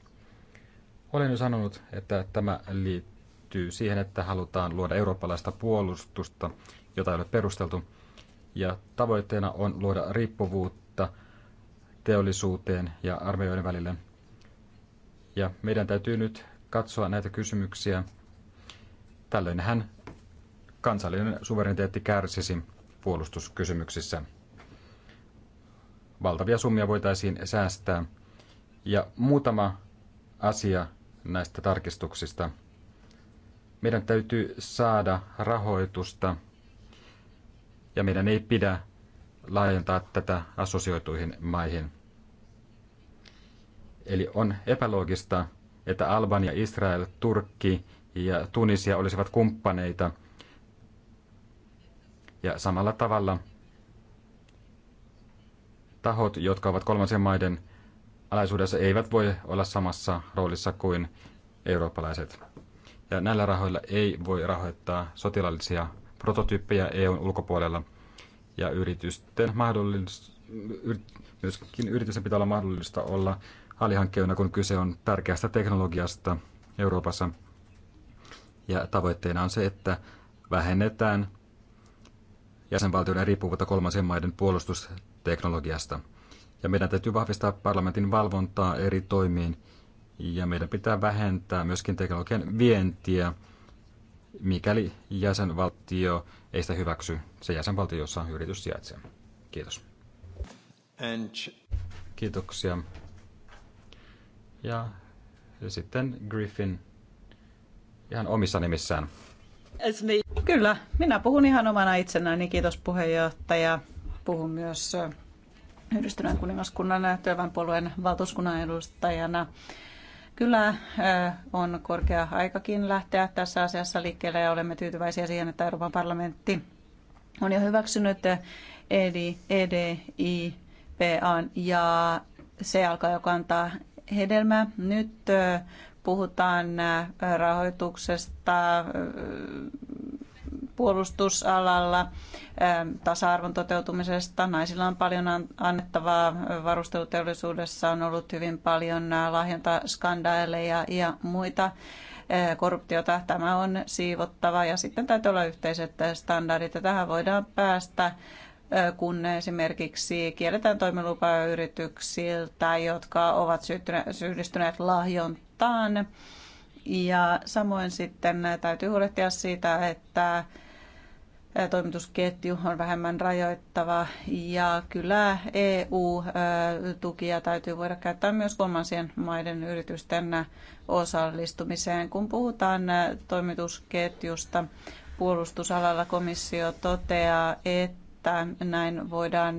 Olen jo sanonut, että tämä liittyy siihen, että halutaan luoda eurooppalaista puolustusta, jota ei ole perusteltu, ja tavoitteena on luoda riippuvuutta teollisuuteen ja armeijoiden välille. Ja meidän täytyy nyt katsoa näitä kysymyksiä. Tällöinhän kansallinen suvereniteetti kärsisi puolustuskysymyksissä. Valtavia summia voitaisiin säästää. Ja muutama asia, näistä tarkistuksista. Meidän täytyy saada rahoitusta ja meidän ei pidä laajentaa tätä assosioituihin maihin. Eli on epäloogista, että Albania, Israel, Turkki ja Tunisia olisivat kumppaneita. Ja samalla tavalla tahot, jotka ovat kolmansien maiden alaisuudessa eivät voi olla samassa roolissa kuin eurooppalaiset. Ja näillä rahoilla ei voi rahoittaa sotilaallisia prototyyppejä EUn ulkopuolella. Ja yritysten mahdollis- myöskin yritysten pitää olla mahdollista olla alihankkeena, kun kyse on tärkeästä teknologiasta Euroopassa. Ja tavoitteena on se, että vähennetään jäsenvaltioiden riippuvuutta kolmansien maiden puolustusteknologiasta – ja meidän täytyy vahvistaa parlamentin valvontaa eri toimiin. Ja meidän pitää vähentää myöskin teknologian vientiä, mikäli jäsenvaltio ei sitä hyväksy, se jäsenvaltio, jossa yritys sijaitsee. Kiitos. And... Kiitoksia. Ja sitten Griffin ihan omissa nimissään. Kyllä, minä puhun ihan omana itsenäni. Kiitos puheenjohtaja. Puhun myös Yhdistyneen kuningaskunnan työväenpuolueen valtuuskunnan edustajana. Kyllä eh, on korkea aikakin lähteä tässä asiassa liikkeelle ja olemme tyytyväisiä siihen, että Euroopan parlamentti on jo hyväksynyt EDIPA EDIPAn ja se alkaa jo kantaa hedelmää. Nyt eh, puhutaan eh, rahoituksesta puolustusalalla, ähm, tasa-arvon toteutumisesta. Naisilla on paljon annettavaa. Varusteluteollisuudessa on ollut hyvin paljon äh, lahjontaskandaaleja ja muita äh, korruptiota. Tämä on siivottava ja sitten täytyy olla yhteiset standardit ja tähän voidaan päästä äh, kun esimerkiksi kielletään toimilupaa yrityksiltä, jotka ovat syyllistyneet lahjontaan. Ja samoin sitten täytyy huolehtia siitä, että toimitusketju on vähemmän rajoittava ja kyllä EU-tukia täytyy voida käyttää myös kolmansien maiden yritysten osallistumiseen. Kun puhutaan toimitusketjusta, puolustusalalla komissio toteaa, että näin voidaan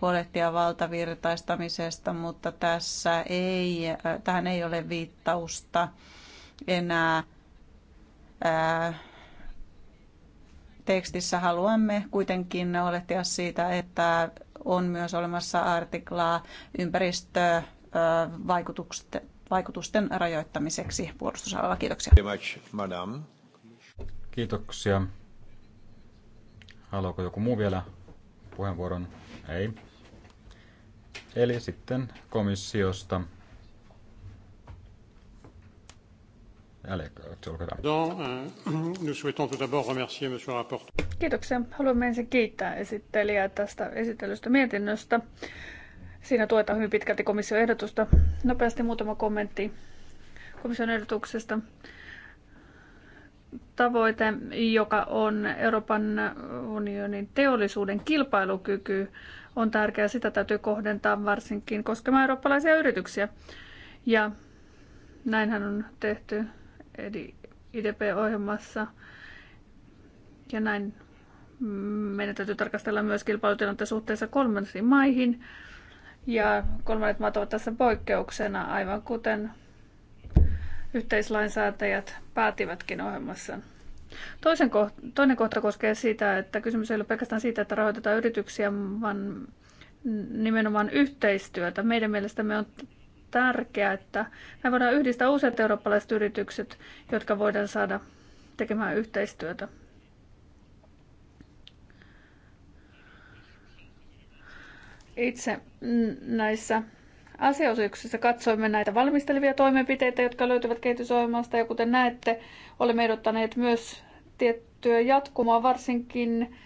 huolehtia valtavirtaistamisesta, mutta tässä ei, tähän ei ole viittausta enää tekstissä haluamme kuitenkin huolehtia siitä, että on myös olemassa artiklaa ympäristövaikutusten rajoittamiseksi puolustusalalla. Kiitoksia. Kiitoksia. Haluaako joku muu vielä puheenvuoron? Ei. Eli sitten komissiosta Euh, Kiitoksia. Haluamme ensin kiittää esittelijää tästä esitellystä mietinnöstä. Siinä tuetaan hyvin pitkälti komission ehdotusta. Nopeasti muutama kommentti komission ehdotuksesta. Tavoite, joka on Euroopan unionin teollisuuden kilpailukyky, on tärkeä. Sitä täytyy kohdentaa varsinkin koskemaan eurooppalaisia yrityksiä. Ja näinhän on tehty IDP-ohjelmassa. Ja näin meidän täytyy tarkastella myös kilpailutilannetta suhteessa kolmansiin maihin. Ja kolmannet maat ovat tässä poikkeuksena, aivan kuten yhteislainsäätäjät päätivätkin ohjelmassa. Toisen kohta, toinen kohta koskee sitä, että kysymys ei ole pelkästään siitä, että rahoitetaan yrityksiä, vaan nimenomaan yhteistyötä. Meidän mielestämme on tärkeää, että me voidaan yhdistää useat eurooppalaiset yritykset, jotka voidaan saada tekemään yhteistyötä. Itse näissä asiaosuuksissa katsoimme näitä valmistelevia toimenpiteitä, jotka löytyvät kehitysohjelmasta. Ja kuten näette, olemme ehdottaneet myös tiettyä jatkumoa, varsinkin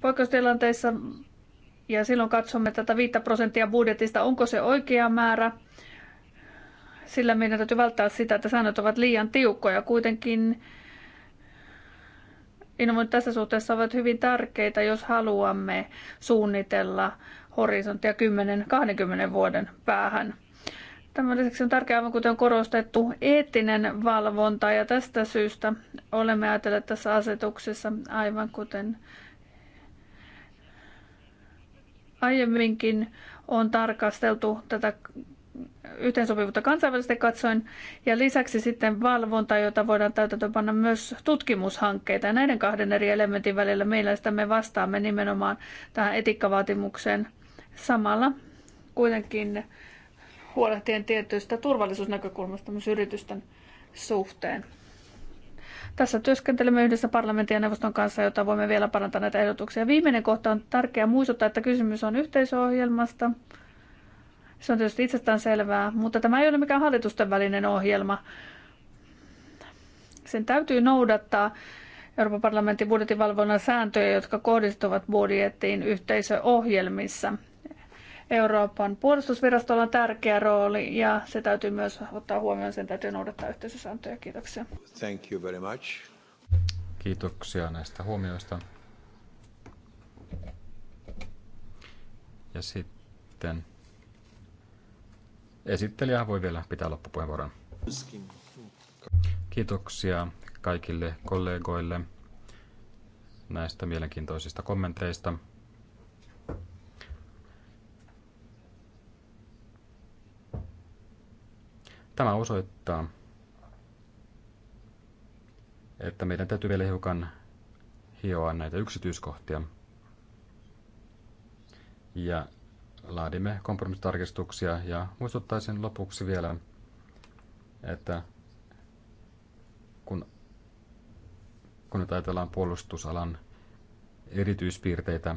poikkeustilanteissa ja silloin katsomme tätä 5 prosenttia budjetista, onko se oikea määrä, sillä meidän täytyy välttää sitä, että säännöt ovat liian tiukkoja. Kuitenkin innovoinnit tässä suhteessa ovat hyvin tärkeitä, jos haluamme suunnitella horisonttia 10-20 vuoden päähän. Tämän lisäksi on tärkeää, aivan kuten on korostettu, eettinen valvonta ja tästä syystä olemme ajatelleet tässä asetuksessa, aivan kuten Aiemminkin on tarkasteltu tätä yhteensopivuutta kansainvälisesti katsoen ja lisäksi sitten valvonta, jota voidaan täytäntöönpanna myös tutkimushankkeita. Ja näiden kahden eri elementin välillä meillä, me vastaamme nimenomaan tähän etikkavaatimukseen samalla kuitenkin huolehtien tietystä turvallisuusnäkökulmasta myös yritysten suhteen. Tässä työskentelemme yhdessä parlamentin ja neuvoston kanssa, jotta voimme vielä parantaa näitä ehdotuksia. Viimeinen kohta on tärkeää muistuttaa, että kysymys on yhteisohjelmasta. Se on tietysti itsestään selvää, mutta tämä ei ole mikään hallitusten välinen ohjelma. Sen täytyy noudattaa Euroopan parlamentin budjetinvalvonnan sääntöjä, jotka kohdistuvat budjettiin yhteisöohjelmissa. Euroopan puolustusvirastolla on tärkeä rooli ja se täytyy myös ottaa huomioon, sen täytyy noudattaa yhteisösääntöjä. Kiitoksia. Thank you very much. Kiitoksia näistä huomioista. Ja sitten esittelijä voi vielä pitää loppupuheenvuoron. Kiitoksia kaikille kollegoille näistä mielenkiintoisista kommenteista. Tämä osoittaa, että meidän täytyy vielä hiukan hioa näitä yksityiskohtia. Ja laadimme kompromissitarkistuksia ja muistuttaisin lopuksi vielä, että kun, kun nyt ajatellaan puolustusalan erityispiirteitä,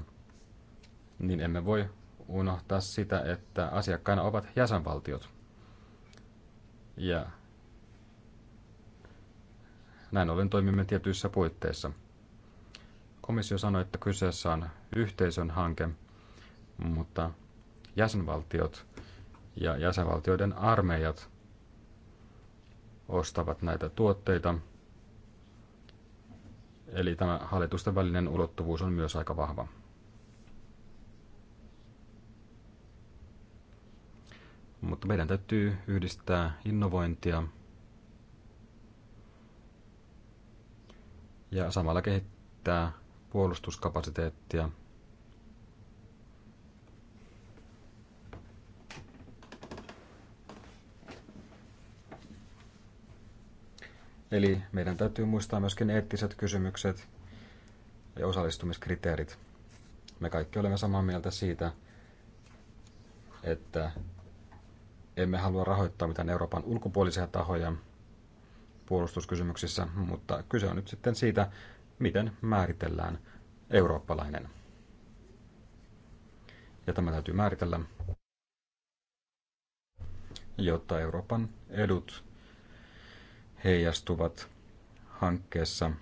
niin emme voi unohtaa sitä, että asiakkaina ovat jäsenvaltiot. Ja näin ollen toimimme tietyissä puitteissa. Komissio sanoi, että kyseessä on yhteisön hanke, mutta jäsenvaltiot ja jäsenvaltioiden armeijat ostavat näitä tuotteita. Eli tämä hallitusten välinen ulottuvuus on myös aika vahva. Mutta meidän täytyy yhdistää innovointia ja samalla kehittää puolustuskapasiteettia. Eli meidän täytyy muistaa myöskin eettiset kysymykset ja osallistumiskriteerit. Me kaikki olemme samaa mieltä siitä, että emme halua rahoittaa mitään Euroopan ulkopuolisia tahoja puolustuskysymyksissä, mutta kyse on nyt sitten siitä, miten määritellään eurooppalainen. Ja tämä täytyy määritellä, jotta Euroopan edut heijastuvat hankkeessa –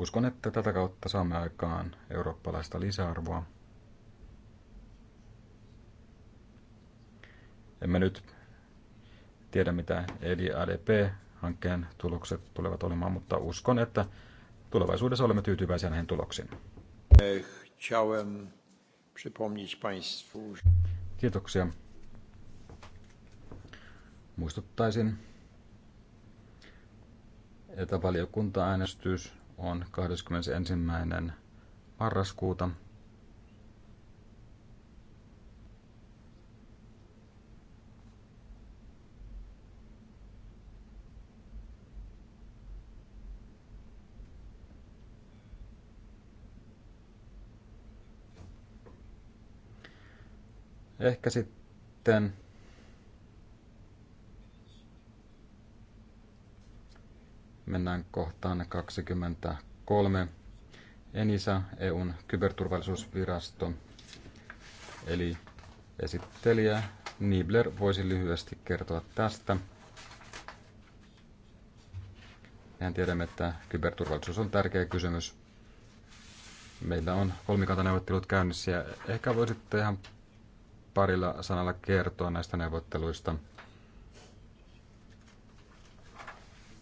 Uskon, että tätä kautta saamme aikaan eurooppalaista lisäarvoa. Emme nyt tiedä, mitä EDADP-hankkeen tulokset tulevat olemaan, mutta uskon, että tulevaisuudessa olemme tyytyväisiä näihin tuloksiin. Kiitoksia. Muistuttaisin, että valiokunta äänestys on 21. marraskuuta. Ehkä sitten Mennään kohtaan 23. ENISA, EUn kyberturvallisuusvirasto. Eli esittelijä Nibler voisi lyhyesti kertoa tästä. Mehän tiedämme, että kyberturvallisuus on tärkeä kysymys. Meillä on kolmikantaneuvottelut käynnissä ja ehkä voisitte ihan parilla sanalla kertoa näistä neuvotteluista –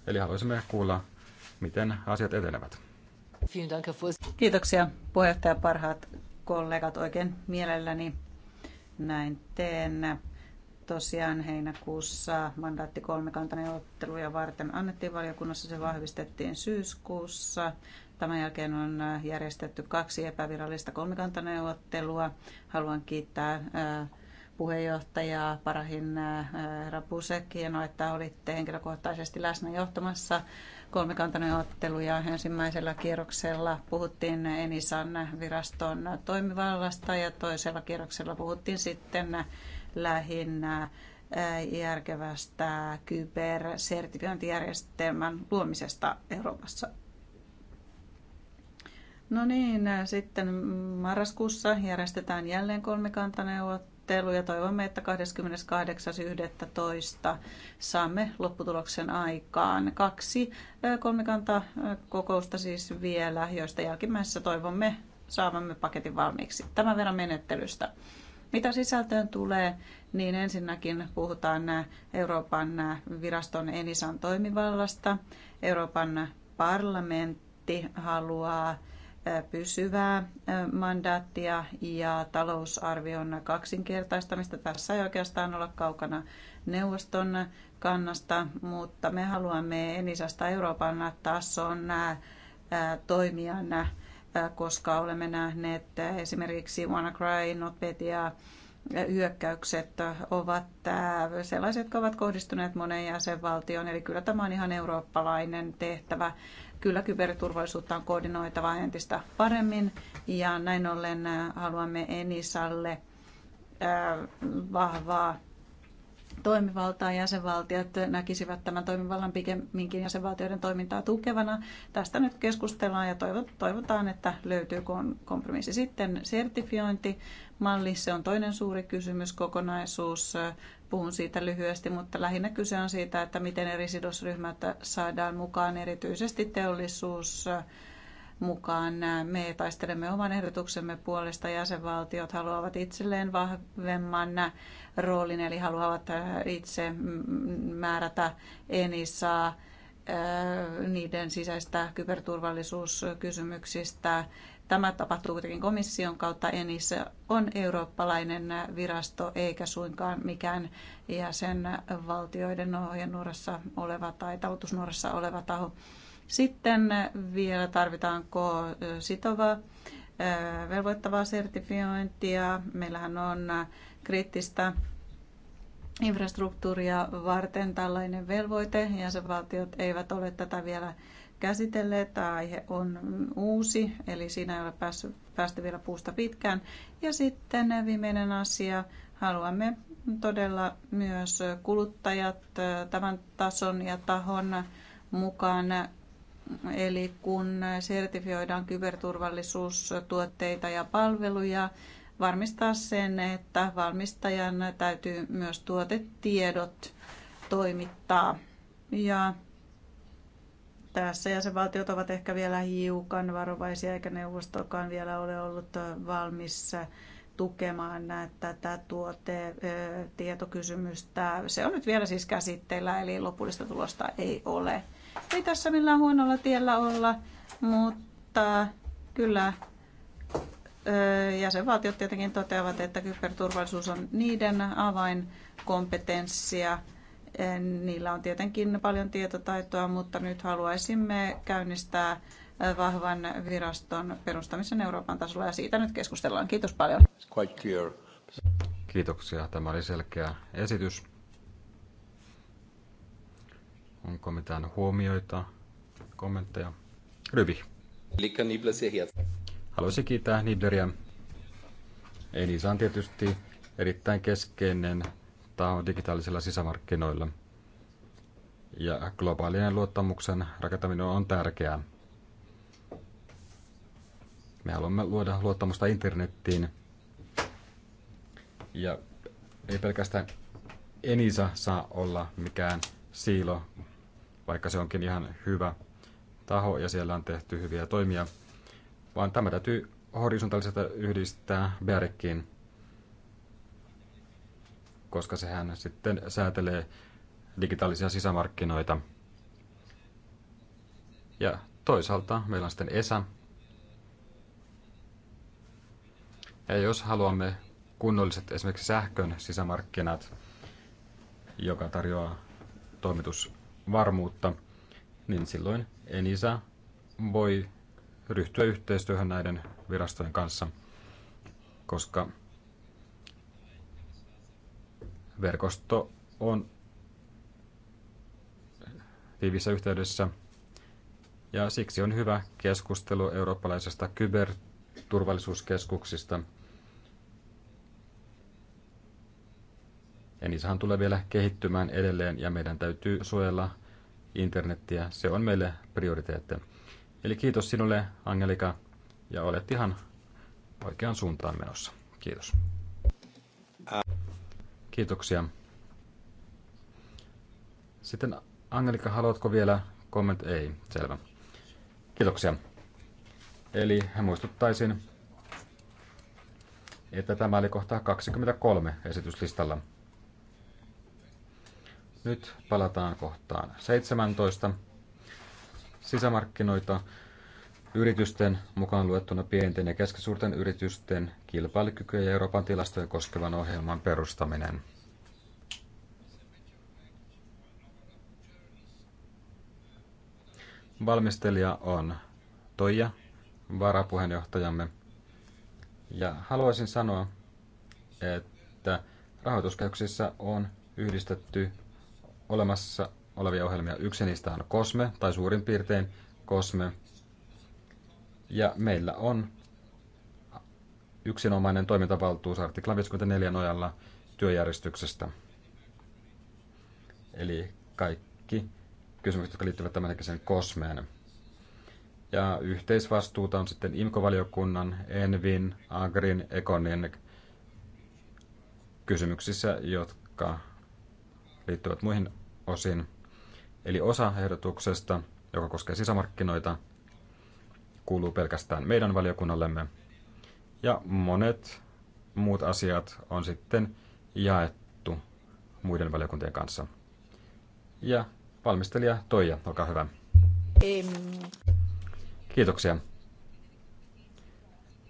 Eli haluaisimme kuulla, miten asiat etenevät. Kiitoksia puheenjohtaja parhaat kollegat oikein mielelläni. Näin teen. Tosiaan heinäkuussa mandaatti kolmikantainen otteluja varten annettiin valiokunnassa, se vahvistettiin syyskuussa. Tämän jälkeen on järjestetty kaksi epävirallista kolmikantaneuvottelua. Haluan kiittää äh, puheenjohtaja Parahin äh, herra Hienoa, että olitte henkilökohtaisesti läsnä johtamassa kolmikantaneuvotteluja. Ensimmäisellä kierroksella puhuttiin Enisan viraston toimivallasta ja toisella kierroksella puhuttiin sitten lähinnä äh, järkevästä kybersertifiointijärjestelmän luomisesta Euroopassa. No niin, äh, sitten marraskuussa järjestetään jälleen kolmikantaneuvottelu valmistelu ja toivomme, että 28.11. saamme lopputuloksen aikaan. Kaksi kolmikanta kokousta siis vielä, joista jälkimmäisessä toivomme saavamme paketin valmiiksi. Tämän verran menettelystä. Mitä sisältöön tulee, niin ensinnäkin puhutaan Euroopan viraston Enisan toimivallasta. Euroopan parlamentti haluaa pysyvää mandaattia ja talousarvion kaksinkertaistamista. Tässä ei oikeastaan olla kaukana neuvoston kannasta, mutta me haluamme Enisasta Euroopan tason toimijana, koska olemme nähneet esimerkiksi WannaCry, NotPetya hyökkäykset ovat sellaiset, jotka ovat kohdistuneet moneen jäsenvaltioon. Eli kyllä tämä on ihan eurooppalainen tehtävä kyllä kyberturvallisuutta on koordinoitava entistä paremmin ja näin ollen äh, haluamme Enisalle äh, vahvaa toimivaltaa jäsenvaltiot näkisivät tämän toimivallan pikemminkin jäsenvaltioiden toimintaa tukevana. Tästä nyt keskustellaan ja toivotaan, että löytyy kompromissi. Sitten sertifiointimalli, se on toinen suuri kysymys kokonaisuus. Puhun siitä lyhyesti, mutta lähinnä kyse on siitä, että miten eri sidosryhmät saadaan mukaan, erityisesti teollisuus mukaan. Me taistelemme oman ehdotuksemme puolesta. Jäsenvaltiot haluavat itselleen vahvemman roolin, eli haluavat itse määrätä enisaa niiden sisäistä kyberturvallisuuskysymyksistä Tämä tapahtuu kuitenkin komission kautta. Enissä on eurooppalainen virasto eikä suinkaan mikään jäsenvaltioiden ohjenuorassa oleva tai talutusnuorassa oleva taho. Sitten vielä tarvitaanko sitovaa velvoittavaa sertifiointia. Meillähän on kriittistä infrastruktuuria varten tällainen velvoite. Jäsenvaltiot eivät ole tätä vielä käsitelleet. Tämä aihe on uusi, eli siinä ei ole päässyt, päästy vielä puusta pitkään. Ja sitten viimeinen asia, haluamme todella myös kuluttajat tämän tason ja tahon mukaan. Eli kun sertifioidaan kyberturvallisuustuotteita ja palveluja, varmistaa sen, että valmistajan täytyy myös tuotetiedot toimittaa. Ja tässä jäsenvaltiot ovat ehkä vielä hiukan varovaisia, eikä neuvostokaan vielä ole ollut valmis tukemaan tätä tietokysymystä. Se on nyt vielä siis käsitteillä, eli lopullista tulosta ei ole. Ei tässä millään huonolla tiellä olla, mutta kyllä jäsenvaltiot tietenkin toteavat, että kyberturvallisuus on niiden avainkompetenssia – Niillä on tietenkin paljon tietotaitoa, mutta nyt haluaisimme käynnistää vahvan viraston perustamisen Euroopan tasolla ja siitä nyt keskustellaan. Kiitos paljon. Kiitoksia. Tämä oli selkeä esitys. Onko mitään huomioita, kommentteja? Ryvi. Haluaisin kiittää Nibleria. Elisa niin, on tietysti erittäin keskeinen valvontaa digitaalisilla sisämarkkinoilla. Ja globaalien luottamuksen rakentaminen on tärkeää. Me haluamme luoda luottamusta internettiin. Ja ei pelkästään Enisa saa olla mikään siilo, vaikka se onkin ihan hyvä taho ja siellä on tehty hyviä toimia, vaan tämä täytyy horisontaalisesti yhdistää Berkkiin koska sehän sitten säätelee digitaalisia sisämarkkinoita. Ja toisaalta meillä on sitten ESA. Ja jos haluamme kunnolliset esimerkiksi sähkön sisämarkkinat, joka tarjoaa toimitusvarmuutta, niin silloin Enisa voi ryhtyä yhteistyöhön näiden virastojen kanssa, koska Verkosto on tiivissä yhteydessä ja siksi on hyvä keskustelu eurooppalaisesta kyberturvallisuuskeskuksista. Ja niissähän tulee vielä kehittymään edelleen ja meidän täytyy suojella internettiä. Se on meille prioriteetti. Eli kiitos sinulle Angelika ja olet ihan oikean suuntaan menossa. Kiitos. Kiitoksia. Sitten Angelika, haluatko vielä komment? Ei, selvä. Kiitoksia. Eli muistuttaisin, että tämä oli kohta 23 esityslistalla. Nyt palataan kohtaan 17. Sisämarkkinoita yritysten, mukaan luettuna pienten ja keskisuurten yritysten, kilpailukykyä ja Euroopan tilastoja koskevan ohjelman perustaminen. Valmistelija on Toija, varapuheenjohtajamme. Ja haluaisin sanoa, että rahoituskehyksissä on yhdistetty olemassa olevia ohjelmia. Yksi niistä on Kosme, tai suurin piirtein Kosme, ja meillä on yksinomainen toimintavaltuus artikla 54 nojalla työjärjestyksestä. Eli kaikki kysymykset, jotka liittyvät tämänhetkisen kosmeen. Ja yhteisvastuuta on sitten IMKO-valiokunnan, ENVin, AGRin, EKONin kysymyksissä, jotka liittyvät muihin osiin. Eli osa ehdotuksesta, joka koskee sisämarkkinoita, kuuluu pelkästään meidän valiokunnallemme. Ja monet muut asiat on sitten jaettu muiden valiokuntien kanssa. Ja valmistelija Toija, olkaa hyvä. Kiitoksia.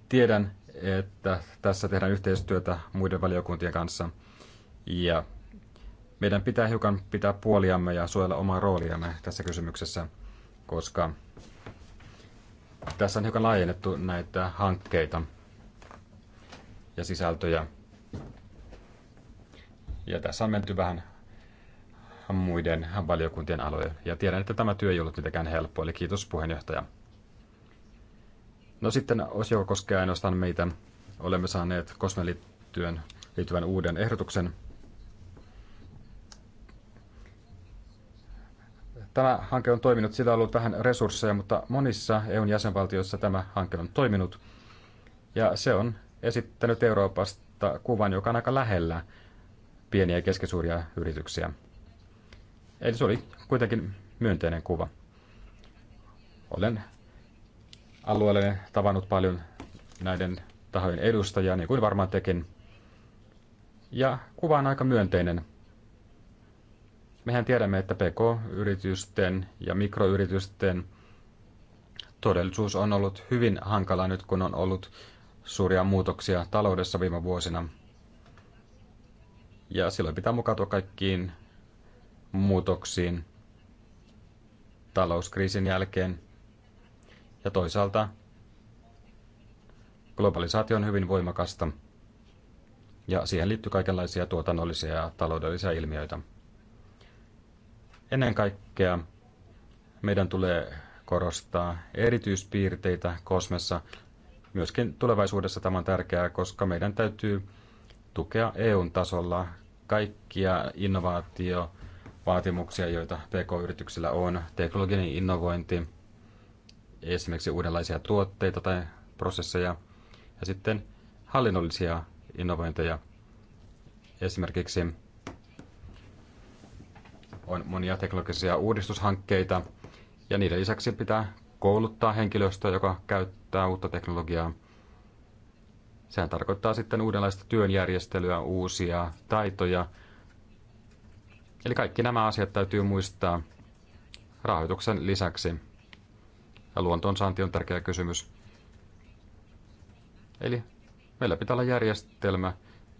Tiedän, että tässä tehdään yhteistyötä muiden valiokuntien kanssa ja meidän pitää hiukan pitää puoliamme ja suojella omaa rooliamme tässä kysymyksessä, koska tässä on hiukan laajennettu näitä hankkeita ja sisältöjä. Ja tässä on menty vähän muiden valiokuntien aloja. Ja tiedän, että tämä työ ei ollut mitenkään helppoa, eli kiitos puheenjohtaja. No sitten osio koskee ainoastaan meitä. Olemme saaneet kosmeen liittyvän uuden ehdotuksen tämä hanke on toiminut, sillä on ollut vähän resursseja, mutta monissa EUn jäsenvaltioissa tämä hanke on toiminut. Ja se on esittänyt Euroopasta kuvan, joka on aika lähellä pieniä ja keskisuuria yrityksiä. Eli se oli kuitenkin myönteinen kuva. Olen alueelle tavannut paljon näiden tahojen edustajia, niin kuin varmaan tekin. Ja kuva on aika myönteinen Mehän tiedämme, että PK-yritysten ja mikroyritysten todellisuus on ollut hyvin hankala nyt, kun on ollut suuria muutoksia taloudessa viime vuosina. Ja silloin pitää mukautua kaikkiin muutoksiin talouskriisin jälkeen. Ja toisaalta globalisaatio on hyvin voimakasta ja siihen liittyy kaikenlaisia tuotannollisia ja taloudellisia ilmiöitä. Ennen kaikkea meidän tulee korostaa erityispiirteitä kosmessa. Myöskin tulevaisuudessa tämä on tärkeää, koska meidän täytyy tukea EUn tasolla kaikkia innovaatiovaatimuksia, joita PK-yrityksillä on, teknologinen innovointi, esimerkiksi uudenlaisia tuotteita tai prosesseja, ja sitten hallinnollisia innovointeja, esimerkiksi on monia teknologisia uudistushankkeita, ja niiden lisäksi pitää kouluttaa henkilöstöä, joka käyttää uutta teknologiaa. Sehän tarkoittaa sitten uudenlaista työnjärjestelyä, uusia taitoja. Eli kaikki nämä asiat täytyy muistaa rahoituksen lisäksi. Ja luontonsaanti on tärkeä kysymys. Eli meillä pitää olla järjestelmä,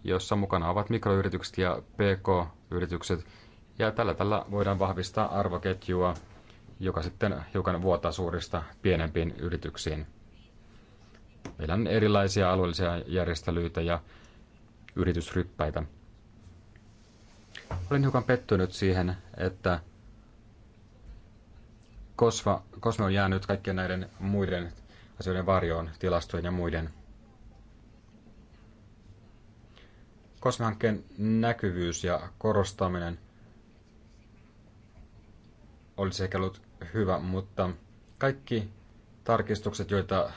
jossa mukana ovat mikroyritykset ja pk-yritykset, ja tällä tällä voidaan vahvistaa arvoketjua, joka sitten hiukan vuotaa suurista pienempiin yrityksiin. Meillä on erilaisia alueellisia järjestelyitä ja yritysryppäitä. Olin hiukan pettynyt siihen, että Kosva, Kosme on jäänyt kaikkien näiden muiden asioiden varjoon, tilastojen ja muiden. Kosmehankkeen näkyvyys ja korostaminen – olisi ehkä ollut hyvä, mutta kaikki tarkistukset, joita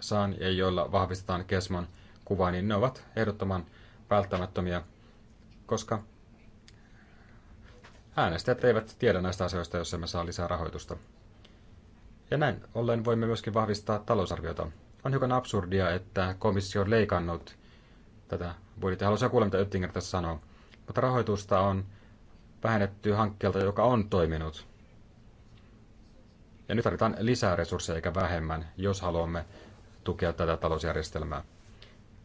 saan ja joilla vahvistetaan Kesmon kuvaa, niin ne ovat ehdottoman välttämättömiä, koska äänestäjät eivät tiedä näistä asioista, jos emme saa lisää rahoitusta. Ja näin ollen voimme myöskin vahvistaa talousarviota. On hiukan absurdia, että komissio on leikannut tätä budjettia. Haluaisin kuulla, mitä Oettinger tässä sanoo. Mutta rahoitusta on vähennetty hankkeelta, joka on toiminut. Ja nyt tarvitaan lisää resursseja eikä vähemmän, jos haluamme tukea tätä talousjärjestelmää.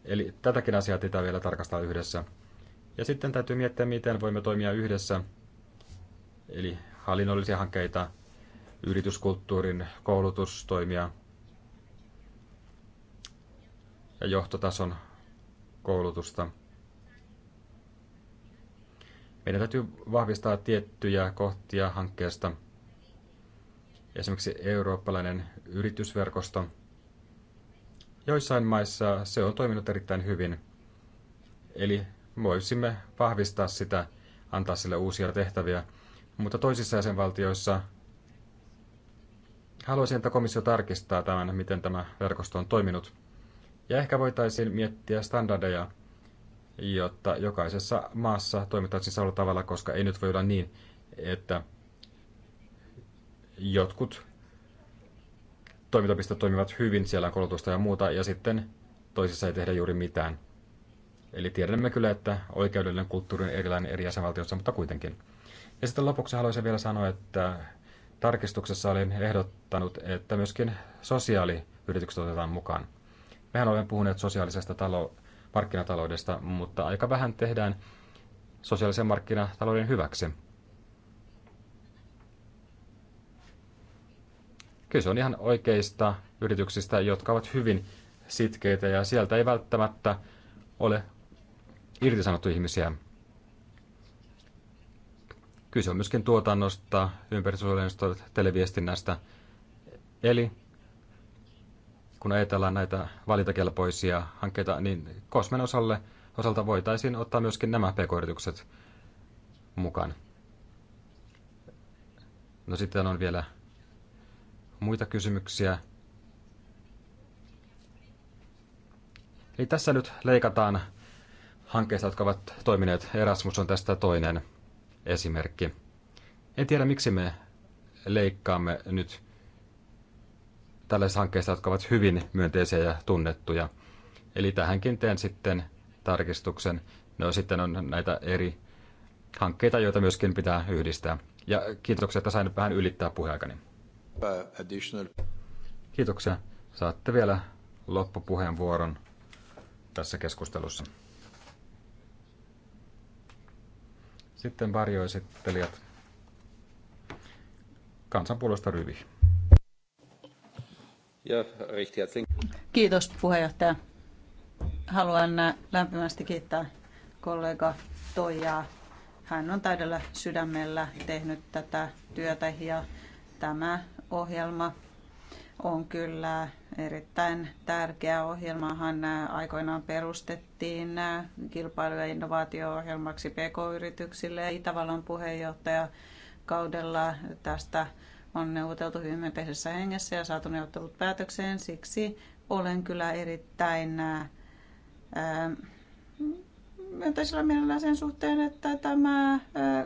Eli tätäkin asiaa pitää vielä tarkastaa yhdessä. Ja sitten täytyy miettiä, miten voimme toimia yhdessä. Eli hallinnollisia hankkeita, yrityskulttuurin koulutustoimia ja johtotason koulutusta. Meidän täytyy vahvistaa tiettyjä kohtia hankkeesta – esimerkiksi eurooppalainen yritysverkosto. Joissain maissa se on toiminut erittäin hyvin, eli voisimme vahvistaa sitä, antaa sille uusia tehtäviä, mutta toisissa jäsenvaltioissa haluaisin, että komissio tarkistaa tämän, miten tämä verkosto on toiminut. Ja ehkä voitaisiin miettiä standardeja, jotta jokaisessa maassa toimittaisiin samalla tavalla, koska ei nyt voi olla niin, että jotkut toimintapisteet toimivat hyvin, siellä on koulutusta ja muuta, ja sitten toisissa ei tehdä juuri mitään. Eli tiedämme kyllä, että oikeudellinen kulttuuri on erilainen eri jäsenvaltioissa, mutta kuitenkin. Ja sitten lopuksi haluaisin vielä sanoa, että tarkistuksessa olin ehdottanut, että myöskin sosiaaliyritykset otetaan mukaan. Mehän olemme puhuneet sosiaalisesta talo- markkinataloudesta, mutta aika vähän tehdään sosiaalisen markkinatalouden hyväksi. Kyse on ihan oikeista yrityksistä, jotka ovat hyvin sitkeitä ja sieltä ei välttämättä ole irtisanottu ihmisiä. Kyse on myöskin tuotannosta, ympäristösuojelusta, televiestinnästä. Eli kun ajatellaan näitä valintakelpoisia hankkeita, niin Kosmen osalle, osalta voitaisiin ottaa myöskin nämä pk mukaan. No sitten on vielä muita kysymyksiä. Eli tässä nyt leikataan hankkeista, jotka ovat toimineet. Erasmus on tästä toinen esimerkki. En tiedä, miksi me leikkaamme nyt tällaisista hankkeista, jotka ovat hyvin myönteisiä ja tunnettuja. Eli tähänkin teen sitten tarkistuksen. No sitten on näitä eri hankkeita, joita myöskin pitää yhdistää. Ja kiitoksia, että sain vähän ylittää puheaikani. Kiitoksia. Saatte vielä loppupuheenvuoron tässä keskustelussa. Sitten varjoesittelijät. Kansanpuolesta Ryvi. Kiitos puheenjohtaja. Haluan lämpimästi kiittää kollega Toijaa. Hän on täydellä sydämellä tehnyt tätä työtä ja tämä ohjelma on kyllä erittäin tärkeä ohjelmahan. Aikoinaan perustettiin kilpailu- ja innovaatio-ohjelmaksi PK-yrityksille ja Itävallan kaudella tästä on neuvoteltu hyvin hengessä ja saatu neuvottelut päätökseen. Siksi olen kyllä erittäin myönteisellä mielellä sen suhteen, että tämä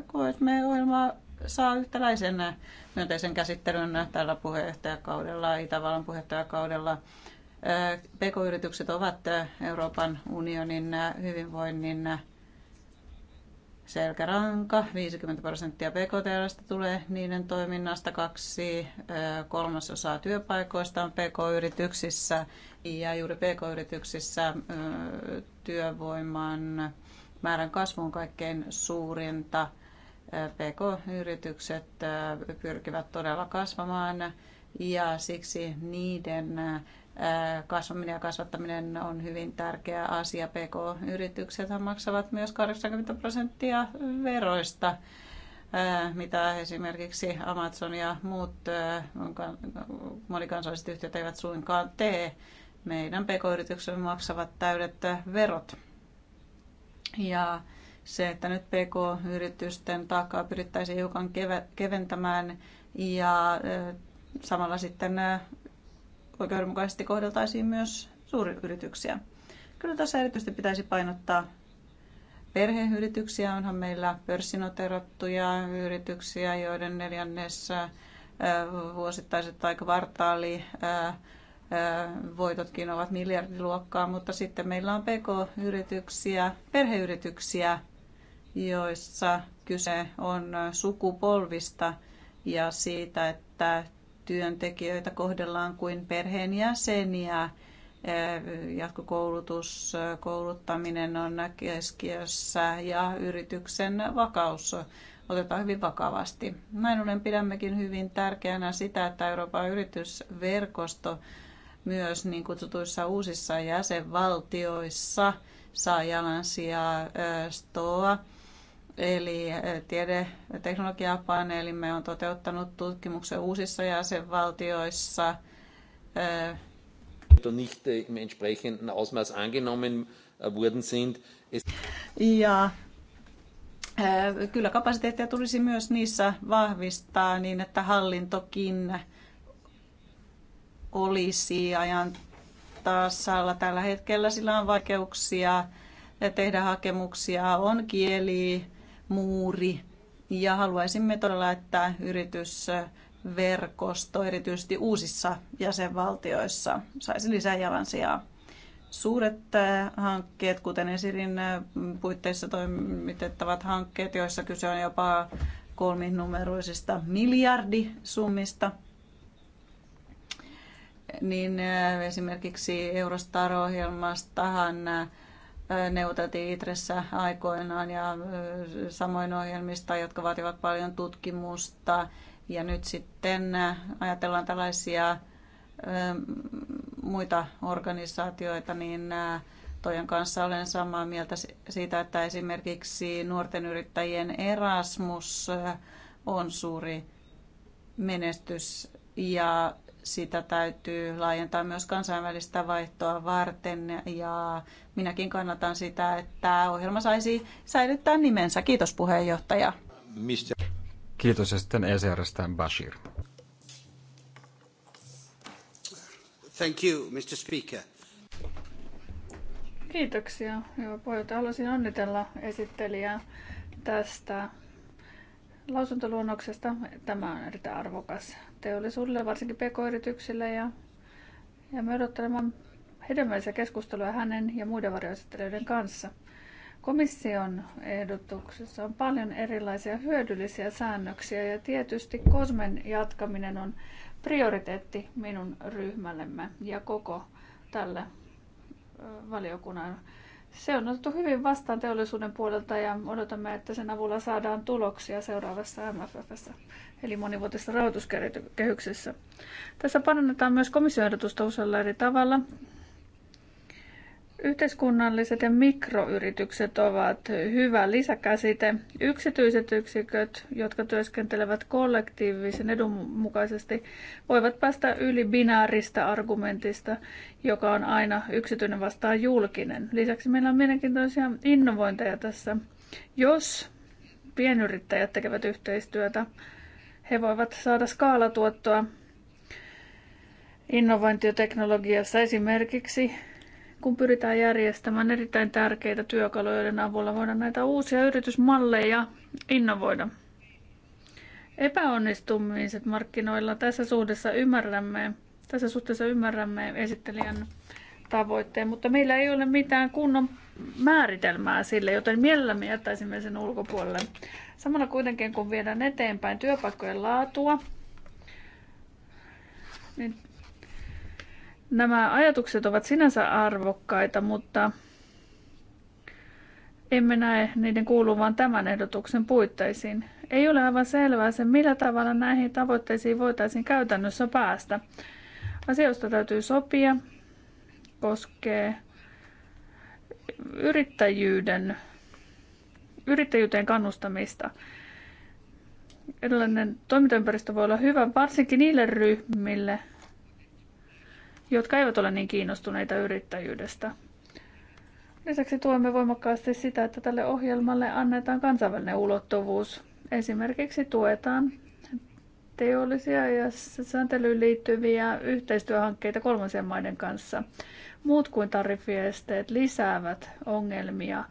KSM-ohjelma saa yhtäläisen myönteisen käsittelyn tällä puheenjohtajakaudella, Itävallan puheenjohtajakaudella. PK-yritykset ovat Euroopan unionin hyvinvoinnin selkäranka. 50 prosenttia PKTLstä tulee niiden toiminnasta, kaksi kolmasosaa työpaikoista on PK-yrityksissä ja juuri PK-yrityksissä työvoiman määrän kasvu on kaikkein suurinta – PK-yritykset pyrkivät todella kasvamaan ja siksi niiden kasvaminen ja kasvattaminen on hyvin tärkeä asia. PK-yritykset maksavat myös 80 prosenttia veroista, mitä esimerkiksi Amazon ja muut monikansalliset yhtiöt eivät suinkaan tee. Meidän PK-yrityksemme maksavat täydet verot. Ja se, että nyt PK-yritysten taakkaa pyrittäisiin hiukan keventämään ja samalla sitten oikeudenmukaisesti kohdeltaisiin myös suuryrityksiä. Kyllä tässä erityisesti pitäisi painottaa perheyrityksiä. Onhan meillä pörssinoterattuja yrityksiä, joiden neljännessä vuosittaiset tai kvartaali voitotkin ovat miljardiluokkaa, mutta sitten meillä on pk-yrityksiä, perheyrityksiä, joissa kyse on sukupolvista ja siitä, että työntekijöitä kohdellaan kuin perheenjäseniä. Jatkokoulutus, kouluttaminen on keskiössä ja yrityksen vakaus otetaan hyvin vakavasti. Näin ollen pidämmekin hyvin tärkeänä sitä, että Euroopan yritysverkosto myös niin kutsutuissa uusissa jäsenvaltioissa saa jalansijaa STOA Eli eh, tiede- ja teknologiapaneelimme on toteuttanut tutkimuksen uusissa jäsenvaltioissa. Eh, nicht eh, im entsprechenden Ausmaß angenommen worden sind. Ja kyllä kapasiteettia tulisi myös niissä vahvistaa niin, että hallintokin olisi ajan tasalla. Tällä hetkellä sillä on vaikeuksia tehdä hakemuksia, on kieli muuri ja haluaisimme todella, että yritysverkosto erityisesti uusissa jäsenvaltioissa saisi lisää jalansijaa. Suuret äh, hankkeet, kuten Esirin äh, puitteissa toimitettavat hankkeet, joissa kyse on jopa kolminumeroisista miljardisummista, niin äh, esimerkiksi Eurostar-ohjelmastahan neuvoteltiin Itressä aikoinaan ja samoin ohjelmista, jotka vaativat paljon tutkimusta. Ja nyt sitten ajatellaan tällaisia muita organisaatioita, niin Tojan kanssa olen samaa mieltä siitä, että esimerkiksi nuorten yrittäjien Erasmus on suuri menestys ja sitä täytyy laajentaa myös kansainvälistä vaihtoa varten ja minäkin kannatan sitä, että ohjelma saisi säilyttää nimensä. Kiitos puheenjohtaja. Kiitos ja sitten ECRstä Bashir. Thank you, Mr. Speaker. Kiitoksia. Hyvä puheenjohtaja. Haluaisin onnitella esittelijää tästä lausuntoluonnoksesta. Tämä on erittäin arvokas teollisuudelle, varsinkin pk-yrityksille ja, ja me odottelemme hedelmällisiä keskusteluja hänen ja muiden varjoesittelijöiden kanssa. Komission ehdotuksessa on paljon erilaisia hyödyllisiä säännöksiä ja tietysti kosmen jatkaminen on prioriteetti minun ryhmällemme ja koko tälle valiokunnan se on otettu hyvin vastaan teollisuuden puolelta ja odotamme, että sen avulla saadaan tuloksia seuraavassa MFFssä, eli monivuotisessa rahoituskehyksessä. Tässä parannetaan myös komissioehdotusta usealla eri tavalla. Yhteiskunnalliset ja mikroyritykset ovat hyvä lisäkäsite. Yksityiset yksiköt, jotka työskentelevät kollektiivisen edun mukaisesti, voivat päästä yli binääristä argumentista, joka on aina yksityinen vastaan julkinen. Lisäksi meillä on mielenkiintoisia innovointeja tässä. Jos pienyrittäjät tekevät yhteistyötä, he voivat saada skaalatuottoa innovointioteknologiassa esimerkiksi kun pyritään järjestämään erittäin tärkeitä työkaluja, joiden avulla voidaan näitä uusia yritysmalleja innovoida. Epäonnistumiset markkinoilla tässä suhteessa ymmärrämme, tässä suhteessa ymmärrämme esittelijän tavoitteen, mutta meillä ei ole mitään kunnon määritelmää sille, joten mielellämme jättäisimme sen ulkopuolelle. Samalla kuitenkin, kun viedään eteenpäin työpaikkojen laatua, niin Nämä ajatukset ovat sinänsä arvokkaita, mutta emme näe niiden kuuluvan tämän ehdotuksen puitteisiin. Ei ole aivan selvää se, millä tavalla näihin tavoitteisiin voitaisiin käytännössä päästä. Asioista täytyy sopia, koskee yrittäjyyden, yrittäjyyteen kannustamista. Erilainen toimintaympäristö voi olla hyvä varsinkin niille ryhmille, jotka eivät ole niin kiinnostuneita yrittäjyydestä. Lisäksi tuemme voimakkaasti sitä, että tälle ohjelmalle annetaan kansainvälinen ulottuvuus. Esimerkiksi tuetaan teollisia ja sääntelyyn liittyviä yhteistyöhankkeita kolmansien maiden kanssa. Muut kuin tariffiesteet lisäävät ongelmia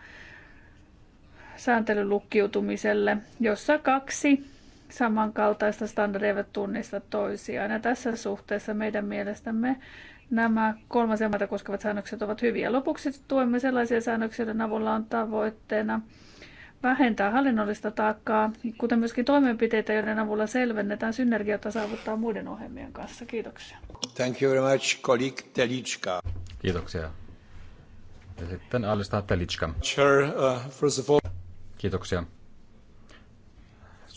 sääntelyn lukkiutumiselle, jossa kaksi samankaltaista standardia eivät tunnista toisiaan. Ja tässä suhteessa meidän mielestämme nämä kolmasia maita koskevat säännökset ovat hyviä. Lopuksi tuemme sellaisia säännöksiä, joiden avulla on tavoitteena vähentää hallinnollista taakkaa, kuten myöskin toimenpiteitä, joiden avulla selvennetään synergioita saavuttaa muiden ohjelmien kanssa. Kiitoksia. Thank you very much, colleague Telichka. Kiitoksia. Ja sitten Alistair Telichka. Sure, uh, first of all... Kiitoksia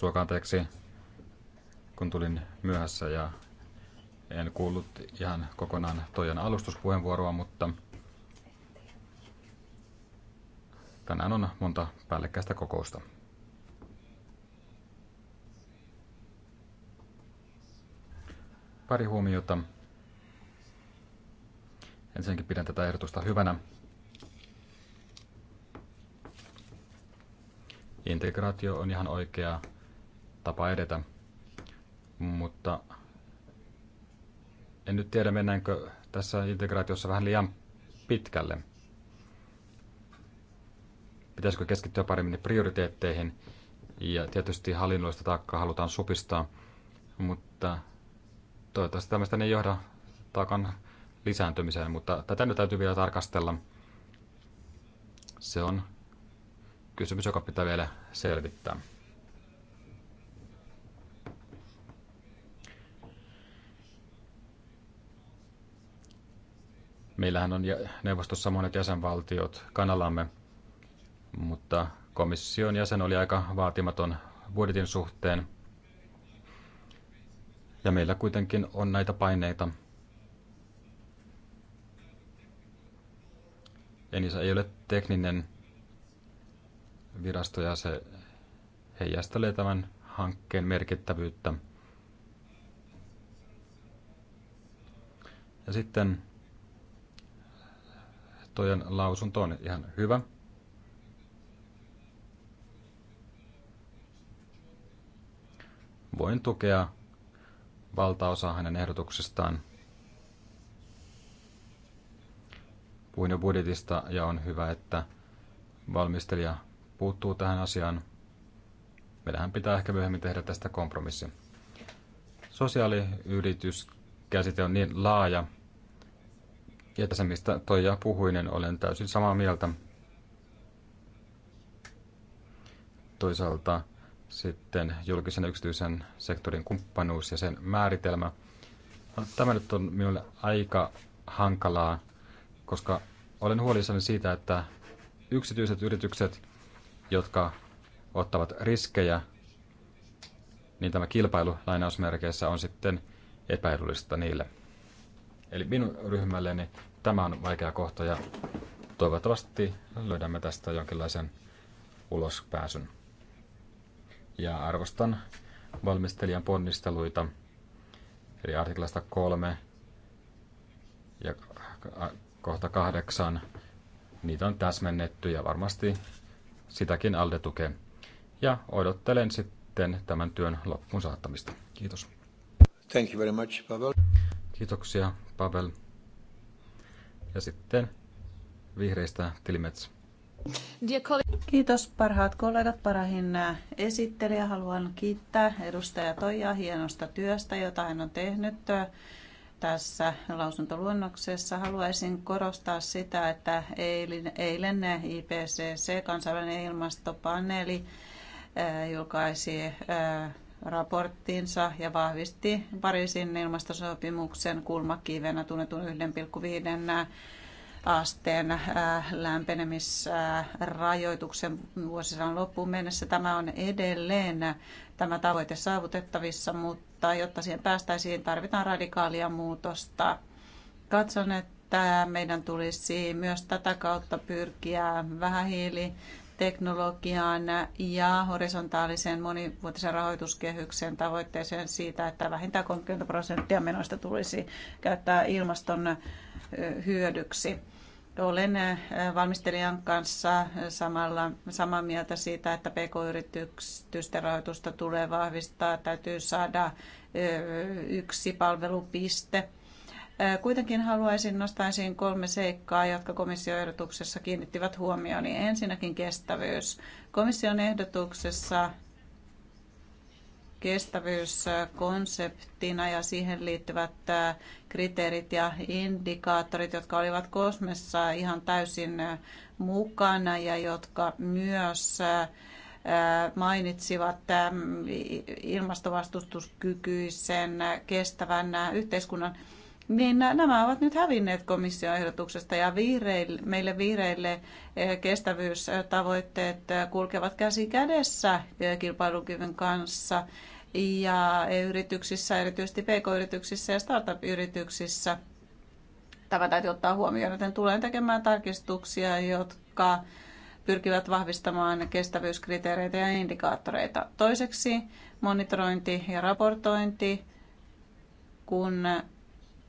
suoka anteeksi, kun tulin myöhässä ja en kuullut ihan kokonaan tojan alustuspuheenvuoroa, mutta tänään on monta päällekkäistä kokousta. Pari huomiota. Ensinnäkin pidän tätä ehdotusta hyvänä. Integraatio on ihan oikea tapa edetä. Mutta en nyt tiedä, mennäänkö tässä integraatiossa vähän liian pitkälle. Pitäisikö keskittyä paremmin prioriteetteihin? Ja tietysti hallinnollista taakkaa halutaan supistaa, mutta toivottavasti tämmöistä ei johda taakan lisääntymiseen, mutta tätä nyt täytyy vielä tarkastella. Se on kysymys, joka pitää vielä selvittää. Meillähän on neuvostossa monet jäsenvaltiot kanalamme, mutta komission jäsen oli aika vaatimaton budjetin suhteen. Ja meillä kuitenkin on näitä paineita. Enisa ei ole tekninen virasto ja se heijastelee tämän hankkeen merkittävyyttä. Ja sitten johtojen lausunto on ihan hyvä. Voin tukea valtaosaa hänen ehdotuksestaan. Puhuin jo budjetista ja on hyvä, että valmistelija puuttuu tähän asiaan. Meidän pitää ehkä myöhemmin tehdä tästä kompromissi. Sosiaaliyrityskäsite on niin laaja, ja tässä mistä Toija puhui, niin olen täysin samaa mieltä. Toisaalta sitten julkisen yksityisen sektorin kumppanuus ja sen määritelmä. No, tämä nyt on minulle aika hankalaa, koska olen huolissani siitä, että yksityiset yritykset, jotka ottavat riskejä, niin tämä kilpailu lainausmerkeissä on sitten epäedullista niille. Eli minun ryhmälleni tämä on vaikea kohta ja toivottavasti löydämme tästä jonkinlaisen ulospääsyn. Ja arvostan valmistelijan ponnisteluita, eli artiklasta kolme ja kohta kahdeksan. Niitä on täsmennetty ja varmasti sitäkin Alde tukee. Ja odottelen sitten tämän työn loppuun saattamista. Kiitos. Thank you very much, Pavel. Kiitoksia, Pavel. Ja sitten vihreistä Tilimets. Kiitos parhaat kollegat, parahin äh, esittelijä. Haluan kiittää edustaja Toija hienosta työstä, jota hän on tehnyt äh, tässä lausuntoluonnoksessa. Haluaisin korostaa sitä, että eilen, eilen IPCC, kansainvälinen ilmastopaneeli, äh, julkaisi raporttiinsa ja vahvisti Pariisin ilmastosopimuksen kulmakivenä tunnetun 1,5 asteen äh, lämpenemisrajoituksen vuosisadan loppuun mennessä. Tämä on edelleen tämä tavoite saavutettavissa, mutta jotta siihen päästäisiin, tarvitaan radikaalia muutosta. Katson, että meidän tulisi myös tätä kautta pyrkiä vähähiili teknologiaan ja horisontaalisen monivuotisen rahoituskehyksen tavoitteeseen siitä, että vähintään 30 prosenttia menoista tulisi käyttää ilmaston hyödyksi. Olen valmistelijan kanssa samalla, samaa mieltä siitä, että pk-yritysten rahoitusta tulee vahvistaa. Täytyy saada yksi palvelupiste – Kuitenkin haluaisin nostaa esiin kolme seikkaa, jotka ehdotuksessa kiinnittivät huomioon. Ensinnäkin kestävyys. Komission ehdotuksessa kestävyyskonseptina ja siihen liittyvät kriteerit ja indikaattorit, jotka olivat kosmessa ihan täysin mukana ja jotka myös mainitsivat ilmastovastustuskykyisen kestävän yhteiskunnan niin nämä ovat nyt hävinneet komissioehdotuksesta ja vihreille, meille vihreille eh, kestävyystavoitteet eh, kulkevat käsi kädessä eh, kilpailukyvyn kanssa ja yrityksissä, erityisesti pk-yrityksissä ja startup-yrityksissä. Tämä täytyy ottaa huomioon, joten tulen tekemään tarkistuksia, jotka pyrkivät vahvistamaan kestävyyskriteereitä ja indikaattoreita. Toiseksi monitorointi ja raportointi, kun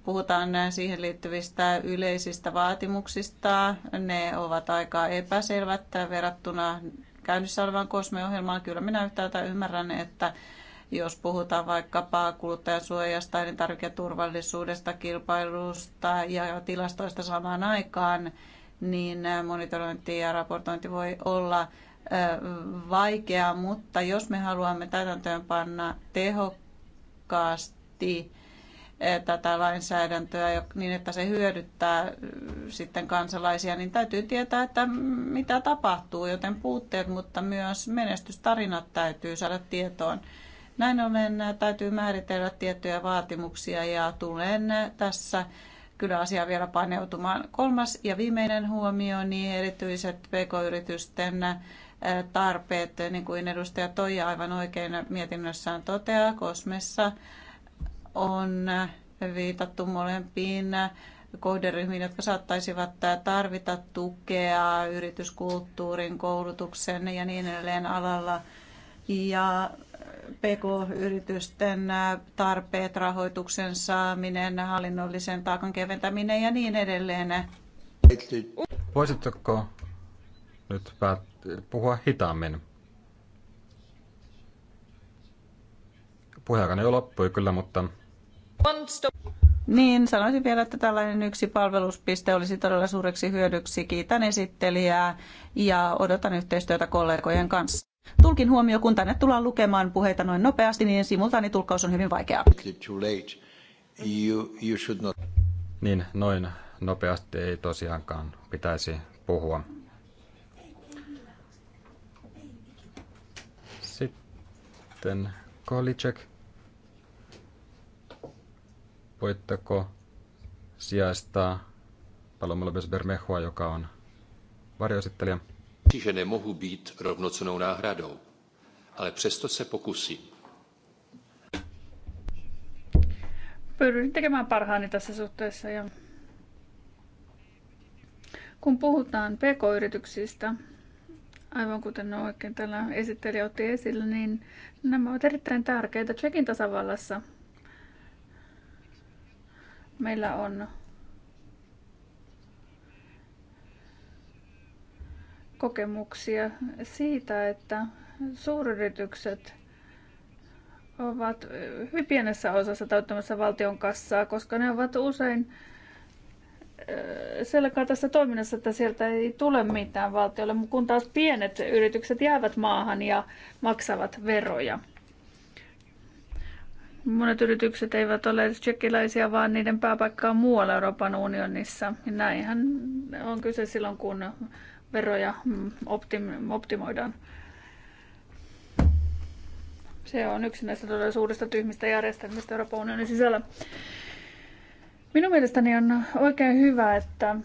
puhutaan näin siihen liittyvistä yleisistä vaatimuksista. Ne ovat aika epäselvät verrattuna käynnissä olevaan kosmeohjelmaan. Kyllä minä yhtäältä ymmärrän, että jos puhutaan vaikkapa kuluttajansuojasta, turvallisuudesta kilpailusta ja tilastoista samaan aikaan, niin monitorointi ja raportointi voi olla vaikeaa, mutta jos me haluamme panna tehokkaasti tätä lainsäädäntöä niin, että se hyödyttää sitten kansalaisia, niin täytyy tietää, että mitä tapahtuu, joten puutteet, mutta myös menestystarinat täytyy saada tietoon. Näin ollen täytyy määritellä tiettyjä vaatimuksia ja tulen tässä kyllä asiaa vielä paneutumaan. Kolmas ja viimeinen huomio, niin erityiset pk-yritysten tarpeet, niin kuin edustaja Toija aivan oikein mietinnössään toteaa, Kosmessa – on viitattu molempiin kohderyhmiin, jotka saattaisivat tarvita tukea yrityskulttuurin, koulutuksen ja niin edelleen alalla. Ja PK-yritysten tarpeet, rahoituksen saaminen, hallinnollisen taakan keventäminen ja niin edelleen. Voisitko nyt puhua hitaammin? Puheenjohtaja jo loppui kyllä, mutta niin, sanoisin vielä, että tällainen yksi palveluspiste olisi todella suureksi hyödyksi. Kiitän esittelijää ja odotan yhteistyötä kollegojen kanssa. Tulkin huomio, kun tänne tullaan lukemaan puheita noin nopeasti, niin simultaanitulkkaus on hyvin vaikeaa. Niin, noin nopeasti ei tosiaankaan pitäisi puhua. Sitten Kolicek. Voitteko sijaistaa Paloma Lopes Bermejoa, joka on varjoesittelijä? že nemohu být rovnocenou náhradou, ale přesto se pokusím. Pyrin tekemään parhaani tässä suhteessa ja kun puhutaan pk-yrityksistä, aivan kuten oikein täällä esittelijä otti esille, niin nämä ovat erittäin tärkeitä Tsekin tasavallassa – Meillä on kokemuksia siitä, että suuryritykset ovat hyvin pienessä osassa täyttämässä valtion kassaa, koska ne ovat usein selkää tässä toiminnassa, että sieltä ei tule mitään valtiolle, kun taas pienet yritykset jäävät maahan ja maksavat veroja. Monet yritykset eivät ole edes tsekkiläisiä, vaan niiden pääpaikka on muualla Euroopan unionissa. Näinhän on kyse silloin, kun veroja mm, optimoidaan. Se on yksi näistä todella suurista tyhmistä järjestelmistä Euroopan unionin sisällä. Minun mielestäni on oikein hyvä, että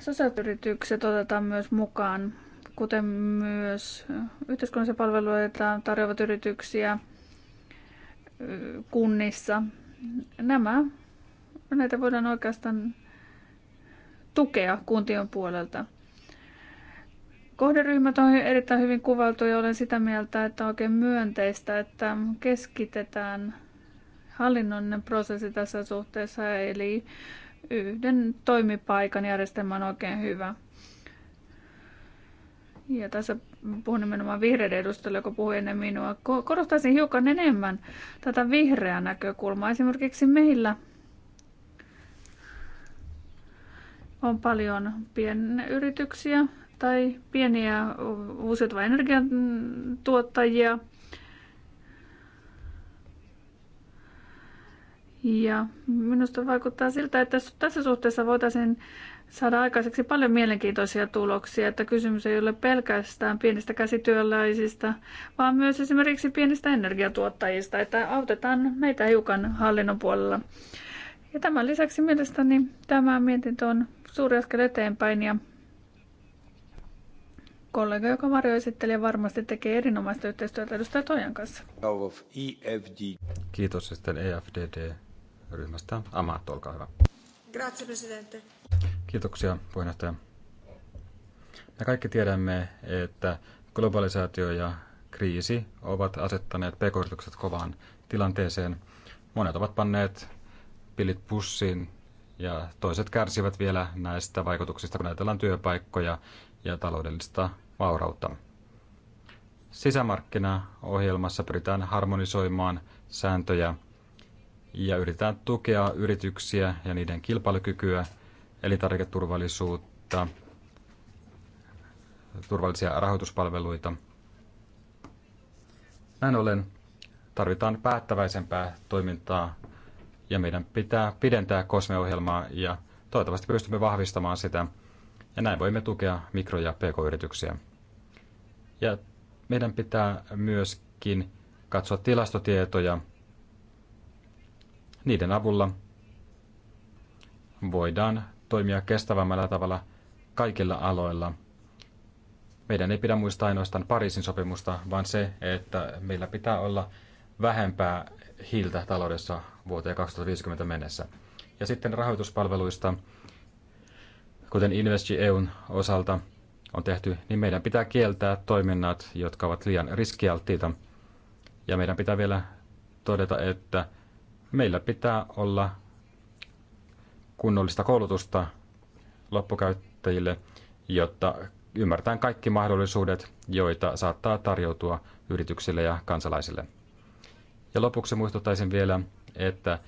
sosiaaliyritykset otetaan myös mukaan, kuten myös yhteiskunnallisia palveluita tarjoavat yrityksiä – kunnissa. Nämä, näitä voidaan oikeastaan tukea kuntien puolelta. Kohderyhmät on erittäin hyvin kuvaltu ja olen sitä mieltä, että on oikein myönteistä, että keskitetään hallinnollinen prosessi tässä suhteessa, eli yhden toimipaikan järjestelmä on oikein hyvä ja tässä puhun nimenomaan vihreiden edustajalle, joka puhui ennen minua, korostaisin hiukan enemmän tätä vihreää näkökulmaa. Esimerkiksi meillä on paljon pienyrityksiä tai pieniä uusiutuvan energian tuottajia. Ja minusta vaikuttaa siltä, että tässä suhteessa voitaisiin saada aikaiseksi paljon mielenkiintoisia tuloksia, että kysymys ei ole pelkästään pienistä käsityöläisistä, vaan myös esimerkiksi pienistä energiatuottajista, että autetaan meitä hiukan hallinnon puolella. Ja tämän lisäksi mielestäni tämä mietintö on suuri askel eteenpäin ja kollega, joka esitteli, varmasti tekee erinomaista yhteistyötä edustaja Toijan kanssa. Kiitos sitten EFDD-ryhmästä. Amat, olkaa hyvä. Grazie, Presidente. Kiitoksia puheenjohtaja. Me kaikki tiedämme, että globalisaatio ja kriisi ovat asettaneet pk kovaan tilanteeseen. Monet ovat panneet pilit pussiin ja toiset kärsivät vielä näistä vaikutuksista, kun ajatellaan työpaikkoja ja taloudellista vaurautta. Sisämarkkinaohjelmassa pyritään harmonisoimaan sääntöjä ja yritetään tukea yrityksiä ja niiden kilpailukykyä elintarviketurvallisuutta, turvallisia rahoituspalveluita. Näin ollen tarvitaan päättäväisempää toimintaa ja meidän pitää pidentää kosmeohjelmaa ja toivottavasti pystymme vahvistamaan sitä ja näin voimme tukea mikro- ja pk-yrityksiä. Ja meidän pitää myöskin katsoa tilastotietoja. Niiden avulla voidaan toimia kestävämmällä tavalla kaikilla aloilla. Meidän ei pidä muistaa ainoastaan Pariisin sopimusta, vaan se, että meillä pitää olla vähempää hiiltä taloudessa vuoteen 2050 mennessä. Ja sitten rahoituspalveluista, kuten investi-eun osalta on tehty, niin meidän pitää kieltää toiminnat, jotka ovat liian riskialttiita. Ja meidän pitää vielä todeta, että meillä pitää olla kunnollista koulutusta loppukäyttäjille, jotta ymmärtää kaikki mahdollisuudet, joita saattaa tarjoutua yrityksille ja kansalaisille. Ja lopuksi muistuttaisin vielä, että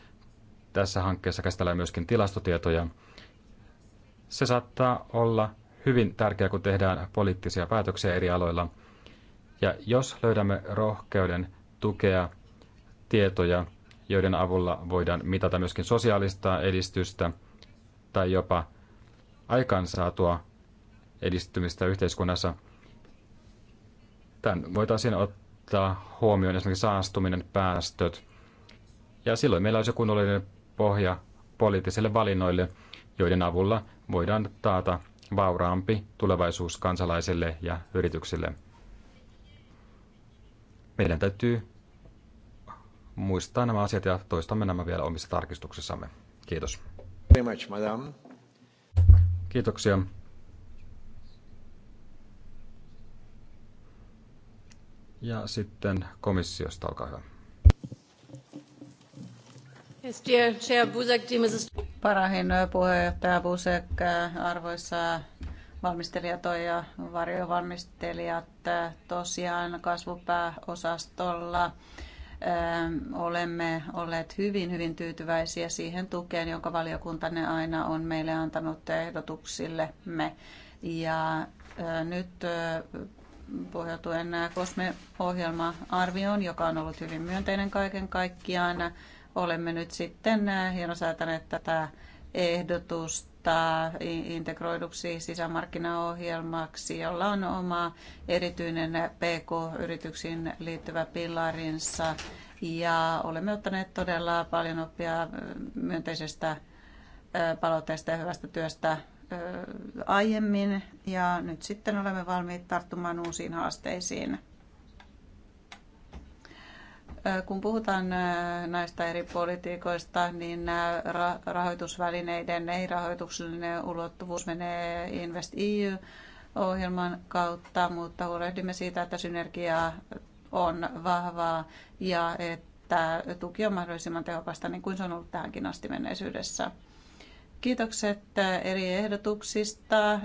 tässä hankkeessa käsitellään myöskin tilastotietoja. Se saattaa olla hyvin tärkeää, kun tehdään poliittisia päätöksiä eri aloilla. Ja jos löydämme rohkeuden tukea tietoja, joiden avulla voidaan mitata myöskin sosiaalista edistystä tai jopa aikaansaatua edistymistä yhteiskunnassa. Tämän voitaisiin ottaa huomioon esimerkiksi saastuminen, päästöt. Ja silloin meillä olisi kunnollinen pohja poliittisille valinnoille, joiden avulla voidaan taata vauraampi tulevaisuus kansalaisille ja yrityksille. Meidän täytyy muistaa nämä asiat ja toistamme nämä vielä omissa tarkistuksissamme. Kiitos. Very much, madam. Kiitoksia. Ja sitten komissiosta, olkaa hyvä. Parahin puheenjohtaja Busek, arvoisa valmistelijat ja varjovalmistelijat, tosiaan kasvupääosastolla olemme olleet hyvin, hyvin tyytyväisiä siihen tukeen, jonka valiokuntanne aina on meille antanut ehdotuksillemme. Ja nyt pohjautuen COSME-ohjelma-arvioon, joka on ollut hyvin myönteinen kaiken kaikkiaan, olemme nyt sitten hienosäätäneet tätä ehdotusta ottaa integroiduksi sisämarkkinaohjelmaksi, jolla on oma erityinen PK-yrityksiin liittyvä pilarinsa. Ja olemme ottaneet todella paljon oppia myönteisestä palautteesta ja hyvästä työstä aiemmin ja nyt sitten olemme valmiit tarttumaan uusiin haasteisiin kun puhutaan näistä eri politiikoista, niin rahoitusvälineiden ei-rahoituksellinen ulottuvuus menee Invest EU-ohjelman kautta, mutta huolehdimme siitä, että synergiaa on vahvaa ja että tuki on mahdollisimman tehokasta, niin kuin se on ollut tähänkin asti menneisyydessä. Kiitokset eri ehdotuksista.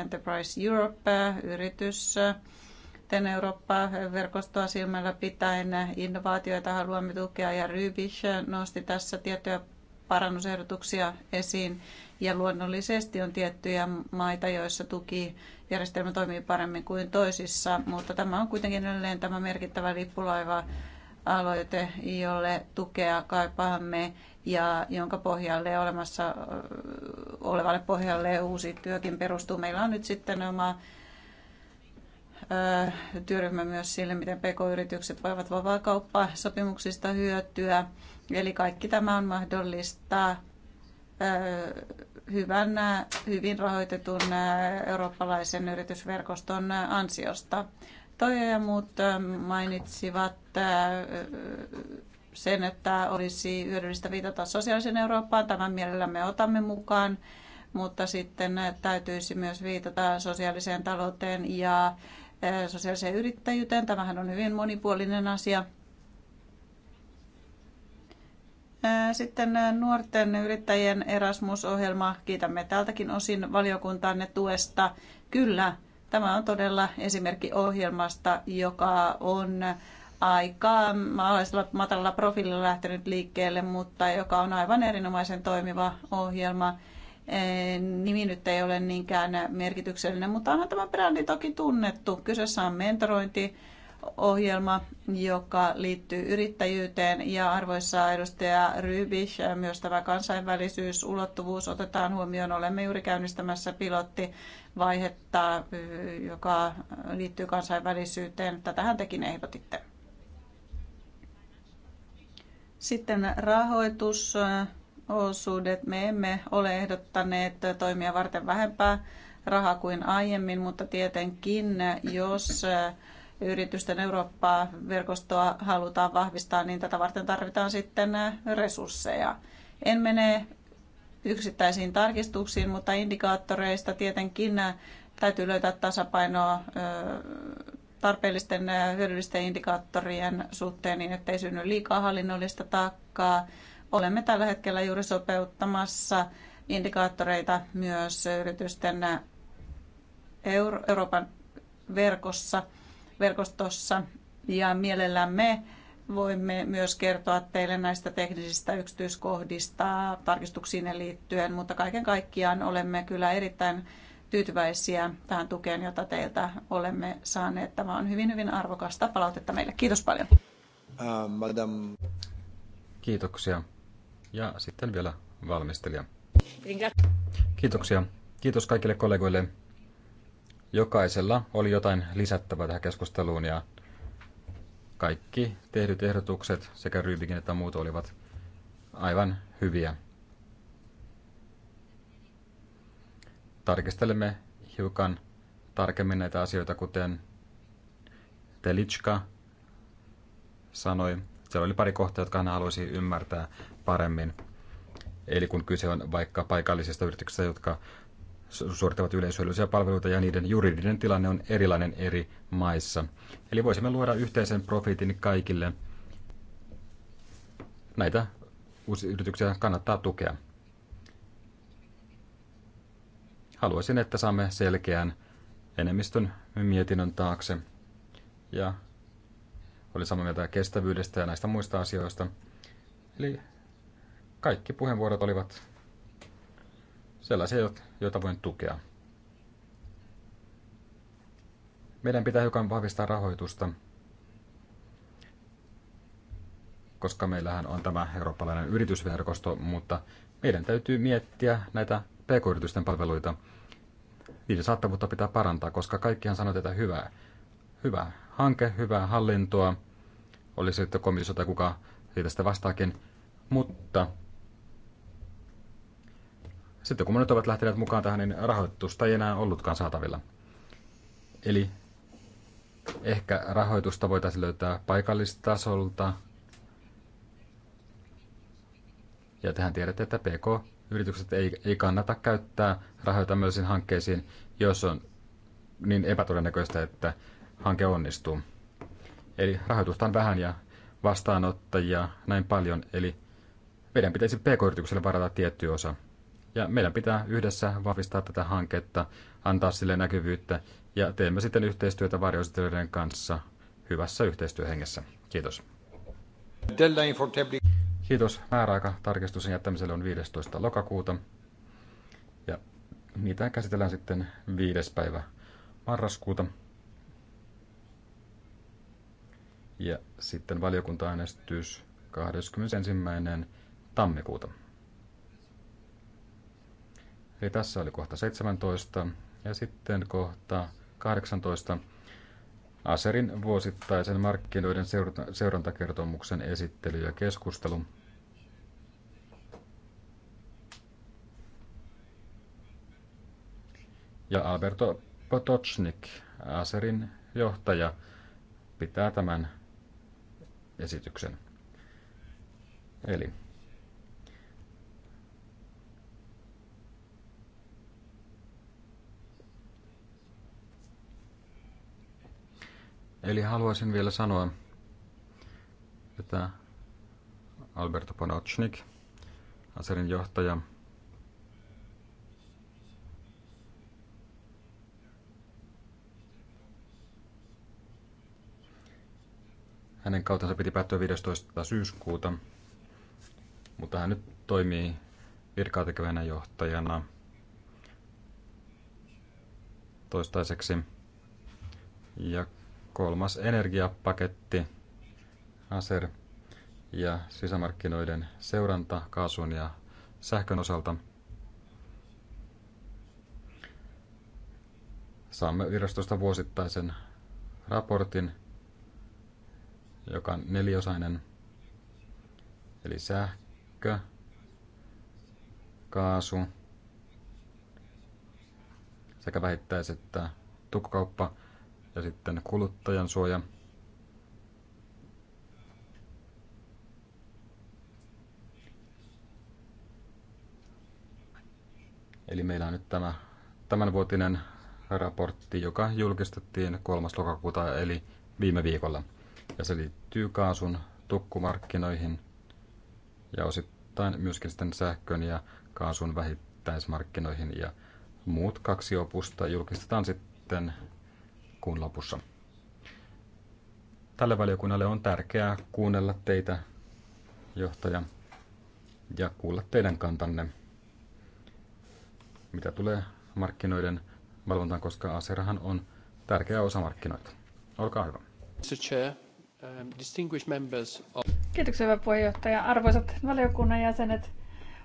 Enterprise Europe, yritys, sitten Eurooppaa verkostoa silmällä pitäen innovaatioita haluamme tukea ja Rybisch nosti tässä tiettyjä parannusehdotuksia esiin. Ja luonnollisesti on tiettyjä maita, joissa tukijärjestelmä toimii paremmin kuin toisissa, mutta tämä on kuitenkin edelleen tämä merkittävä lippulaiva aloite, jolle tukea kaipaamme ja jonka pohjalle olemassa olevalle pohjalle uusi työkin perustuu. Meillä on nyt sitten oma työryhmä myös sille, miten pk-yritykset voivat vapaakauppaa sopimuksista hyötyä. Eli kaikki tämä on mahdollista hyvän, hyvin rahoitetun eurooppalaisen yritysverkoston ansiosta. Toi, ja muut mainitsivat sen, että olisi hyödyllistä viitata sosiaalisen Eurooppaan. Tämän mielellämme otamme mukaan, mutta sitten täytyisi myös viitata sosiaaliseen talouteen ja Eh, sosiaaliseen yrittäjyyteen. Tämähän on hyvin monipuolinen asia. Eh, sitten eh, nuorten yrittäjien Erasmus-ohjelma. Kiitämme tältäkin osin valiokuntaanne tuesta. Kyllä, tämä on todella esimerkki ohjelmasta, joka on aika matalalla profiililla lähtenyt liikkeelle, mutta joka on aivan erinomaisen toimiva ohjelma. Eh, nimi nyt ei ole niinkään merkityksellinen, mutta onhan tämä brändi toki tunnettu. Kyseessä on mentorointi, ohjelma, joka liittyy yrittäjyyteen ja arvoissa edustaja Rybisch, myös tämä ulottuvuus otetaan huomioon. Olemme juuri käynnistämässä pilottivaihetta, eh, joka liittyy kansainvälisyyteen. Tätähän tekin ehdotitte. Sitten rahoitus, osuudet. Me emme ole ehdottaneet toimia varten vähempää rahaa kuin aiemmin, mutta tietenkin jos äh, yritysten Eurooppa-verkostoa halutaan vahvistaa, niin tätä varten tarvitaan sitten äh, resursseja. En mene yksittäisiin tarkistuksiin, mutta indikaattoreista tietenkin äh, täytyy löytää tasapainoa tarpeellisten hyödyllisten indikaattorien suhteen niin, ettei synny liikaa hallinnollista taakkaa olemme tällä hetkellä juuri sopeuttamassa indikaattoreita myös yritysten Euro- Euroopan verkossa, verkostossa ja mielellämme voimme myös kertoa teille näistä teknisistä yksityiskohdista tarkistuksiin liittyen, mutta kaiken kaikkiaan olemme kyllä erittäin tyytyväisiä tähän tukeen, jota teiltä olemme saaneet. Tämä on hyvin, hyvin arvokasta palautetta meille. Kiitos paljon. Uh, ähm, madame. Kiitoksia. Ja sitten vielä valmistelija. Kiitoksia. Kiitos kaikille kollegoille. Jokaisella oli jotain lisättävää tähän keskusteluun ja kaikki tehdyt ehdotukset sekä Rybikin että muut olivat aivan hyviä. Tarkistelemme hiukan tarkemmin näitä asioita, kuten Telitska sanoi. Siellä oli pari kohtaa, jotka hän haluaisi ymmärtää paremmin. Eli kun kyse on vaikka paikallisista yrityksistä, jotka suorittavat yleisöllisiä palveluita ja niiden juridinen tilanne on erilainen eri maissa. Eli voisimme luoda yhteisen profiitin kaikille. Näitä uusia yrityksiä kannattaa tukea. Haluaisin, että saamme selkeän enemmistön mietinnön taakse. Ja oli samaa mieltä kestävyydestä ja näistä muista asioista. Eli kaikki puheenvuorot olivat sellaisia, joita voin tukea. Meidän pitää hiukan vahvistaa rahoitusta, koska meillähän on tämä eurooppalainen yritysverkosto, mutta meidän täytyy miettiä näitä pk-yritysten palveluita. Niiden saattavuutta pitää parantaa, koska kaikkihan sanoo tätä hyvää. Hyvä hanke, hyvää hallintoa, oli se sitten komissio tai kuka siitä sitä vastaakin, mutta sitten kun monet ovat lähteneet mukaan tähän, niin rahoitusta ei enää ollutkaan saatavilla. Eli ehkä rahoitusta voitaisiin löytää paikallistasolta. Ja tehän tiedätte, että PK-yritykset ei, ei kannata käyttää rahoja tämmöisiin hankkeisiin, jos on niin epätodennäköistä, että hanke onnistuu. Eli rahoitusta on vähän ja vastaanottajia näin paljon, eli meidän pitäisi PK-yritykselle varata tietty osa. Ja meidän pitää yhdessä vahvistaa tätä hanketta, antaa sille näkyvyyttä ja teemme sitten yhteistyötä varjoisitelijoiden kanssa hyvässä yhteistyöhengessä. Kiitos. Kiitos. Määräaika tarkistuksen jättämiselle on 15. lokakuuta. Ja niitä käsitellään sitten 5. päivä marraskuuta. Ja sitten valiokunta-äänestys 21. tammikuuta. Eli tässä oli kohta 17 ja sitten kohta 18. Aserin vuosittaisen markkinoiden seurantakertomuksen esittely ja keskustelu. Ja Alberto Potocnik, Aserin johtaja, pitää tämän esityksen. Eli Eli haluaisin vielä sanoa, että Alberto Ponocnik, Aserin johtaja, Hänen kautensa piti päättyä 15. syyskuuta, mutta hän nyt toimii virkaa tekevänä johtajana toistaiseksi. Ja kolmas energiapaketti, ASER ja sisämarkkinoiden seuranta kaasun ja sähkön osalta. Saamme virastosta vuosittaisen raportin, joka on neliosainen, eli sähkö, kaasu sekä vähittäiset että tukkauppa ja sitten kuluttajan suoja. Eli meillä on nyt tämä tämänvuotinen raportti, joka julkistettiin 3. lokakuuta eli viime viikolla. Ja se liittyy kaasun tukkumarkkinoihin ja osittain myöskin sitten sähkön ja kaasun vähittäismarkkinoihin. Ja muut kaksi opusta julkistetaan sitten kuun lopussa. Tälle valiokunnalle on tärkeää kuunnella teitä, johtaja, ja kuulla teidän kantanne, mitä tulee markkinoiden valvontaan, koska aserahan on tärkeä osa markkinoita. Olkaa hyvä. Um, Kiitoksia, hyvä puheenjohtaja. Arvoisat valiokunnan jäsenet,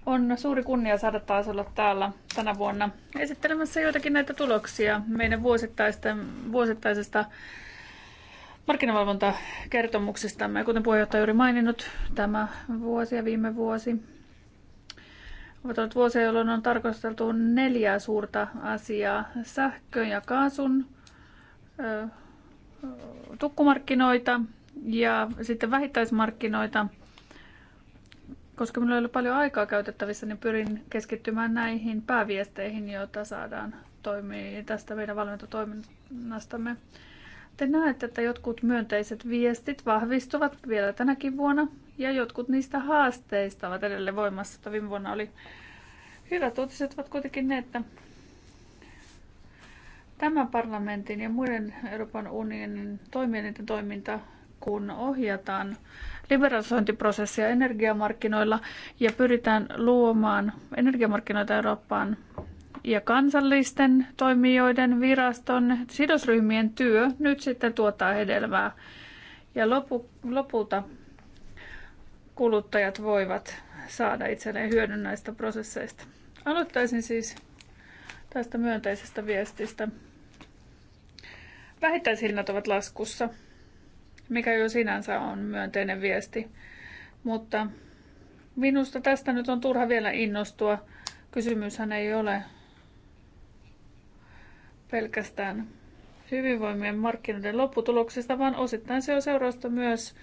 on suuri kunnia saada taas olla täällä tänä vuonna esittelemässä joitakin näitä tuloksia meidän vuosittaisesta, markkinavalvontakertomuksistamme. Kuten puheenjohtaja juuri maininnut, tämä vuosi ja viime vuosi ovat olleet vuosia, jolloin on tarkasteltu neljää suurta asiaa. Sähkön ja kaasun tukkumarkkinoita ja sitten vähittäismarkkinoita – koska minulla ei ole paljon aikaa käytettävissä, niin pyrin keskittymään näihin pääviesteihin, joita saadaan toimii tästä meidän valmentotoiminnastamme. Te näette, että jotkut myönteiset viestit vahvistuvat vielä tänäkin vuonna ja jotkut niistä haasteista ovat edelleen voimassa. Että viime vuonna oli hyvät uutiset ovat kuitenkin ne, että tämän parlamentin ja muiden Euroopan unionin toimielinten toiminta, kun ohjataan liberalisointiprosessia energiamarkkinoilla ja pyritään luomaan energiamarkkinoita Eurooppaan ja kansallisten toimijoiden, viraston, sidosryhmien työ nyt sitten tuottaa hedelmää. Ja lopu, lopulta kuluttajat voivat saada itselleen hyödyn näistä prosesseista. Aloittaisin siis tästä myönteisestä viestistä. Vähittäishinnat ovat laskussa mikä jo sinänsä on myönteinen viesti. Mutta minusta tästä nyt on turha vielä innostua. Kysymyshän ei ole pelkästään hyvinvoimien markkinoiden lopputuloksista, vaan osittain se on seurausta myös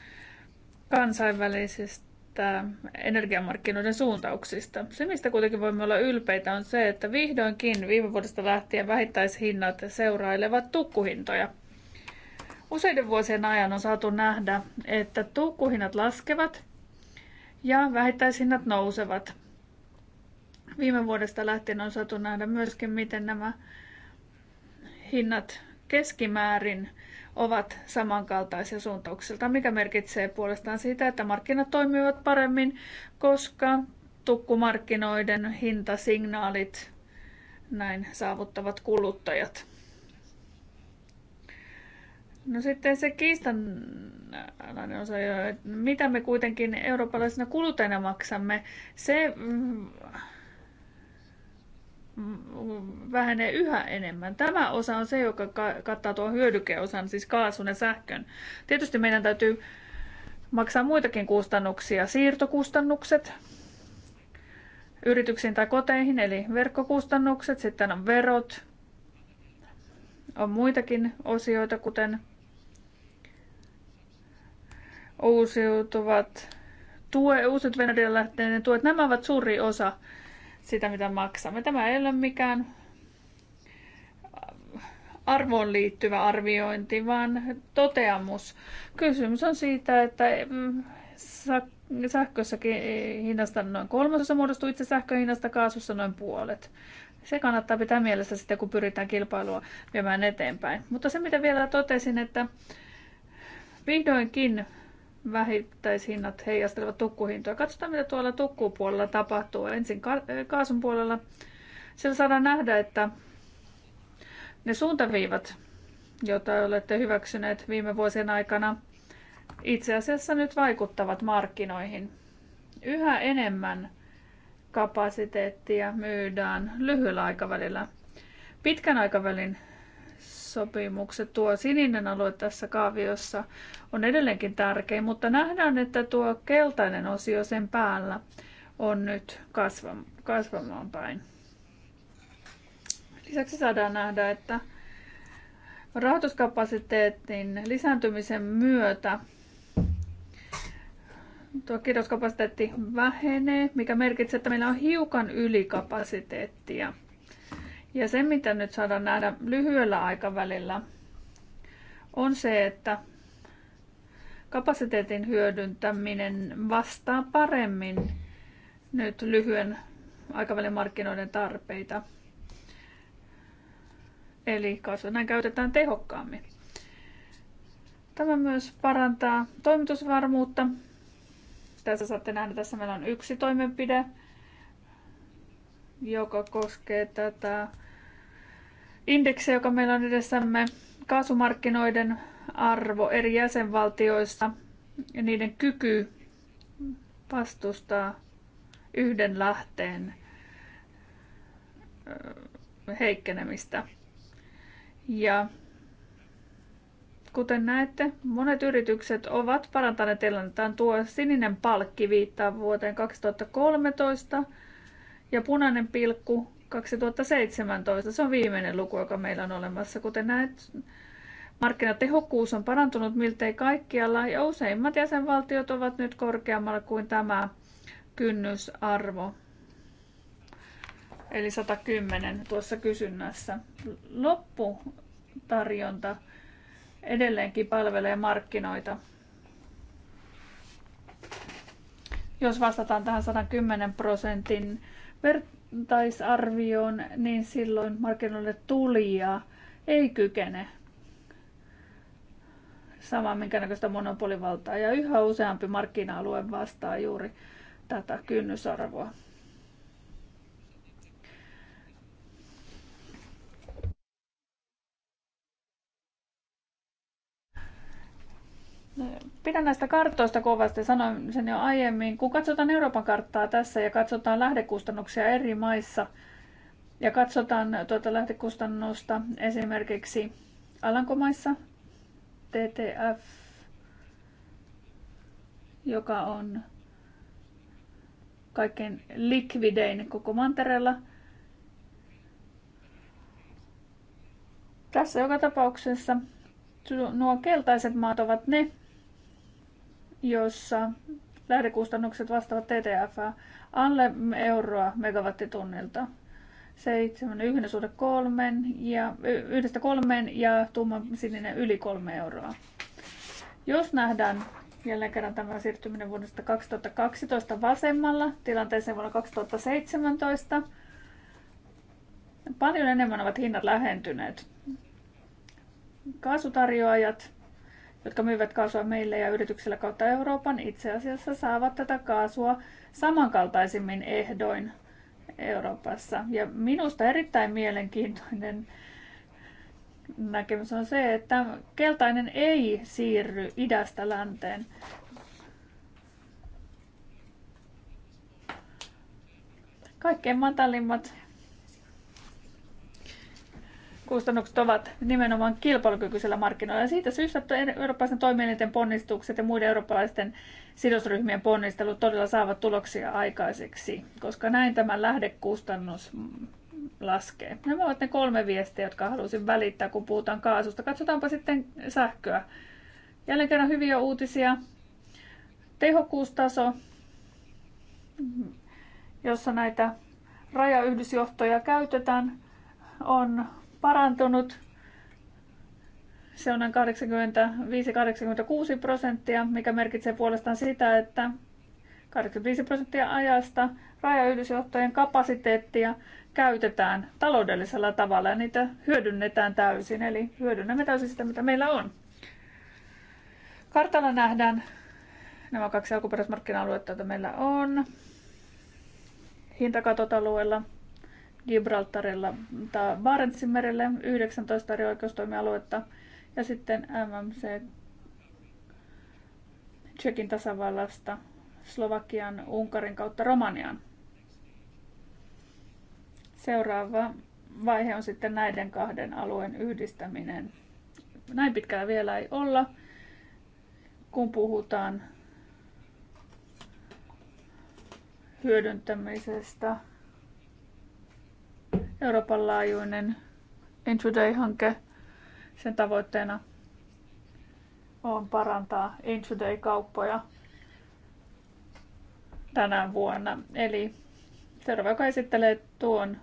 kansainvälisistä energiamarkkinoiden suuntauksista. Se, mistä kuitenkin voimme olla ylpeitä, on se, että vihdoinkin viime vuodesta lähtien vähittäishinnat seurailevat tukkuhintoja – Useiden vuosien ajan on saatu nähdä, että tuukkuhinnat laskevat ja vähittäishinnat nousevat. Viime vuodesta lähtien on saatu nähdä myöskin, miten nämä hinnat keskimäärin ovat samankaltaisia suuntauksilta, mikä merkitsee puolestaan sitä, että markkinat toimivat paremmin, koska tukkumarkkinoiden hintasignaalit näin saavuttavat kuluttajat. No sitten se kiistanalainen osa, mitä me kuitenkin eurooppalaisena kuluttajana maksamme, se mm, mm, vähenee yhä enemmän. Tämä osa on se, joka kattaa tuon hyödykeosan, siis kaasun ja sähkön. Tietysti meidän täytyy maksaa muitakin kustannuksia, siirtokustannukset yrityksiin tai koteihin, eli verkkokustannukset, sitten on verot, on muitakin osioita, kuten uusiutuvat tue, uusiut lähteiden tuet, nämä ovat suuri osa sitä, mitä maksamme. Tämä ei ole mikään äh, arvoon liittyvä arviointi, vaan toteamus. Kysymys on siitä, että mm, sähkössäkin hinnasta noin kolmasosa muodostuu itse sähköhinnasta, kaasussa noin puolet. Se kannattaa pitää mielessä sitten, kun pyritään kilpailua viemään eteenpäin. Mutta se, mitä vielä totesin, että vihdoinkin vähittäishinnat heijastelevat tukkuhintoja. Katsotaan, mitä tuolla tukkupuolella tapahtuu. Ensin ka- eh, kaasun puolella siellä saadaan nähdä, että ne suuntaviivat, joita olette hyväksyneet viime vuosien aikana, itse asiassa nyt vaikuttavat markkinoihin. Yhä enemmän kapasiteettia myydään lyhyellä aikavälillä. Pitkän aikavälin sopimukset, tuo sininen alue tässä kaaviossa on edelleenkin tärkein, mutta nähdään, että tuo keltainen osio sen päällä on nyt kasvamaan päin. Lisäksi saadaan nähdä, että rahoituskapasiteetin lisääntymisen myötä tuo kirjoituskapasiteetti vähenee, mikä merkitsee, että meillä on hiukan ylikapasiteettia. Ja se, mitä nyt saadaan nähdä lyhyellä aikavälillä, on se, että kapasiteetin hyödyntäminen vastaa paremmin nyt lyhyen aikavälin markkinoiden tarpeita. Eli näin käytetään tehokkaammin. Tämä myös parantaa toimitusvarmuutta. Tässä saatte nähdä, tässä meillä on yksi toimenpide, joka koskee tätä indeksiä, joka meillä on edessämme, kaasumarkkinoiden arvo eri jäsenvaltioissa ja niiden kyky vastustaa yhden lähteen heikkenemistä. Ja kuten näette, monet yritykset ovat parantaneet tilannettaan. Tuo sininen palkki viittaa vuoteen 2013 ja punainen pilkku 2017. Se on viimeinen luku, joka meillä on olemassa. Kuten näet, markkinatehokkuus on parantunut miltei kaikkialla ja useimmat jäsenvaltiot ovat nyt korkeammalla kuin tämä kynnysarvo. Eli 110 tuossa kysynnässä. Lopputarjonta edelleenkin palvelee markkinoita. Jos vastataan tähän 110 prosentin vertaisarvioon, niin silloin markkinoille tulija ei kykene samaa minkäännäköistä monopolivaltaa. Ja yhä useampi markkina-alue vastaa juuri tätä kynnysarvoa. Pidän näistä kartoista kovasti, sanoin sen jo aiemmin. Kun katsotaan Euroopan karttaa tässä ja katsotaan lähdekustannuksia eri maissa ja katsotaan tuota lähdekustannusta esimerkiksi Alankomaissa, TTF, joka on kaikkein likvidein koko mantereella. Tässä joka tapauksessa nuo keltaiset maat ovat ne, jossa lähdekustannukset vastaavat TTF alle euroa megawattitunnilta. 7, 1 suhde 3 ja yhdestä kolmeen ja tumma sininen yli kolme euroa. Jos nähdään jälleen kerran tämä siirtyminen vuodesta 2012 vasemmalla tilanteeseen vuonna 2017, paljon enemmän ovat hinnat lähentyneet. Kaasutarjoajat jotka myyvät kaasua meille ja yrityksille kautta Euroopan, itse asiassa saavat tätä kaasua samankaltaisimmin ehdoin Euroopassa. Ja minusta erittäin mielenkiintoinen näkemys on se, että keltainen ei siirry idästä länteen. Kaikkein matalimmat kustannukset ovat nimenomaan kilpailukykyisellä markkinoilla. Ja siitä syystä että eurooppalaisen toimielinten ponnistukset ja muiden eurooppalaisten sidosryhmien ponnistelut todella saavat tuloksia aikaiseksi, koska näin tämä lähdekustannus laskee. Nämä ovat ne kolme viestiä, jotka halusin välittää, kun puhutaan kaasusta. Katsotaanpa sitten sähköä. Jälleen kerran hyviä uutisia. Tehokkuustaso, jossa näitä rajayhdysjohtoja käytetään, on parantunut. Se on noin 85-86 prosenttia, mikä merkitsee puolestaan sitä, että 85 prosenttia ajasta rajayhdysjohtojen kapasiteettia käytetään taloudellisella tavalla ja niitä hyödynnetään täysin. Eli hyödynnämme täysin sitä, mitä meillä on. Kartalla nähdään nämä kaksi alkuperäismarkkina-aluetta, joita meillä on. Hintakatot alueella Gibraltarilla tai Barentsin merelle 19 eri oikeustoimialuetta ja sitten MMC Tsekin tasavallasta Slovakian, Unkarin kautta Romaniaan. Seuraava vaihe on sitten näiden kahden alueen yhdistäminen. Näin pitkään vielä ei olla, kun puhutaan hyödyntämisestä Euroopan laajuinen Intraday-hanke. Sen tavoitteena on parantaa Intraday-kauppoja tänä vuonna. Eli seuraava, joka esittelee tuon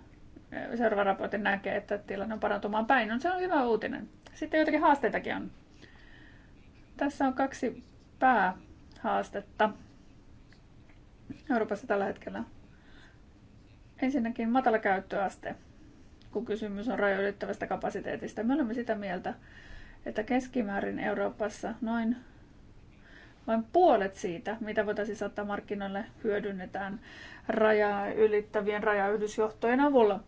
eh, seuraavan raportin, näkee, että tilanne on parantumaan päin. No, se on hyvä uutinen. Sitten joitakin haasteitakin on. Tässä on kaksi päähaastetta Euroopassa tällä hetkellä. Ensinnäkin matala käyttöaste, kun kysymys on rajoittavasta kapasiteetista. Me olemme sitä mieltä, että keskimäärin Euroopassa noin vain puolet siitä, mitä voitaisiin saattaa markkinoille, hyödynnetään raja ylittävien rajayhdysjohtojen avulla.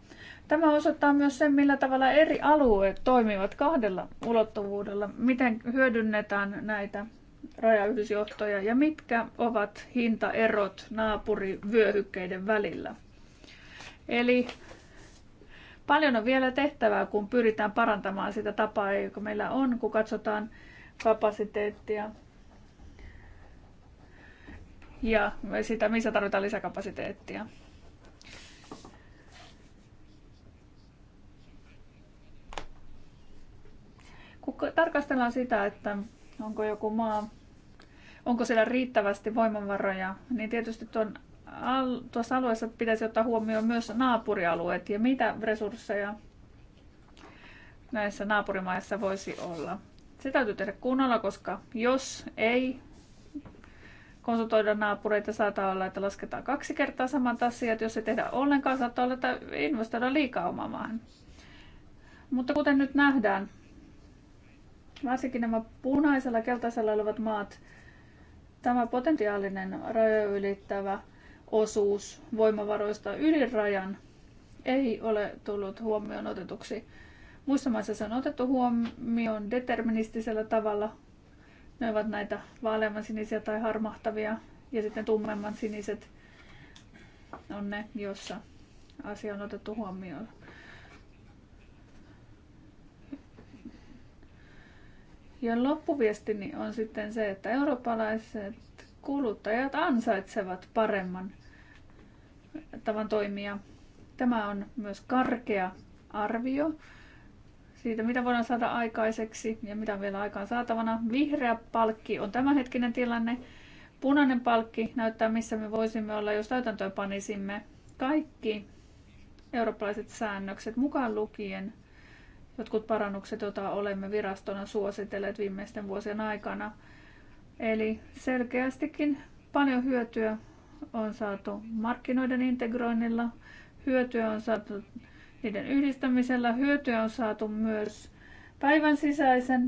Tämä osoittaa myös sen, millä tavalla eri alueet toimivat kahdella ulottuvuudella, miten hyödynnetään näitä rajayhdysjohtoja ja mitkä ovat hintaerot naapurivyöhykkeiden välillä. Eli paljon on vielä tehtävää, kun pyritään parantamaan sitä tapaa, joka meillä on, kun katsotaan kapasiteettia ja sitä, missä tarvitaan lisäkapasiteettia. Kun tarkastellaan sitä, että onko joku maa, onko siellä riittävästi voimavaroja, niin tietysti tuon al- tuossa alueessa pitäisi ottaa huomioon myös naapurialueet ja mitä resursseja näissä naapurimaissa voisi olla. Se täytyy tehdä kunnolla, koska jos ei konsultoida naapureita, saattaa olla, että lasketaan kaksi kertaa samat asiat. Jos ei tehdä ollenkaan, saattaa olla, että investoidaan liikaa omaan maahan. Mutta kuten nyt nähdään, varsinkin nämä punaisella keltaisella olevat maat, tämä potentiaalinen rajoja ylittävä osuus voimavaroista yli rajan ei ole tullut huomioon otetuksi. Muissa maissa se on otettu huomioon deterministisellä tavalla. Ne ovat näitä vaaleamman sinisiä tai harmahtavia ja sitten tummemman siniset on ne, joissa asia on otettu huomioon. Ja loppuviestini on sitten se, että eurooppalaiset kuluttajat ansaitsevat paremman tavan toimia. Tämä on myös karkea arvio siitä, mitä voidaan saada aikaiseksi ja mitä on vielä aikaan saatavana. Vihreä palkki on tämänhetkinen tilanne. Punainen palkki näyttää, missä me voisimme olla, jos täytäntöön panisimme kaikki eurooppalaiset säännökset mukaan lukien jotkut parannukset, joita olemme virastona suositelleet viimeisten vuosien aikana. Eli selkeästikin paljon hyötyä on saatu markkinoiden integroinnilla, hyötyä on saatu niiden yhdistämisellä, hyötyä on saatu myös päivän, sisäisen,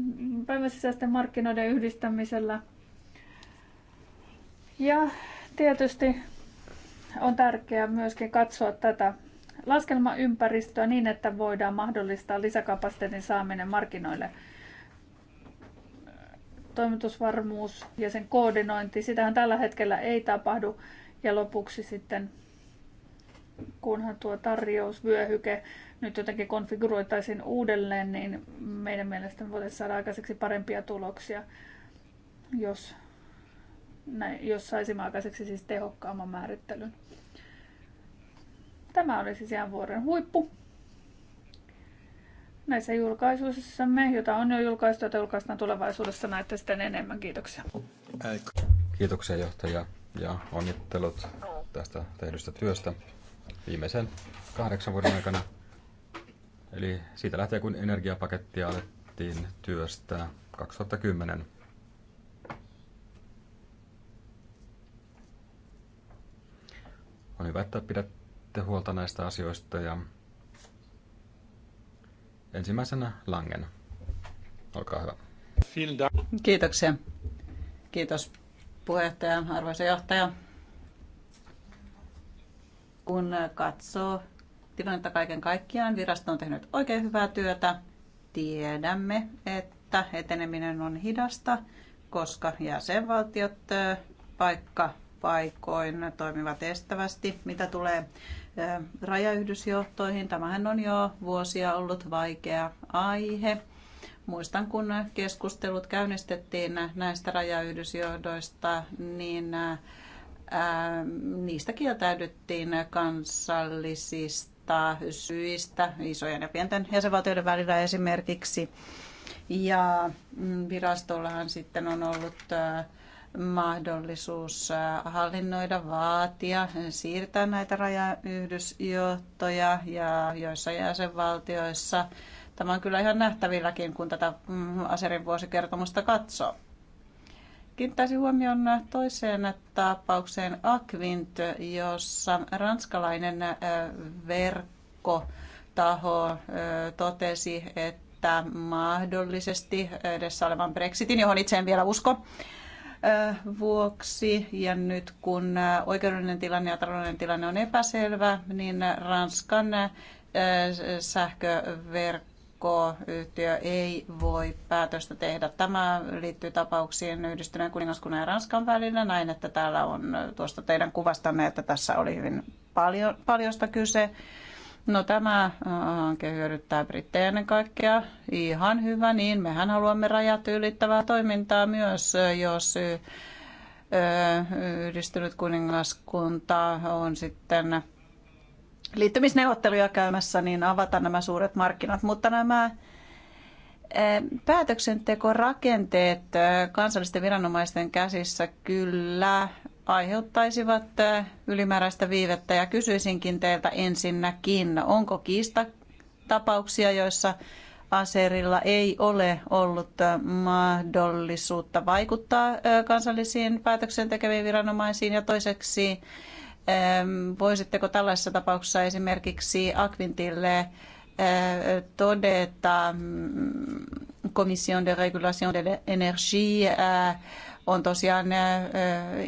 päivän sisäisten markkinoiden yhdistämisellä. Ja tietysti on tärkeää myöskin katsoa tätä laskelmaympäristöä niin, että voidaan mahdollistaa lisäkapasiteetin saaminen markkinoille. Toimitusvarmuus ja sen koordinointi, sitähän tällä hetkellä ei tapahdu. Ja lopuksi sitten, kunhan tuo tarjousvyöhyke nyt jotenkin konfiguroitaisiin uudelleen, niin meidän mielestämme voitaisiin saada aikaiseksi parempia tuloksia, jos, näin, jos saisimme aikaiseksi siis tehokkaamman määrittelyn. Tämä oli siis ihan vuoden huippu. Näissä julkaisuissamme, jota on jo julkaistu, jota julkaistaan tulevaisuudessa, näette sitten enemmän. Kiitoksia. Kiitoksia johtaja ja onnittelut tästä tehdystä työstä viimeisen kahdeksan vuoden aikana. Eli siitä lähtien, kun energiapakettia alettiin työstää 2010. On hyvä, että pidätte huolta näistä asioista ja ensimmäisenä Langen. Olkaa hyvä. Kiitoksia. Kiitos puheenjohtaja, arvoisa johtaja. Kun katsoo tilannetta kaiken kaikkiaan, virasto on tehnyt oikein hyvää työtä. Tiedämme, että eteneminen on hidasta, koska jäsenvaltiot paikka paikoin toimivat estävästi. Mitä tulee rajayhdysjohtoihin, tämähän on jo vuosia ollut vaikea aihe Muistan, kun keskustelut käynnistettiin näistä rajayhdysjohdoista, niin äh, niistä kieltäydyttiin kansallisista syistä, isojen ja pienten jäsenvaltioiden välillä esimerkiksi. Ja mm, virastollahan sitten on ollut äh, mahdollisuus äh, hallinnoida, vaatia, siirtää näitä rajayhdysjohtoja ja joissa jäsenvaltioissa Tämä on kyllä ihan nähtävilläkin, kun tätä mm, Aserin vuosikertomusta katsoo. Kiinnittäisin huomioon toiseen tapaukseen Akvint, jossa ranskalainen verkkotaho totesi, että mahdollisesti edessä olevan Brexitin, johon itse en vielä usko, vuoksi. Ja nyt kun oikeudellinen tilanne ja taloudellinen tilanne on epäselvä, niin Ranskan sähköverkko PK-yhtiö ei voi päätöstä tehdä. Tämä liittyy tapauksiin yhdistyneen kuningaskunnan ja Ranskan välillä. Näin, että täällä on tuosta teidän kuvastanne, että tässä oli hyvin paljon, paljosta kyse. No tämä hanke hyödyttää brittejä ennen kaikkea. Ihan hyvä, niin mehän haluamme rajat ylittävää toimintaa myös, jos yhdistynyt kuningaskunta on sitten liittymisneuvotteluja käymässä, niin avata nämä suuret markkinat. Mutta nämä eh, päätöksentekorakenteet eh, kansallisten viranomaisten käsissä kyllä aiheuttaisivat eh, ylimääräistä viivettä ja kysyisinkin teiltä ensinnäkin, onko kiista tapauksia, joissa Aserilla ei ole ollut mahdollisuutta vaikuttaa kansallisiin päätöksentekeviin viranomaisiin ja toiseksi Voisitteko tällaisessa tapauksessa esimerkiksi Akvintille eh, todeta mm, komission de Regulation de l'énergie eh, on tosiaan eh,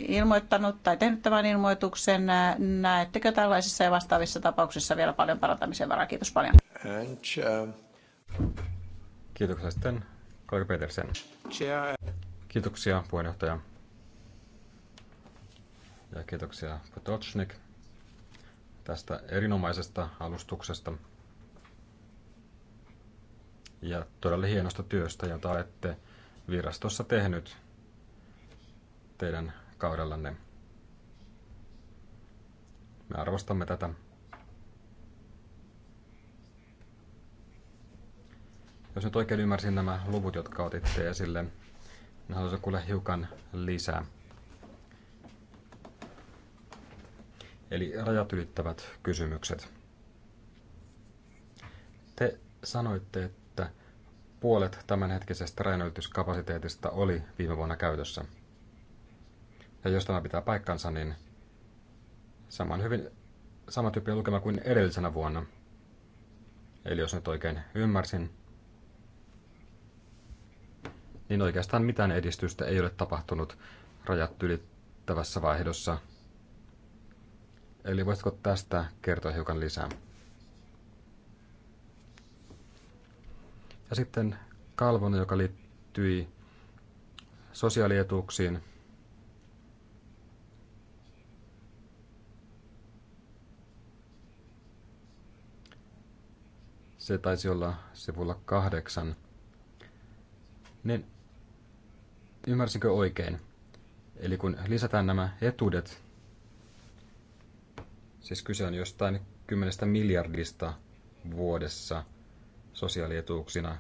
ilmoittanut tai tehnyt tämän ilmoituksen. Näettekö tällaisissa ja vastaavissa tapauksissa vielä paljon parantamisen varaa? Kiitos paljon. And, uh... Kiitoksia sitten, Kari Petersen. Kiitoksia puheenjohtaja. Ja kiitoksia Potocnik tästä erinomaisesta alustuksesta ja todella hienosta työstä, jota olette virastossa tehnyt teidän kaudellanne. Me arvostamme tätä. Jos nyt oikein ymmärsin nämä luvut, jotka otitte esille, niin haluaisin kuulla hiukan lisää. eli rajat ylittävät kysymykset. Te sanoitte, että puolet tämänhetkisestä rajanylityskapasiteetista oli viime vuonna käytössä. Ja jos tämä pitää paikkansa, niin saman hyvin, sama tyyppi lukema kuin edellisenä vuonna. Eli jos nyt oikein ymmärsin, niin oikeastaan mitään edistystä ei ole tapahtunut rajat ylittävässä vaihdossa – Eli voisitko tästä kertoa hiukan lisää? Ja sitten kalvon, joka liittyi sosiaalietuuksiin. Se taisi olla sivulla kahdeksan. Niin ymmärsinkö oikein? Eli kun lisätään nämä etuudet Siis kyse on jostain kymmenestä miljardista vuodessa sosiaalietuuksina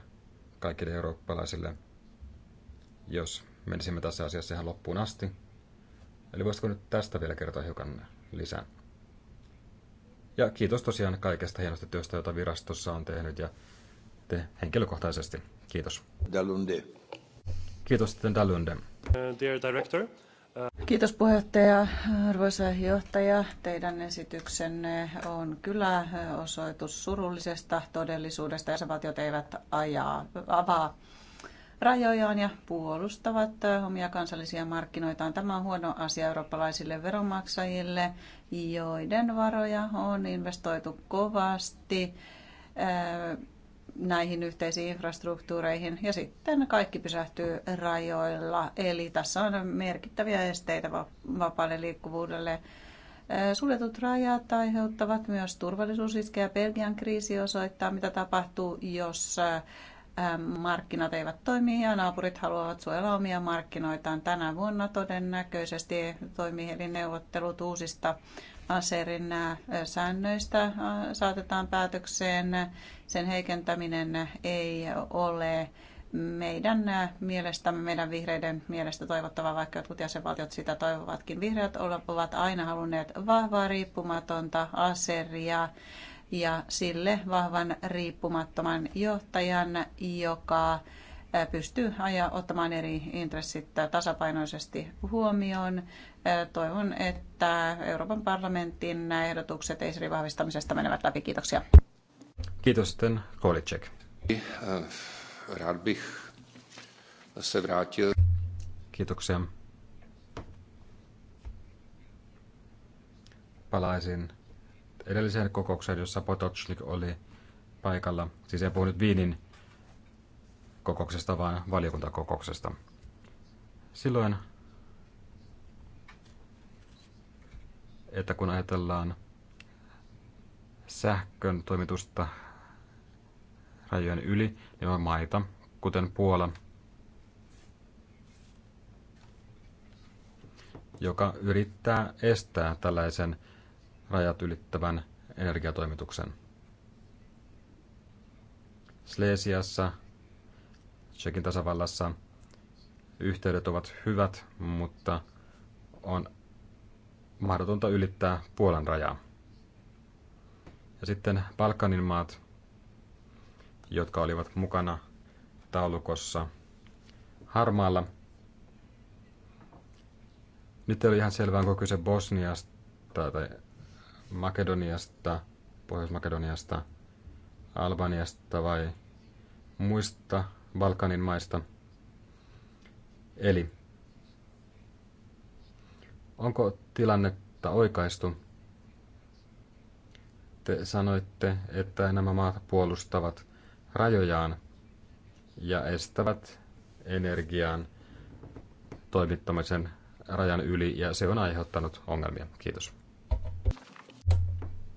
kaikille eurooppalaisille, jos menisimme tässä asiassa ihan loppuun asti. Eli voisitko nyt tästä vielä kertoa hiukan lisää? Ja kiitos tosiaan kaikesta hienosta työstä, jota virastossa on tehnyt ja te henkilökohtaisesti. Kiitos. Dalunde. Kiitos sitten Dalunde. Uh, dear director, Kiitos puheenjohtaja. Arvoisa johtaja, teidän esityksenne on kyllä osoitus surullisesta todellisuudesta. Jäsenvaltiot eivät ajaa, avaa rajojaan ja puolustavat omia kansallisia markkinoitaan. Tämä on huono asia eurooppalaisille veronmaksajille, joiden varoja on investoitu kovasti näihin yhteisiin infrastruktuureihin ja sitten kaikki pysähtyy rajoilla. Eli tässä on merkittäviä esteitä vapaalle liikkuvuudelle. Suljetut rajat aiheuttavat myös turvallisuusriskejä. Belgian kriisi osoittaa, mitä tapahtuu, jos markkinat eivät toimi ja naapurit haluavat suojella omia markkinoitaan. Tänä vuonna todennäköisesti toimii neuvottelut uusista Aserin säännöistä saatetaan päätökseen. Sen heikentäminen ei ole meidän mielestämme, meidän vihreiden mielestä toivottava, vaikka jotkut jäsenvaltiot sitä toivovatkin. Vihreät ovat aina halunneet vahvaa riippumatonta aseria ja sille vahvan riippumattoman johtajan, joka pystyy ottamaan eri intressit tasapainoisesti huomioon. Toivon, että Euroopan parlamentin nämä ehdotukset Eiserin vahvistamisesta menevät läpi. Kiitoksia. Kiitos sitten Kolicek. se Kiitoksia. Palaisin edelliseen kokoukseen, jossa Potocnik oli paikalla. Siis ei puhunut Viinin kokouksesta, vaan valiokuntakokouksesta. Silloin että kun ajatellaan sähkön toimitusta rajojen yli, niin on maita, kuten Puola, joka yrittää estää tällaisen rajat ylittävän energiatoimituksen. Slesiassa, Tsekin tasavallassa yhteydet ovat hyvät, mutta on mahdotonta ylittää Puolan rajaa. Ja sitten Balkanin maat, jotka olivat mukana taulukossa harmaalla. Nyt ei ole ihan selvää, onko kyse Bosniasta tai Makedoniasta, Pohjois-Makedoniasta, Albaniasta vai muista Balkanin maista. Eli Onko tilannetta oikaistu? Te sanoitte, että nämä maat puolustavat rajojaan ja estävät energian toimittamisen rajan yli, ja se on aiheuttanut ongelmia. Kiitos.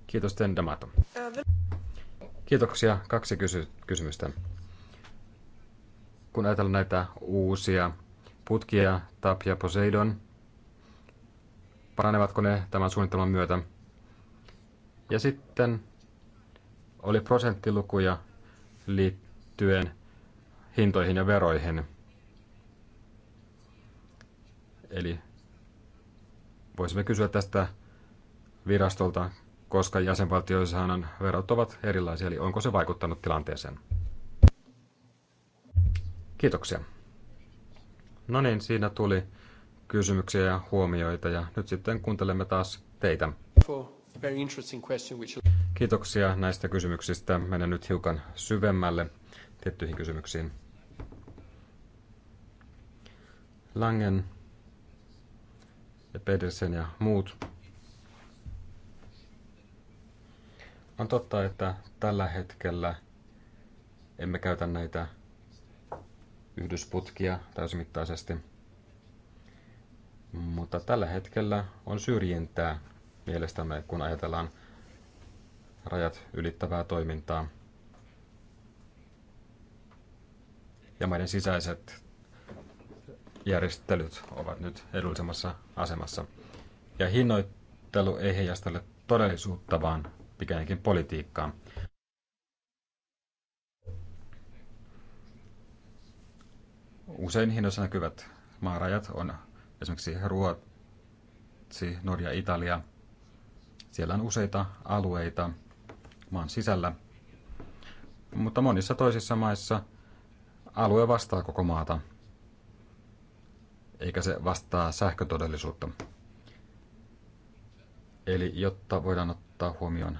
Kiitos, Tendamato. Kiitoksia. Kaksi kysy- kysymystä. Kun ajatellaan näitä uusia putkia, Tapia Poseidon, paranevatko ne tämän suunnitelman myötä. Ja sitten oli prosenttilukuja liittyen hintoihin ja veroihin. Eli voisimme kysyä tästä virastolta, koska jäsenvaltioissahan verot ovat erilaisia, eli onko se vaikuttanut tilanteeseen? Kiitoksia. No niin, siinä tuli kysymyksiä ja huomioita ja nyt sitten kuuntelemme taas teitä. Kiitoksia näistä kysymyksistä. Menen nyt hiukan syvemmälle tiettyihin kysymyksiin. Langen ja Pedersen ja muut. On totta, että tällä hetkellä emme käytä näitä yhdysputkia täysimittaisesti – mutta tällä hetkellä on syrjintää mielestämme, kun ajatellaan rajat ylittävää toimintaa ja maiden sisäiset järjestelyt ovat nyt edullisemmassa asemassa. Ja hinnoittelu ei heijasta todellisuutta, vaan pikemminkin politiikkaa. Usein hinnoissa näkyvät maarajat on esimerkiksi Ruotsi, Norja, Italia. Siellä on useita alueita maan sisällä, mutta monissa toisissa maissa alue vastaa koko maata, eikä se vastaa sähkötodellisuutta. Eli jotta voidaan ottaa huomioon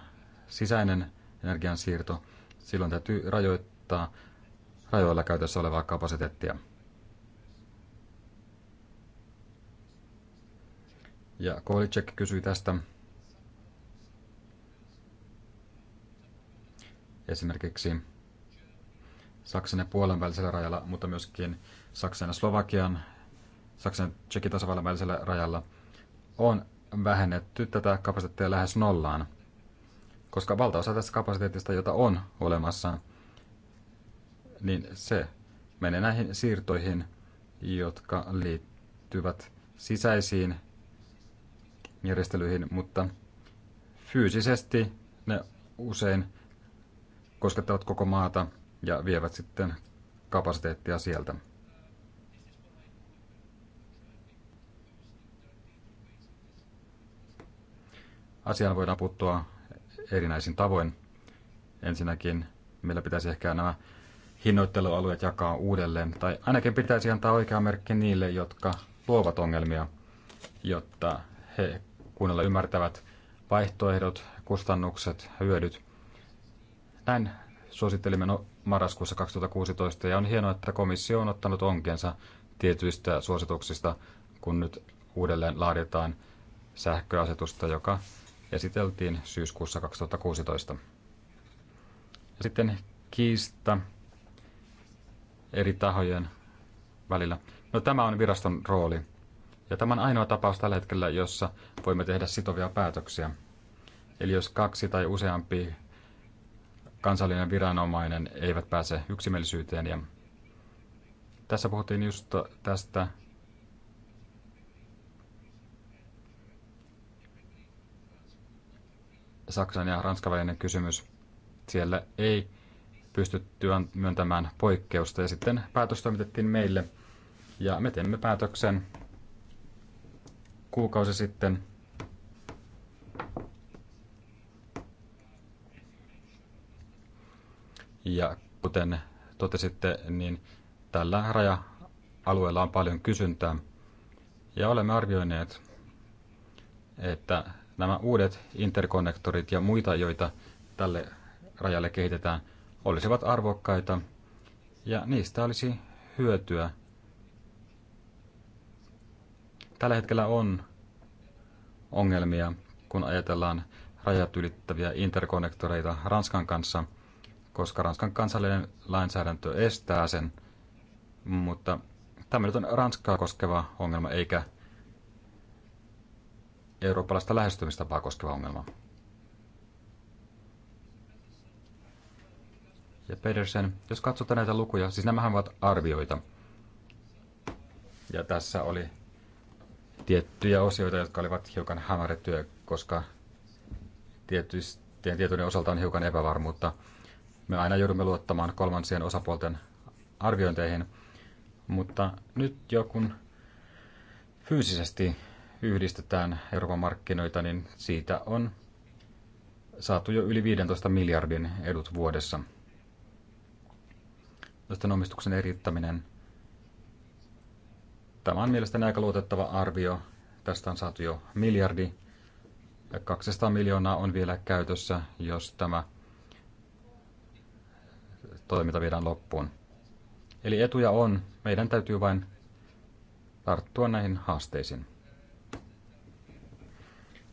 sisäinen energiansiirto, silloin täytyy rajoittaa rajoilla käytössä olevaa kapasiteettia – Ja Kovalicek kysyi tästä. Esimerkiksi Saksan ja Puolan välisellä rajalla, mutta myöskin Saksan ja Slovakian, Saksan ja Tsekin tasavallan välisellä rajalla on vähennetty tätä kapasiteettia lähes nollaan, koska valtaosa tästä kapasiteetista, jota on olemassa, niin se menee näihin siirtoihin, jotka liittyvät sisäisiin järjestelyihin, mutta fyysisesti ne usein koskettavat koko maata ja vievät sitten kapasiteettia sieltä. Asiaan voidaan puuttua erinäisin tavoin. Ensinnäkin meillä pitäisi ehkä nämä hinnoittelualueet jakaa uudelleen, tai ainakin pitäisi antaa oikea merkki niille, jotka luovat ongelmia, jotta he kuunnella ymmärtävät vaihtoehdot, kustannukset, hyödyt. Näin suosittelimme no- marraskuussa 2016 ja on hienoa, että komissio on ottanut onkensa tietyistä suosituksista, kun nyt uudelleen laaditaan sähköasetusta, joka esiteltiin syyskuussa 2016. Ja sitten kiista eri tahojen välillä. No tämä on viraston rooli. Ja tämä on ainoa tapaus tällä hetkellä, jossa voimme tehdä sitovia päätöksiä. Eli jos kaksi tai useampi kansallinen viranomainen eivät pääse yksimielisyyteen. Ja tässä puhuttiin just tästä Saksan ja Ranskan välinen kysymys. Siellä ei pystytty myöntämään poikkeusta ja sitten päätös toimitettiin meille ja me teemme päätöksen kuukausi sitten. Ja kuten totesitte, niin tällä raja-alueella on paljon kysyntää. Ja olemme arvioineet, että nämä uudet interkonnektorit ja muita, joita tälle rajalle kehitetään, olisivat arvokkaita ja niistä olisi hyötyä Tällä hetkellä on ongelmia, kun ajatellaan rajat ylittäviä interkonnektoreita Ranskan kanssa, koska Ranskan kansallinen lainsäädäntö estää sen, mutta tämä nyt on Ranskaa koskeva ongelma eikä eurooppalaista lähestymistapaa koskeva ongelma. Ja Pedersen, jos katsotaan näitä lukuja, siis nämähän ovat arvioita. Ja tässä oli tiettyjä osioita, jotka olivat hiukan hämärätyö, koska tietyn tietyn osalta on hiukan epävarmuutta. Me aina joudumme luottamaan kolmansien osapuolten arviointeihin, mutta nyt jo kun fyysisesti yhdistetään Euroopan markkinoita, niin siitä on saatu jo yli 15 miljardin edut vuodessa. Tästä omistuksen eriyttäminen – Tämä on mielestäni aika luotettava arvio. Tästä on saatu jo miljardi ja 200 miljoonaa on vielä käytössä, jos tämä toiminta viedään loppuun. Eli etuja on, meidän täytyy vain tarttua näihin haasteisiin.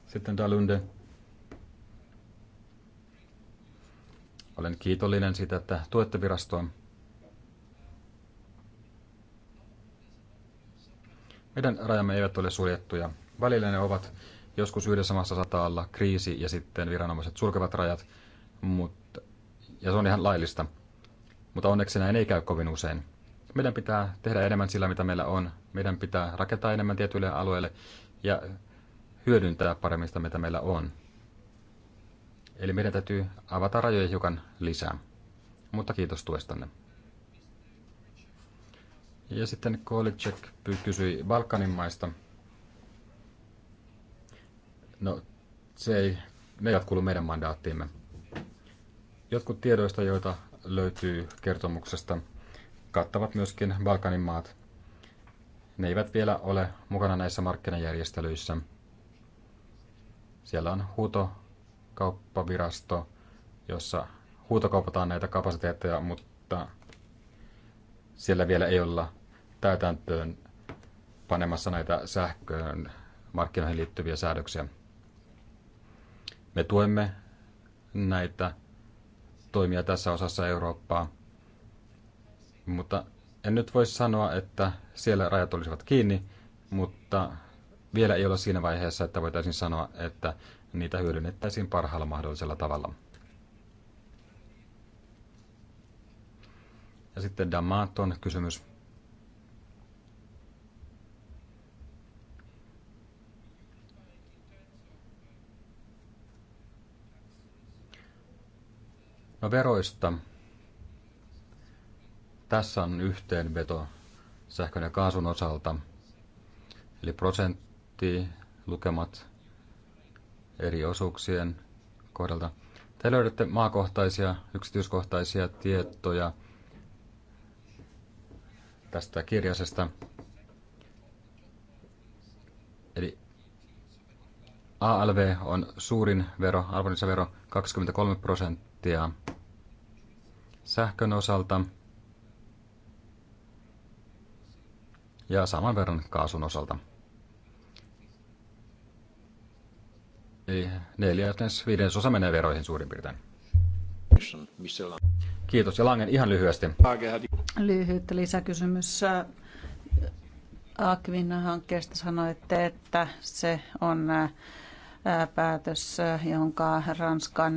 Sitten Dalunde. Olen kiitollinen siitä, että tuette virastoa. Meidän rajamme eivät ole suljettuja. Välillä ne ovat. Joskus yhdessä maassa saattaa olla kriisi ja sitten viranomaiset sulkevat rajat. Mutta, ja se on ihan laillista. Mutta onneksi näin ei käy kovin usein. Meidän pitää tehdä enemmän sillä, mitä meillä on. Meidän pitää rakentaa enemmän tietyille alueille ja hyödyntää paremmin sitä, mitä meillä on. Eli meidän täytyy avata rajoja hiukan lisää. Mutta kiitos tuestanne. Ja sitten Kolicek kysyi Balkanin maista. No, se ei, ne eivät kuulu meidän mandaattiimme. Jotkut tiedoista, joita löytyy kertomuksesta, kattavat myöskin Balkanin maat. Ne eivät vielä ole mukana näissä markkinajärjestelyissä. Siellä on huutokauppavirasto, jossa huutokaupataan näitä kapasiteetteja, mutta siellä vielä ei olla täytäntöön panemassa näitä sähköön markkinoihin liittyviä säädöksiä. Me tuemme näitä toimia tässä osassa Eurooppaa, mutta en nyt voi sanoa, että siellä rajat olisivat kiinni, mutta vielä ei ole siinä vaiheessa, että voitaisiin sanoa, että niitä hyödynnettäisiin parhaalla mahdollisella tavalla. Ja sitten Damaton kysymys. No veroista. Tässä on yhteenveto sähkön ja kaasun osalta. Eli prosentti lukemat eri osuuksien kohdalta. Te löydätte maakohtaisia, yksityiskohtaisia tietoja tästä kirjasesta. Eli ALV on suurin vero, arvonlisävero 23 prosenttia prosenttia sähkön osalta ja saman verran kaasun osalta. Eli neljännes viidesosa menee veroihin suurin piirtein. Kiitos. Ja Langen ihan lyhyesti. Lyhyt lisäkysymys. Akvin hankkeesta sanoitte, että se on päätös, jonka Ranskan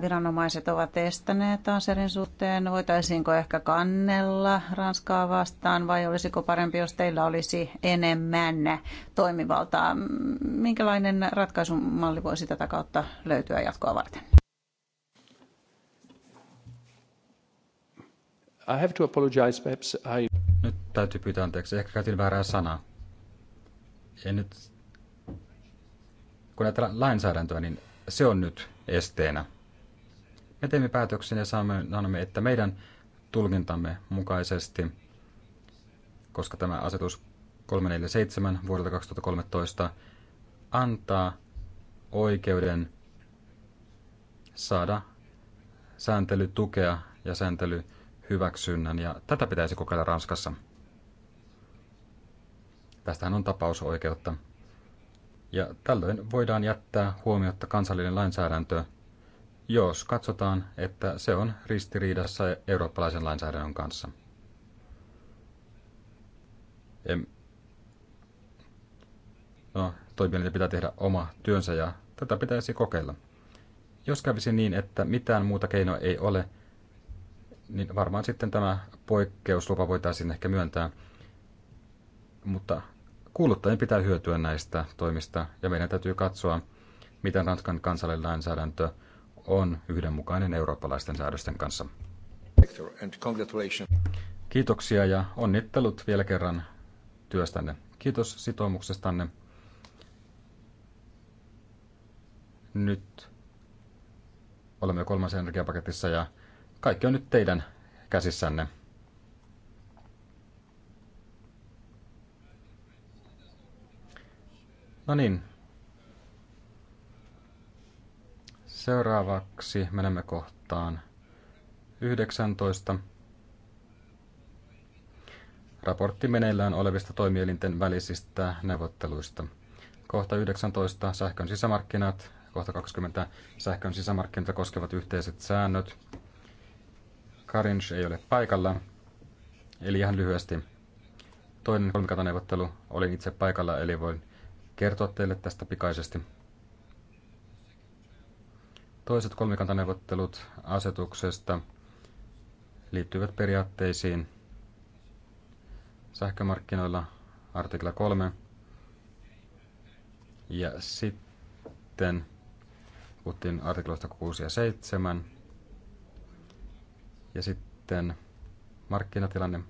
viranomaiset ovat estäneet Aserin suhteen. Voitaisiinko ehkä kannella Ranskaa vastaan vai olisiko parempi, jos teillä olisi enemmän toimivaltaa? Minkälainen ratkaisumalli voisi tätä kautta löytyä jatkoa varten? I have to apologize, perhaps I... Nyt täytyy pyytää anteeksi. Ehkä käytin väärää sanaa. Ja nyt, kun näitä lainsäädäntöä, niin se on nyt esteenä. Me teemme päätöksen ja saamme, annamme, että meidän tulkintamme mukaisesti, koska tämä asetus 347 vuodelta 2013 antaa oikeuden saada sääntelytukea ja sääntelyhyväksynnän, ja tätä pitäisi kokeilla Ranskassa. Tästähän on tapausoikeutta. Ja tällöin voidaan jättää huomiotta kansallinen lainsäädäntö – jos katsotaan, että se on ristiriidassa eurooppalaisen lainsäädännön kanssa. Em... No, toimijoiden pitää tehdä oma työnsä ja tätä pitäisi kokeilla. Jos kävisi niin, että mitään muuta keinoa ei ole, niin varmaan sitten tämä poikkeuslupa voitaisiin ehkä myöntää. Mutta kuuluttajien pitää hyötyä näistä toimista ja meidän täytyy katsoa, miten Ranskan kansallinen lainsäädäntö – on yhdenmukainen eurooppalaisten säädösten kanssa. Kiitoksia ja onnittelut vielä kerran työstänne. Kiitos sitoumuksestanne. Nyt olemme kolmas energiapaketissa ja kaikki on nyt teidän käsissänne. No niin, Seuraavaksi menemme kohtaan 19. Raportti meneillään olevista toimielinten välisistä neuvotteluista. Kohta 19. Sähkön sisämarkkinat. Kohta 20. Sähkön sisämarkkinoita koskevat yhteiset säännöt. Karinch ei ole paikalla. Eli ihan lyhyesti. Toinen kolmikantaneuvottelu. Olin itse paikalla, eli voin kertoa teille tästä pikaisesti. Toiset kolmikantaneuvottelut asetuksesta liittyvät periaatteisiin sähkömarkkinoilla artikla 3 ja sitten puhuttiin artikloista 6 ja 7 ja sitten markkinatilanne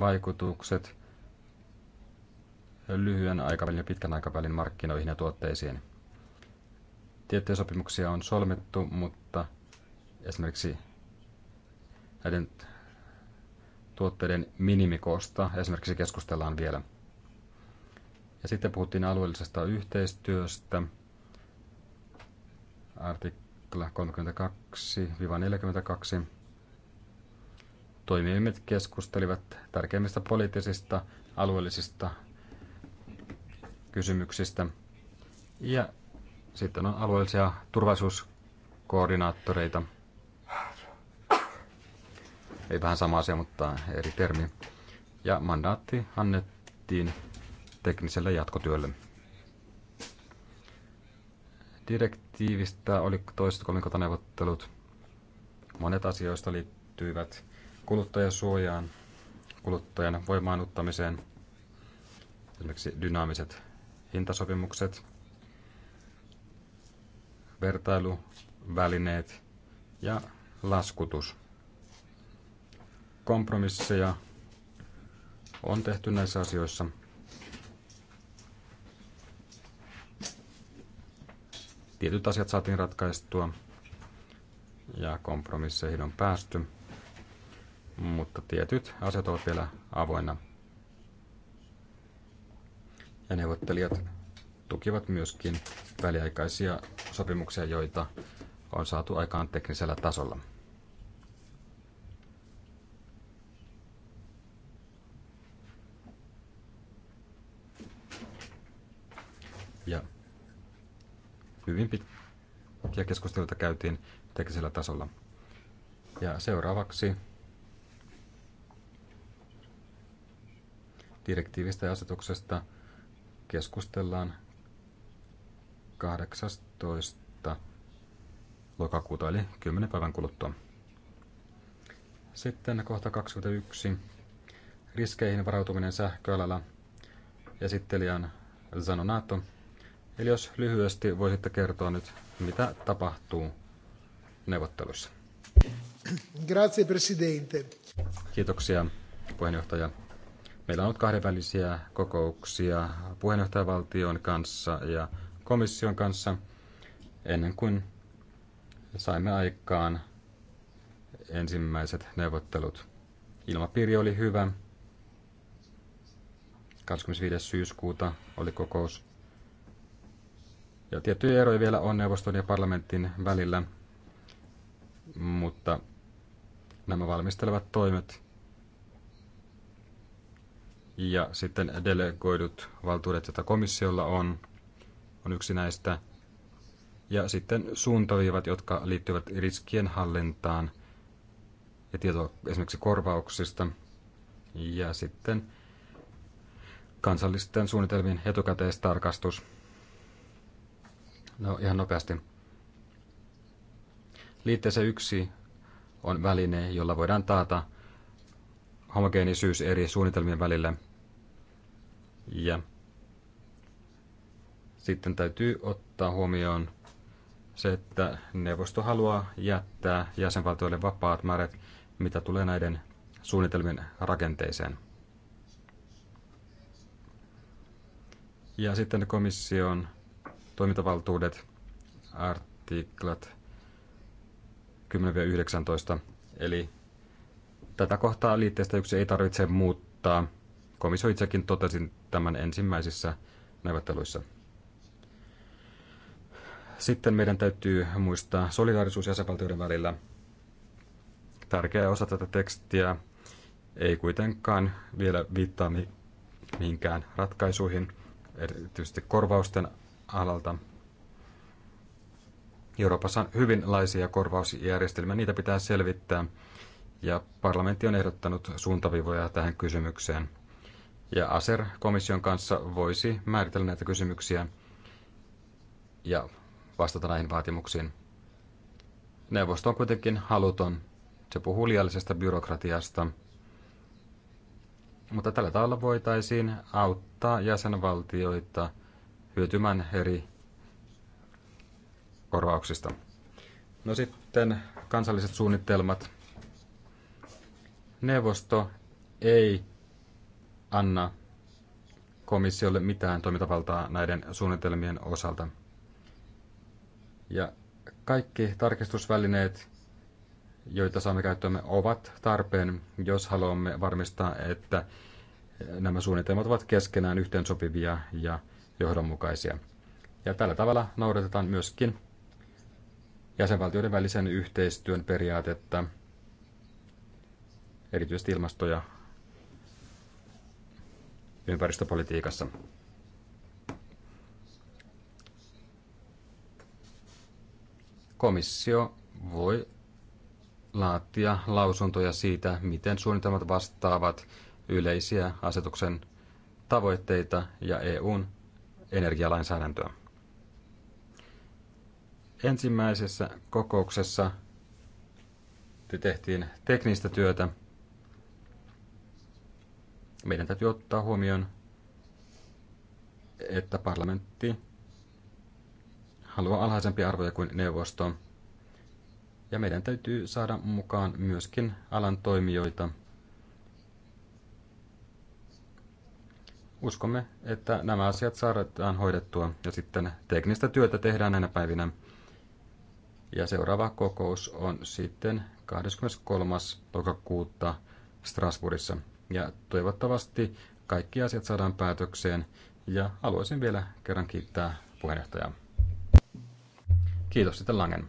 vaikutukset lyhyen aikavälin ja pitkän aikavälin markkinoihin ja tuotteisiin. Tiettyjä sopimuksia on solmittu, mutta esimerkiksi näiden tuotteiden minimikosta esimerkiksi keskustellaan vielä. Ja sitten puhuttiin alueellisesta yhteistyöstä. Artikla 32-42. Toimijat keskustelivat tärkeimmistä poliittisista, alueellisista kysymyksistä. Ja sitten on alueellisia turvallisuuskoordinaattoreita. Ei vähän sama asia, mutta eri termi. Ja mandaatti annettiin tekniselle jatkotyölle. Direktiivistä oli toiset kolmikotaneuvottelut. Monet asioista liittyivät kuluttajasuojaan, kuluttajan voimaanuttamiseen, esimerkiksi dynaamiset hintasopimukset – vertailuvälineet ja laskutus. Kompromisseja on tehty näissä asioissa. Tietyt asiat saatiin ratkaistua ja kompromisseihin on päästy, mutta tietyt asiat ovat vielä avoinna. Ja neuvottelijat tukivat myöskin väliaikaisia sopimuksia, joita on saatu aikaan teknisellä tasolla. Ja hyvin pitkiä keskusteluita käytiin teknisellä tasolla. Ja seuraavaksi direktiivistä ja asetuksesta keskustellaan 18. lokakuuta, eli 10 päivän kuluttua. Sitten kohta 21. Riskeihin varautuminen sähköalalla. Esittelijän Zanonato. Eli jos lyhyesti voisitte kertoa nyt, mitä tapahtuu neuvotteluissa. Grazie, Presidente. Kiitoksia, puheenjohtaja. Meillä on ollut kahdenvälisiä kokouksia puheenjohtajavaltion kanssa ja komission kanssa ennen kuin saimme aikaan ensimmäiset neuvottelut. Ilmapiiri oli hyvä. 25. syyskuuta oli kokous. Ja tiettyjä eroja vielä on neuvoston ja parlamentin välillä, mutta nämä valmistelevat toimet ja sitten delegoidut valtuudet, joita komissiolla on on yksi näistä. Ja sitten suuntaviivat, jotka liittyvät riskien hallintaan ja tietoa esimerkiksi korvauksista. Ja sitten kansallisten suunnitelmien etukäteistarkastus. No ihan nopeasti. Liitteessä yksi on väline, jolla voidaan taata homogeenisyys eri suunnitelmien välillä. Ja sitten täytyy ottaa huomioon se, että neuvosto haluaa jättää jäsenvaltioille vapaat määrät, mitä tulee näiden suunnitelmien rakenteeseen. Ja sitten komission toimintavaltuudet, artiklat 10-19. Eli tätä kohtaa liitteestä yksi ei tarvitse muuttaa. Komissio itsekin totesin tämän ensimmäisissä neuvotteluissa. Sitten meidän täytyy muistaa solidaarisuus jäsenvaltioiden välillä. Tärkeä osa tätä tekstiä ei kuitenkaan vielä viittaa mihinkään ratkaisuihin, erityisesti korvausten alalta. Euroopassa on hyvinlaisia korvausjärjestelmiä, niitä pitää selvittää, ja parlamentti on ehdottanut suuntavivoja tähän kysymykseen. Ja ASER-komission kanssa voisi määritellä näitä kysymyksiä, ja vastata näihin vaatimuksiin. Neuvosto on kuitenkin haluton. Se puhuu liiallisesta byrokratiasta. Mutta tällä tavalla voitaisiin auttaa jäsenvaltioita hyötymään eri korvauksista. No sitten kansalliset suunnitelmat. Neuvosto ei anna komissiolle mitään toimintavaltaa näiden suunnitelmien osalta. Ja kaikki tarkistusvälineet, joita saamme käyttöömme, ovat tarpeen, jos haluamme varmistaa, että nämä suunnitelmat ovat keskenään yhteensopivia ja johdonmukaisia. Ja tällä tavalla noudatetaan myöskin jäsenvaltioiden välisen yhteistyön periaatetta, erityisesti ilmasto- ja ympäristöpolitiikassa. komissio voi laatia lausuntoja siitä, miten suunnitelmat vastaavat yleisiä asetuksen tavoitteita ja EUn energialainsäädäntöä. Ensimmäisessä kokouksessa tehtiin teknistä työtä. Meidän täytyy ottaa huomioon, että parlamentti haluaa alhaisempia arvoja kuin neuvosto. Ja meidän täytyy saada mukaan myöskin alan toimijoita. Uskomme, että nämä asiat saadaan hoidettua ja sitten teknistä työtä tehdään näinä päivinä. Ja seuraava kokous on sitten 23. lokakuuta Strasbourgissa. Ja toivottavasti kaikki asiat saadaan päätökseen. Ja haluaisin vielä kerran kiittää puheenjohtajaa. Kiitos sitten Langen.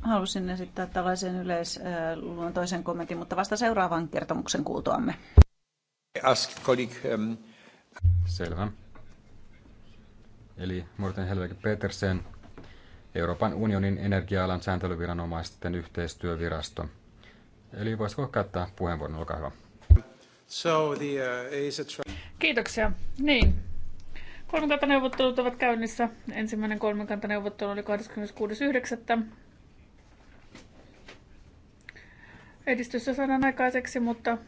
Halusin esittää tällaisen yleisluontoisen kommentin, mutta vasta seuraavan kertomuksen kuultuamme. Um, Selvä. Eli Morten Helveg Petersen, Euroopan unionin energia-alan sääntelyviranomaisten yhteistyövirasto. Eli voisiko käyttää puheenvuoron, olkaa hyvä. So the, uh, is a Kiitoksia. Niin, Kolmikantaneuvottelut ovat käynnissä. Ensimmäinen kolmikantaneuvottelu oli 26.9. Edistyssä saadaan aikaiseksi, mutta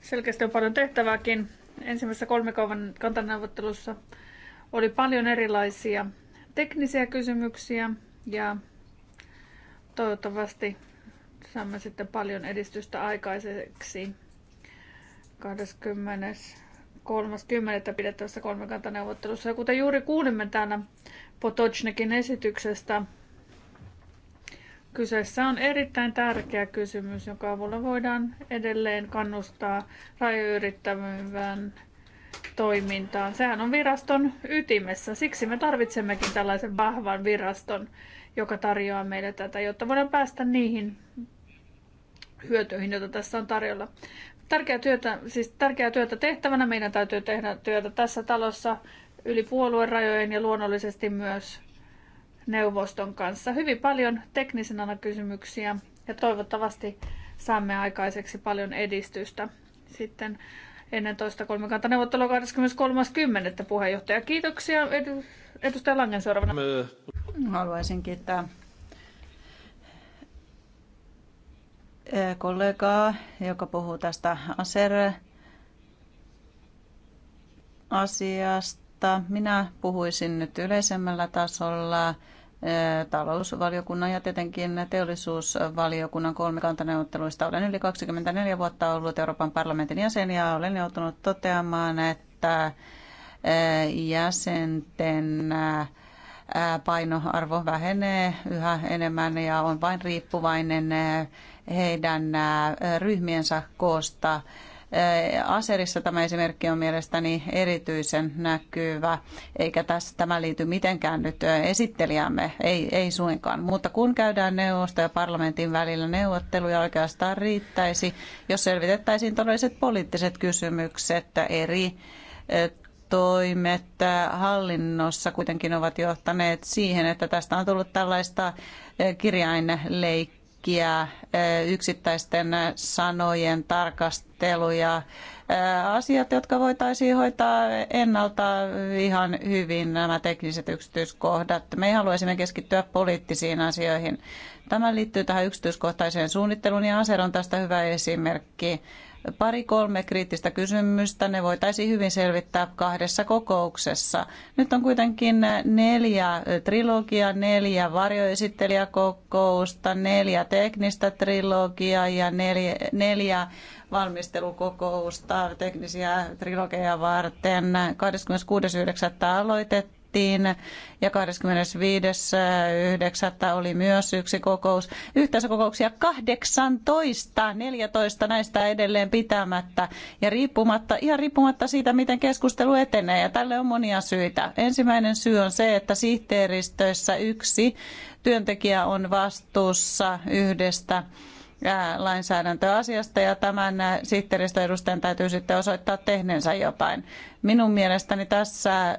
selkeästi on paljon tehtävääkin. Ensimmäisessä kolmikantaneuvottelussa oli paljon erilaisia teknisiä kysymyksiä ja toivottavasti saamme sitten paljon edistystä aikaiseksi 20. 30. pidettävässä kolmikantaneuvottelussa. Ja kuten juuri kuulimme täällä Potocnikin esityksestä, kyseessä on erittäin tärkeä kysymys, jonka avulla voidaan edelleen kannustaa rajoyrittävyyden toimintaan. Sehän on viraston ytimessä, siksi me tarvitsemmekin tällaisen vahvan viraston, joka tarjoaa meille tätä, jotta voidaan päästä niihin hyötyihin, joita tässä on tarjolla. Tärkeää työtä, siis tärkeää työtä tehtävänä. Meidän täytyy tehdä työtä tässä talossa yli puolueen rajojen ja luonnollisesti myös neuvoston kanssa. Hyvin paljon teknisen kysymyksiä ja toivottavasti saamme aikaiseksi paljon edistystä sitten ennen toista kolmikanta neuvottelua 23.10. puheenjohtaja. Kiitoksia edustaja Langen seuraavana. Haluaisin kiittää kollegaa, joka puhuu tästä ASER-asiasta. Minä puhuisin nyt yleisemmällä tasolla eh, talousvaliokunnan ja tietenkin teollisuusvaliokunnan kolmikantaneuvotteluista. Olen yli 24 vuotta ollut Euroopan parlamentin jäsen ja olen joutunut toteamaan, että eh, jäsenten eh, painoarvo vähenee yhä enemmän ja on vain riippuvainen heidän ryhmiensä koosta. Aserissa tämä esimerkki on mielestäni erityisen näkyvä, eikä tässä tämä liity mitenkään nyt esittelijämme, ei, ei suinkaan. Mutta kun käydään neuvosto ja parlamentin välillä neuvotteluja oikeastaan riittäisi, jos selvitettäisiin todelliset poliittiset kysymykset eri toimet hallinnossa kuitenkin ovat johtaneet siihen, että tästä on tullut tällaista kirjainleikkiä pitkiä eh, yksittäisten sanojen tarkasteluja. Eh, asiat, jotka voitaisiin hoitaa ennalta ihan hyvin, nämä tekniset yksityiskohdat. Me haluaisimme keskittyä poliittisiin asioihin. Tämä liittyy tähän yksityiskohtaiseen suunnitteluun ja Aser on tästä hyvä esimerkki. Pari-kolme kriittistä kysymystä, ne voitaisiin hyvin selvittää kahdessa kokouksessa. Nyt on kuitenkin neljä trilogia, neljä varjoesittelijäkokousta, neljä teknistä trilogiaa ja neljä, neljä valmistelukokousta teknisiä trilogeja varten. 26.9. aloitettiin pidettiin ja 25.9. oli myös yksi kokous. Yhteensä kokouksia 18, 14 näistä edelleen pitämättä ja riippumatta, ihan riippumatta siitä, miten keskustelu etenee ja tälle on monia syitä. Ensimmäinen syy on se, että sihteeristöissä yksi työntekijä on vastuussa yhdestä lainsäädäntöasiasta ja tämän sihteeristön edustajan täytyy sitten osoittaa tehneensä jotain. Minun mielestäni tässä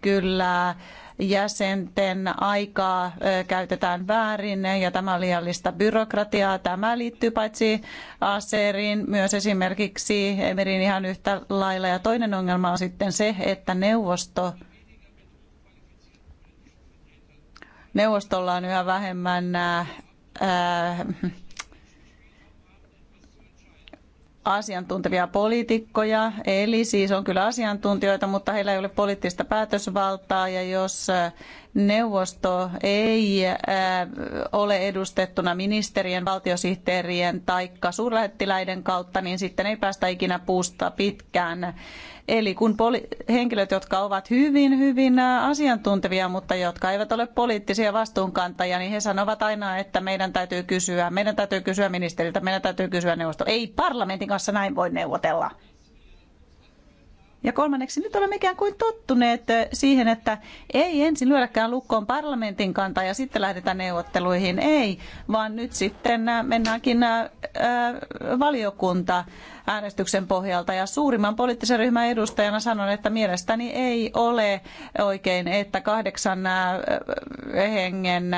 kyllä jäsenten aikaa käytetään väärin ja tämä on liiallista byrokratiaa. Tämä liittyy paitsi aserin myös esimerkiksi Emerin ihan yhtä lailla. Ja toinen ongelma on sitten se, että neuvosto neuvostolla on yhä vähemmän ää, äh, asiantuntevia poliitikkoja, eli siis on kyllä asiantuntijoita, mutta heillä ei ole poliittista päätösvaltaa, ja jos neuvosto ei äh, ole edustettuna ministerien, valtiosihteerien tai suurlähettiläiden kautta, niin sitten ei päästä ikinä puusta pitkään. Eli kun henkilöt, jotka ovat hyvin, hyvin äh, asiantuntevia, mutta jotka eivät ole poliittisia vastuunkantajia, niin he sanovat aina, että meidän täytyy kysyä, meidän täytyy kysyä ministeriltä, meidän täytyy kysyä neuvosto. Ei parlamentin kanssa näin voi neuvotella. Ja kolmanneksi, nyt olemme ikään kuin tottuneet eh, siihen, että ei ensin lyödäkään lukkoon parlamentin kantaa ja sitten lähdetään neuvotteluihin. Ei, vaan nyt sitten eh, mennäänkin eh, valiokunta äänestyksen pohjalta. Ja suurimman poliittisen ryhmän edustajana sanon, että mielestäni ei ole oikein, että kahdeksan hengen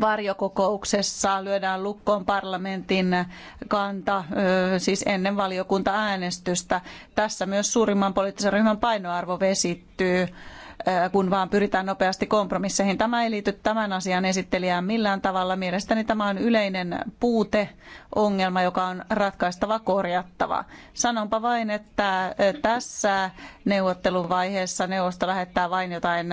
varjokokouksessa lyödään lukkoon parlamentin kanta, siis ennen valiokuntaäänestystä. Tässä myös suurimman poliittisen ryhmän painoarvo vesittyy kun vaan pyritään nopeasti kompromisseihin. Tämä ei liity tämän asian esittelijään millään tavalla. Mielestäni tämä on yleinen puute, ongelma, joka on ratkaistava korjattava. Sanonpa vain, että tässä neuvotteluvaiheessa neuvosto lähettää vain jotain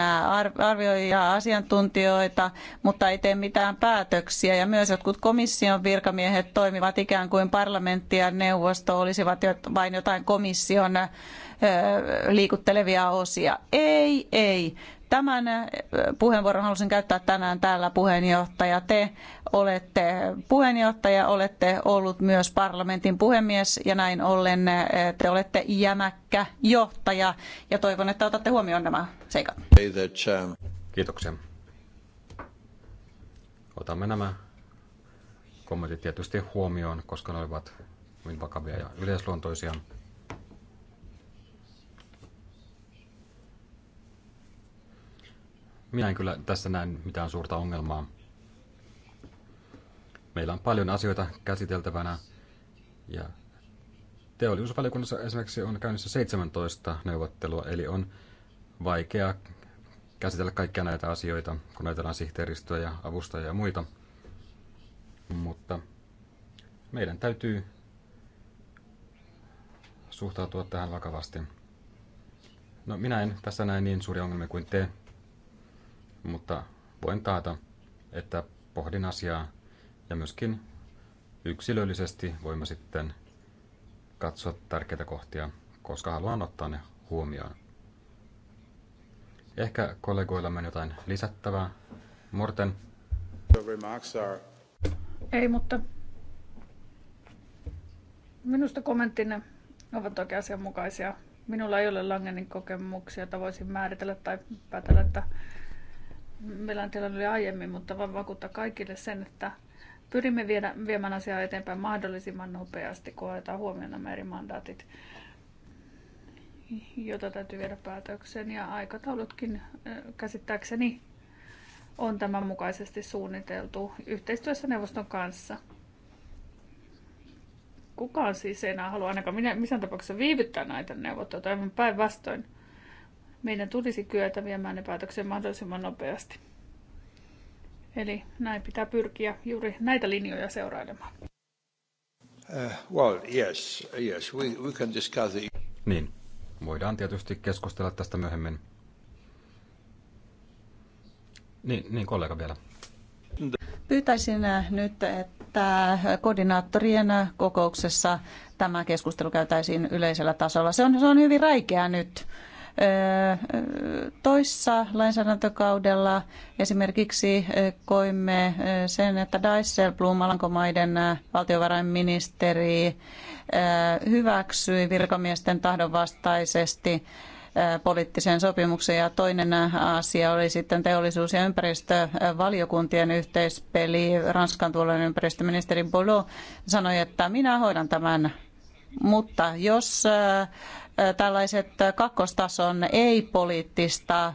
arvioijia, asiantuntijoita, mutta ei tee mitään päätöksiä. Ja myös jotkut komission virkamiehet toimivat ikään kuin parlamentti ja neuvosto olisivat vain jotain komission liikuttelevia osia. Ei, ei. Tämän puheenvuoron halusin käyttää tänään täällä puheenjohtaja. Te olette puheenjohtaja, olette ollut myös parlamentin puhemies ja näin ollen te olette jämäkkä johtaja ja toivon, että otatte huomioon nämä seikat. Kiitoksia. Otamme nämä kommentit tietysti huomioon, koska ne olivat hyvin vakavia ja yleisluontoisia. Minä en kyllä tässä näe mitään suurta ongelmaa. Meillä on paljon asioita käsiteltävänä ja teollisuusvaliokunnassa esimerkiksi on käynnissä 17 neuvottelua, eli on vaikea käsitellä kaikkia näitä asioita, kun ajatellaan sihteeristöä ja avustajia ja muita. Mutta meidän täytyy suhtautua tähän vakavasti. No minä en tässä näe niin suuria ongelmia kuin te, mutta voin taata, että pohdin asiaa ja myöskin yksilöllisesti voimme sitten katsoa tärkeitä kohtia, koska haluan ottaa ne huomioon. Ehkä kollegoillamme on jotain lisättävää. Morten? Ei, mutta minusta kommenttinne ovat toki asianmukaisia. Minulla ei ole Langenin kokemuksia, että voisin määritellä tai päätellä, että meillä on tilanne oli aiemmin, mutta voin vakuuttaa kaikille sen, että pyrimme viedä, viemään asiaa eteenpäin mahdollisimman nopeasti, kun otetaan huomioon nämä eri mandaatit, joita täytyy viedä päätökseen. Ja aikataulutkin käsittääkseni on tämän mukaisesti suunniteltu yhteistyössä neuvoston kanssa. Kukaan siis ei enää halua ainakaan minä, missään tapauksessa viivyttää näitä neuvotteluja, aivan päinvastoin meidän tulisi kyetä viemään ne päätöksen mahdollisimman nopeasti. Eli näin pitää pyrkiä juuri näitä linjoja seurailemaan. Uh, well, yes, yes, we, we can discuss the... Niin, voidaan tietysti keskustella tästä myöhemmin. Niin, niin kollega vielä. Pyytäisin äh, nyt, että äh, koordinaattorien äh, kokouksessa tämä keskustelu käytäisiin yleisellä tasolla. Se on, se on hyvin räikeä nyt Toissa lainsäädäntökaudella esimerkiksi koimme sen, että Dijsselbloem Alankomaiden valtiovarainministeri hyväksyi virkamiesten tahdonvastaisesti poliittisen sopimukseen ja toinen asia oli sitten teollisuus- ja ympäristövaliokuntien yhteispeli. Ranskan tuollainen ympäristöministeri Bolo sanoi, että minä hoidan tämän mutta jos tällaiset kakkostason ei-poliittista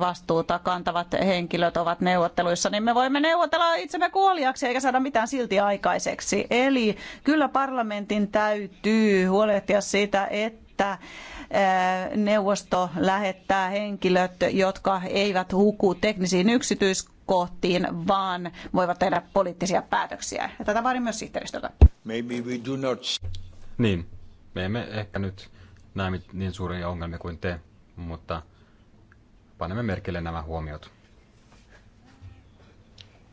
vastuuta kantavat henkilöt ovat neuvotteluissa, niin me voimme neuvotella itsemme kuoliaksi eikä saada mitään silti aikaiseksi. Eli kyllä parlamentin täytyy huolehtia siitä, että neuvosto lähettää henkilöt, jotka eivät huku teknisiin yksityiskohtiin, vaan voivat tehdä poliittisia päätöksiä. Ja tätä vaadin myös sihteeristöltä. Maybe we do not... Niin, me emme ehkä nyt näe niin suuria ongelmia kuin te, mutta panemme merkille nämä huomiot.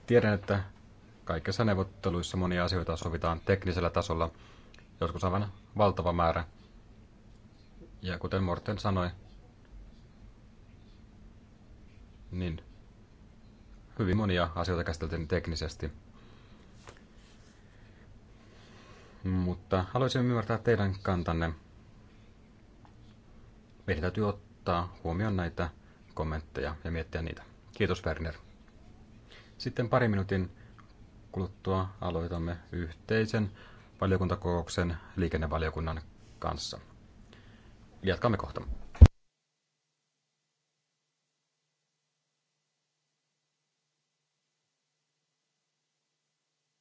Tiedän, että kaikissa neuvotteluissa monia asioita sovitaan teknisellä tasolla, joskus aivan valtava määrä. Ja kuten Morten sanoi, niin hyvin monia asioita käsiteltiin teknisesti. Mutta haluaisin ymmärtää teidän kantanne meidän täytyy ottaa huomioon näitä kommentteja ja miettiä niitä. Kiitos Werner. Sitten pari minuutin kuluttua aloitamme yhteisen valiokuntakokouksen liikennevaliokunnan kanssa. Jatkamme kohta.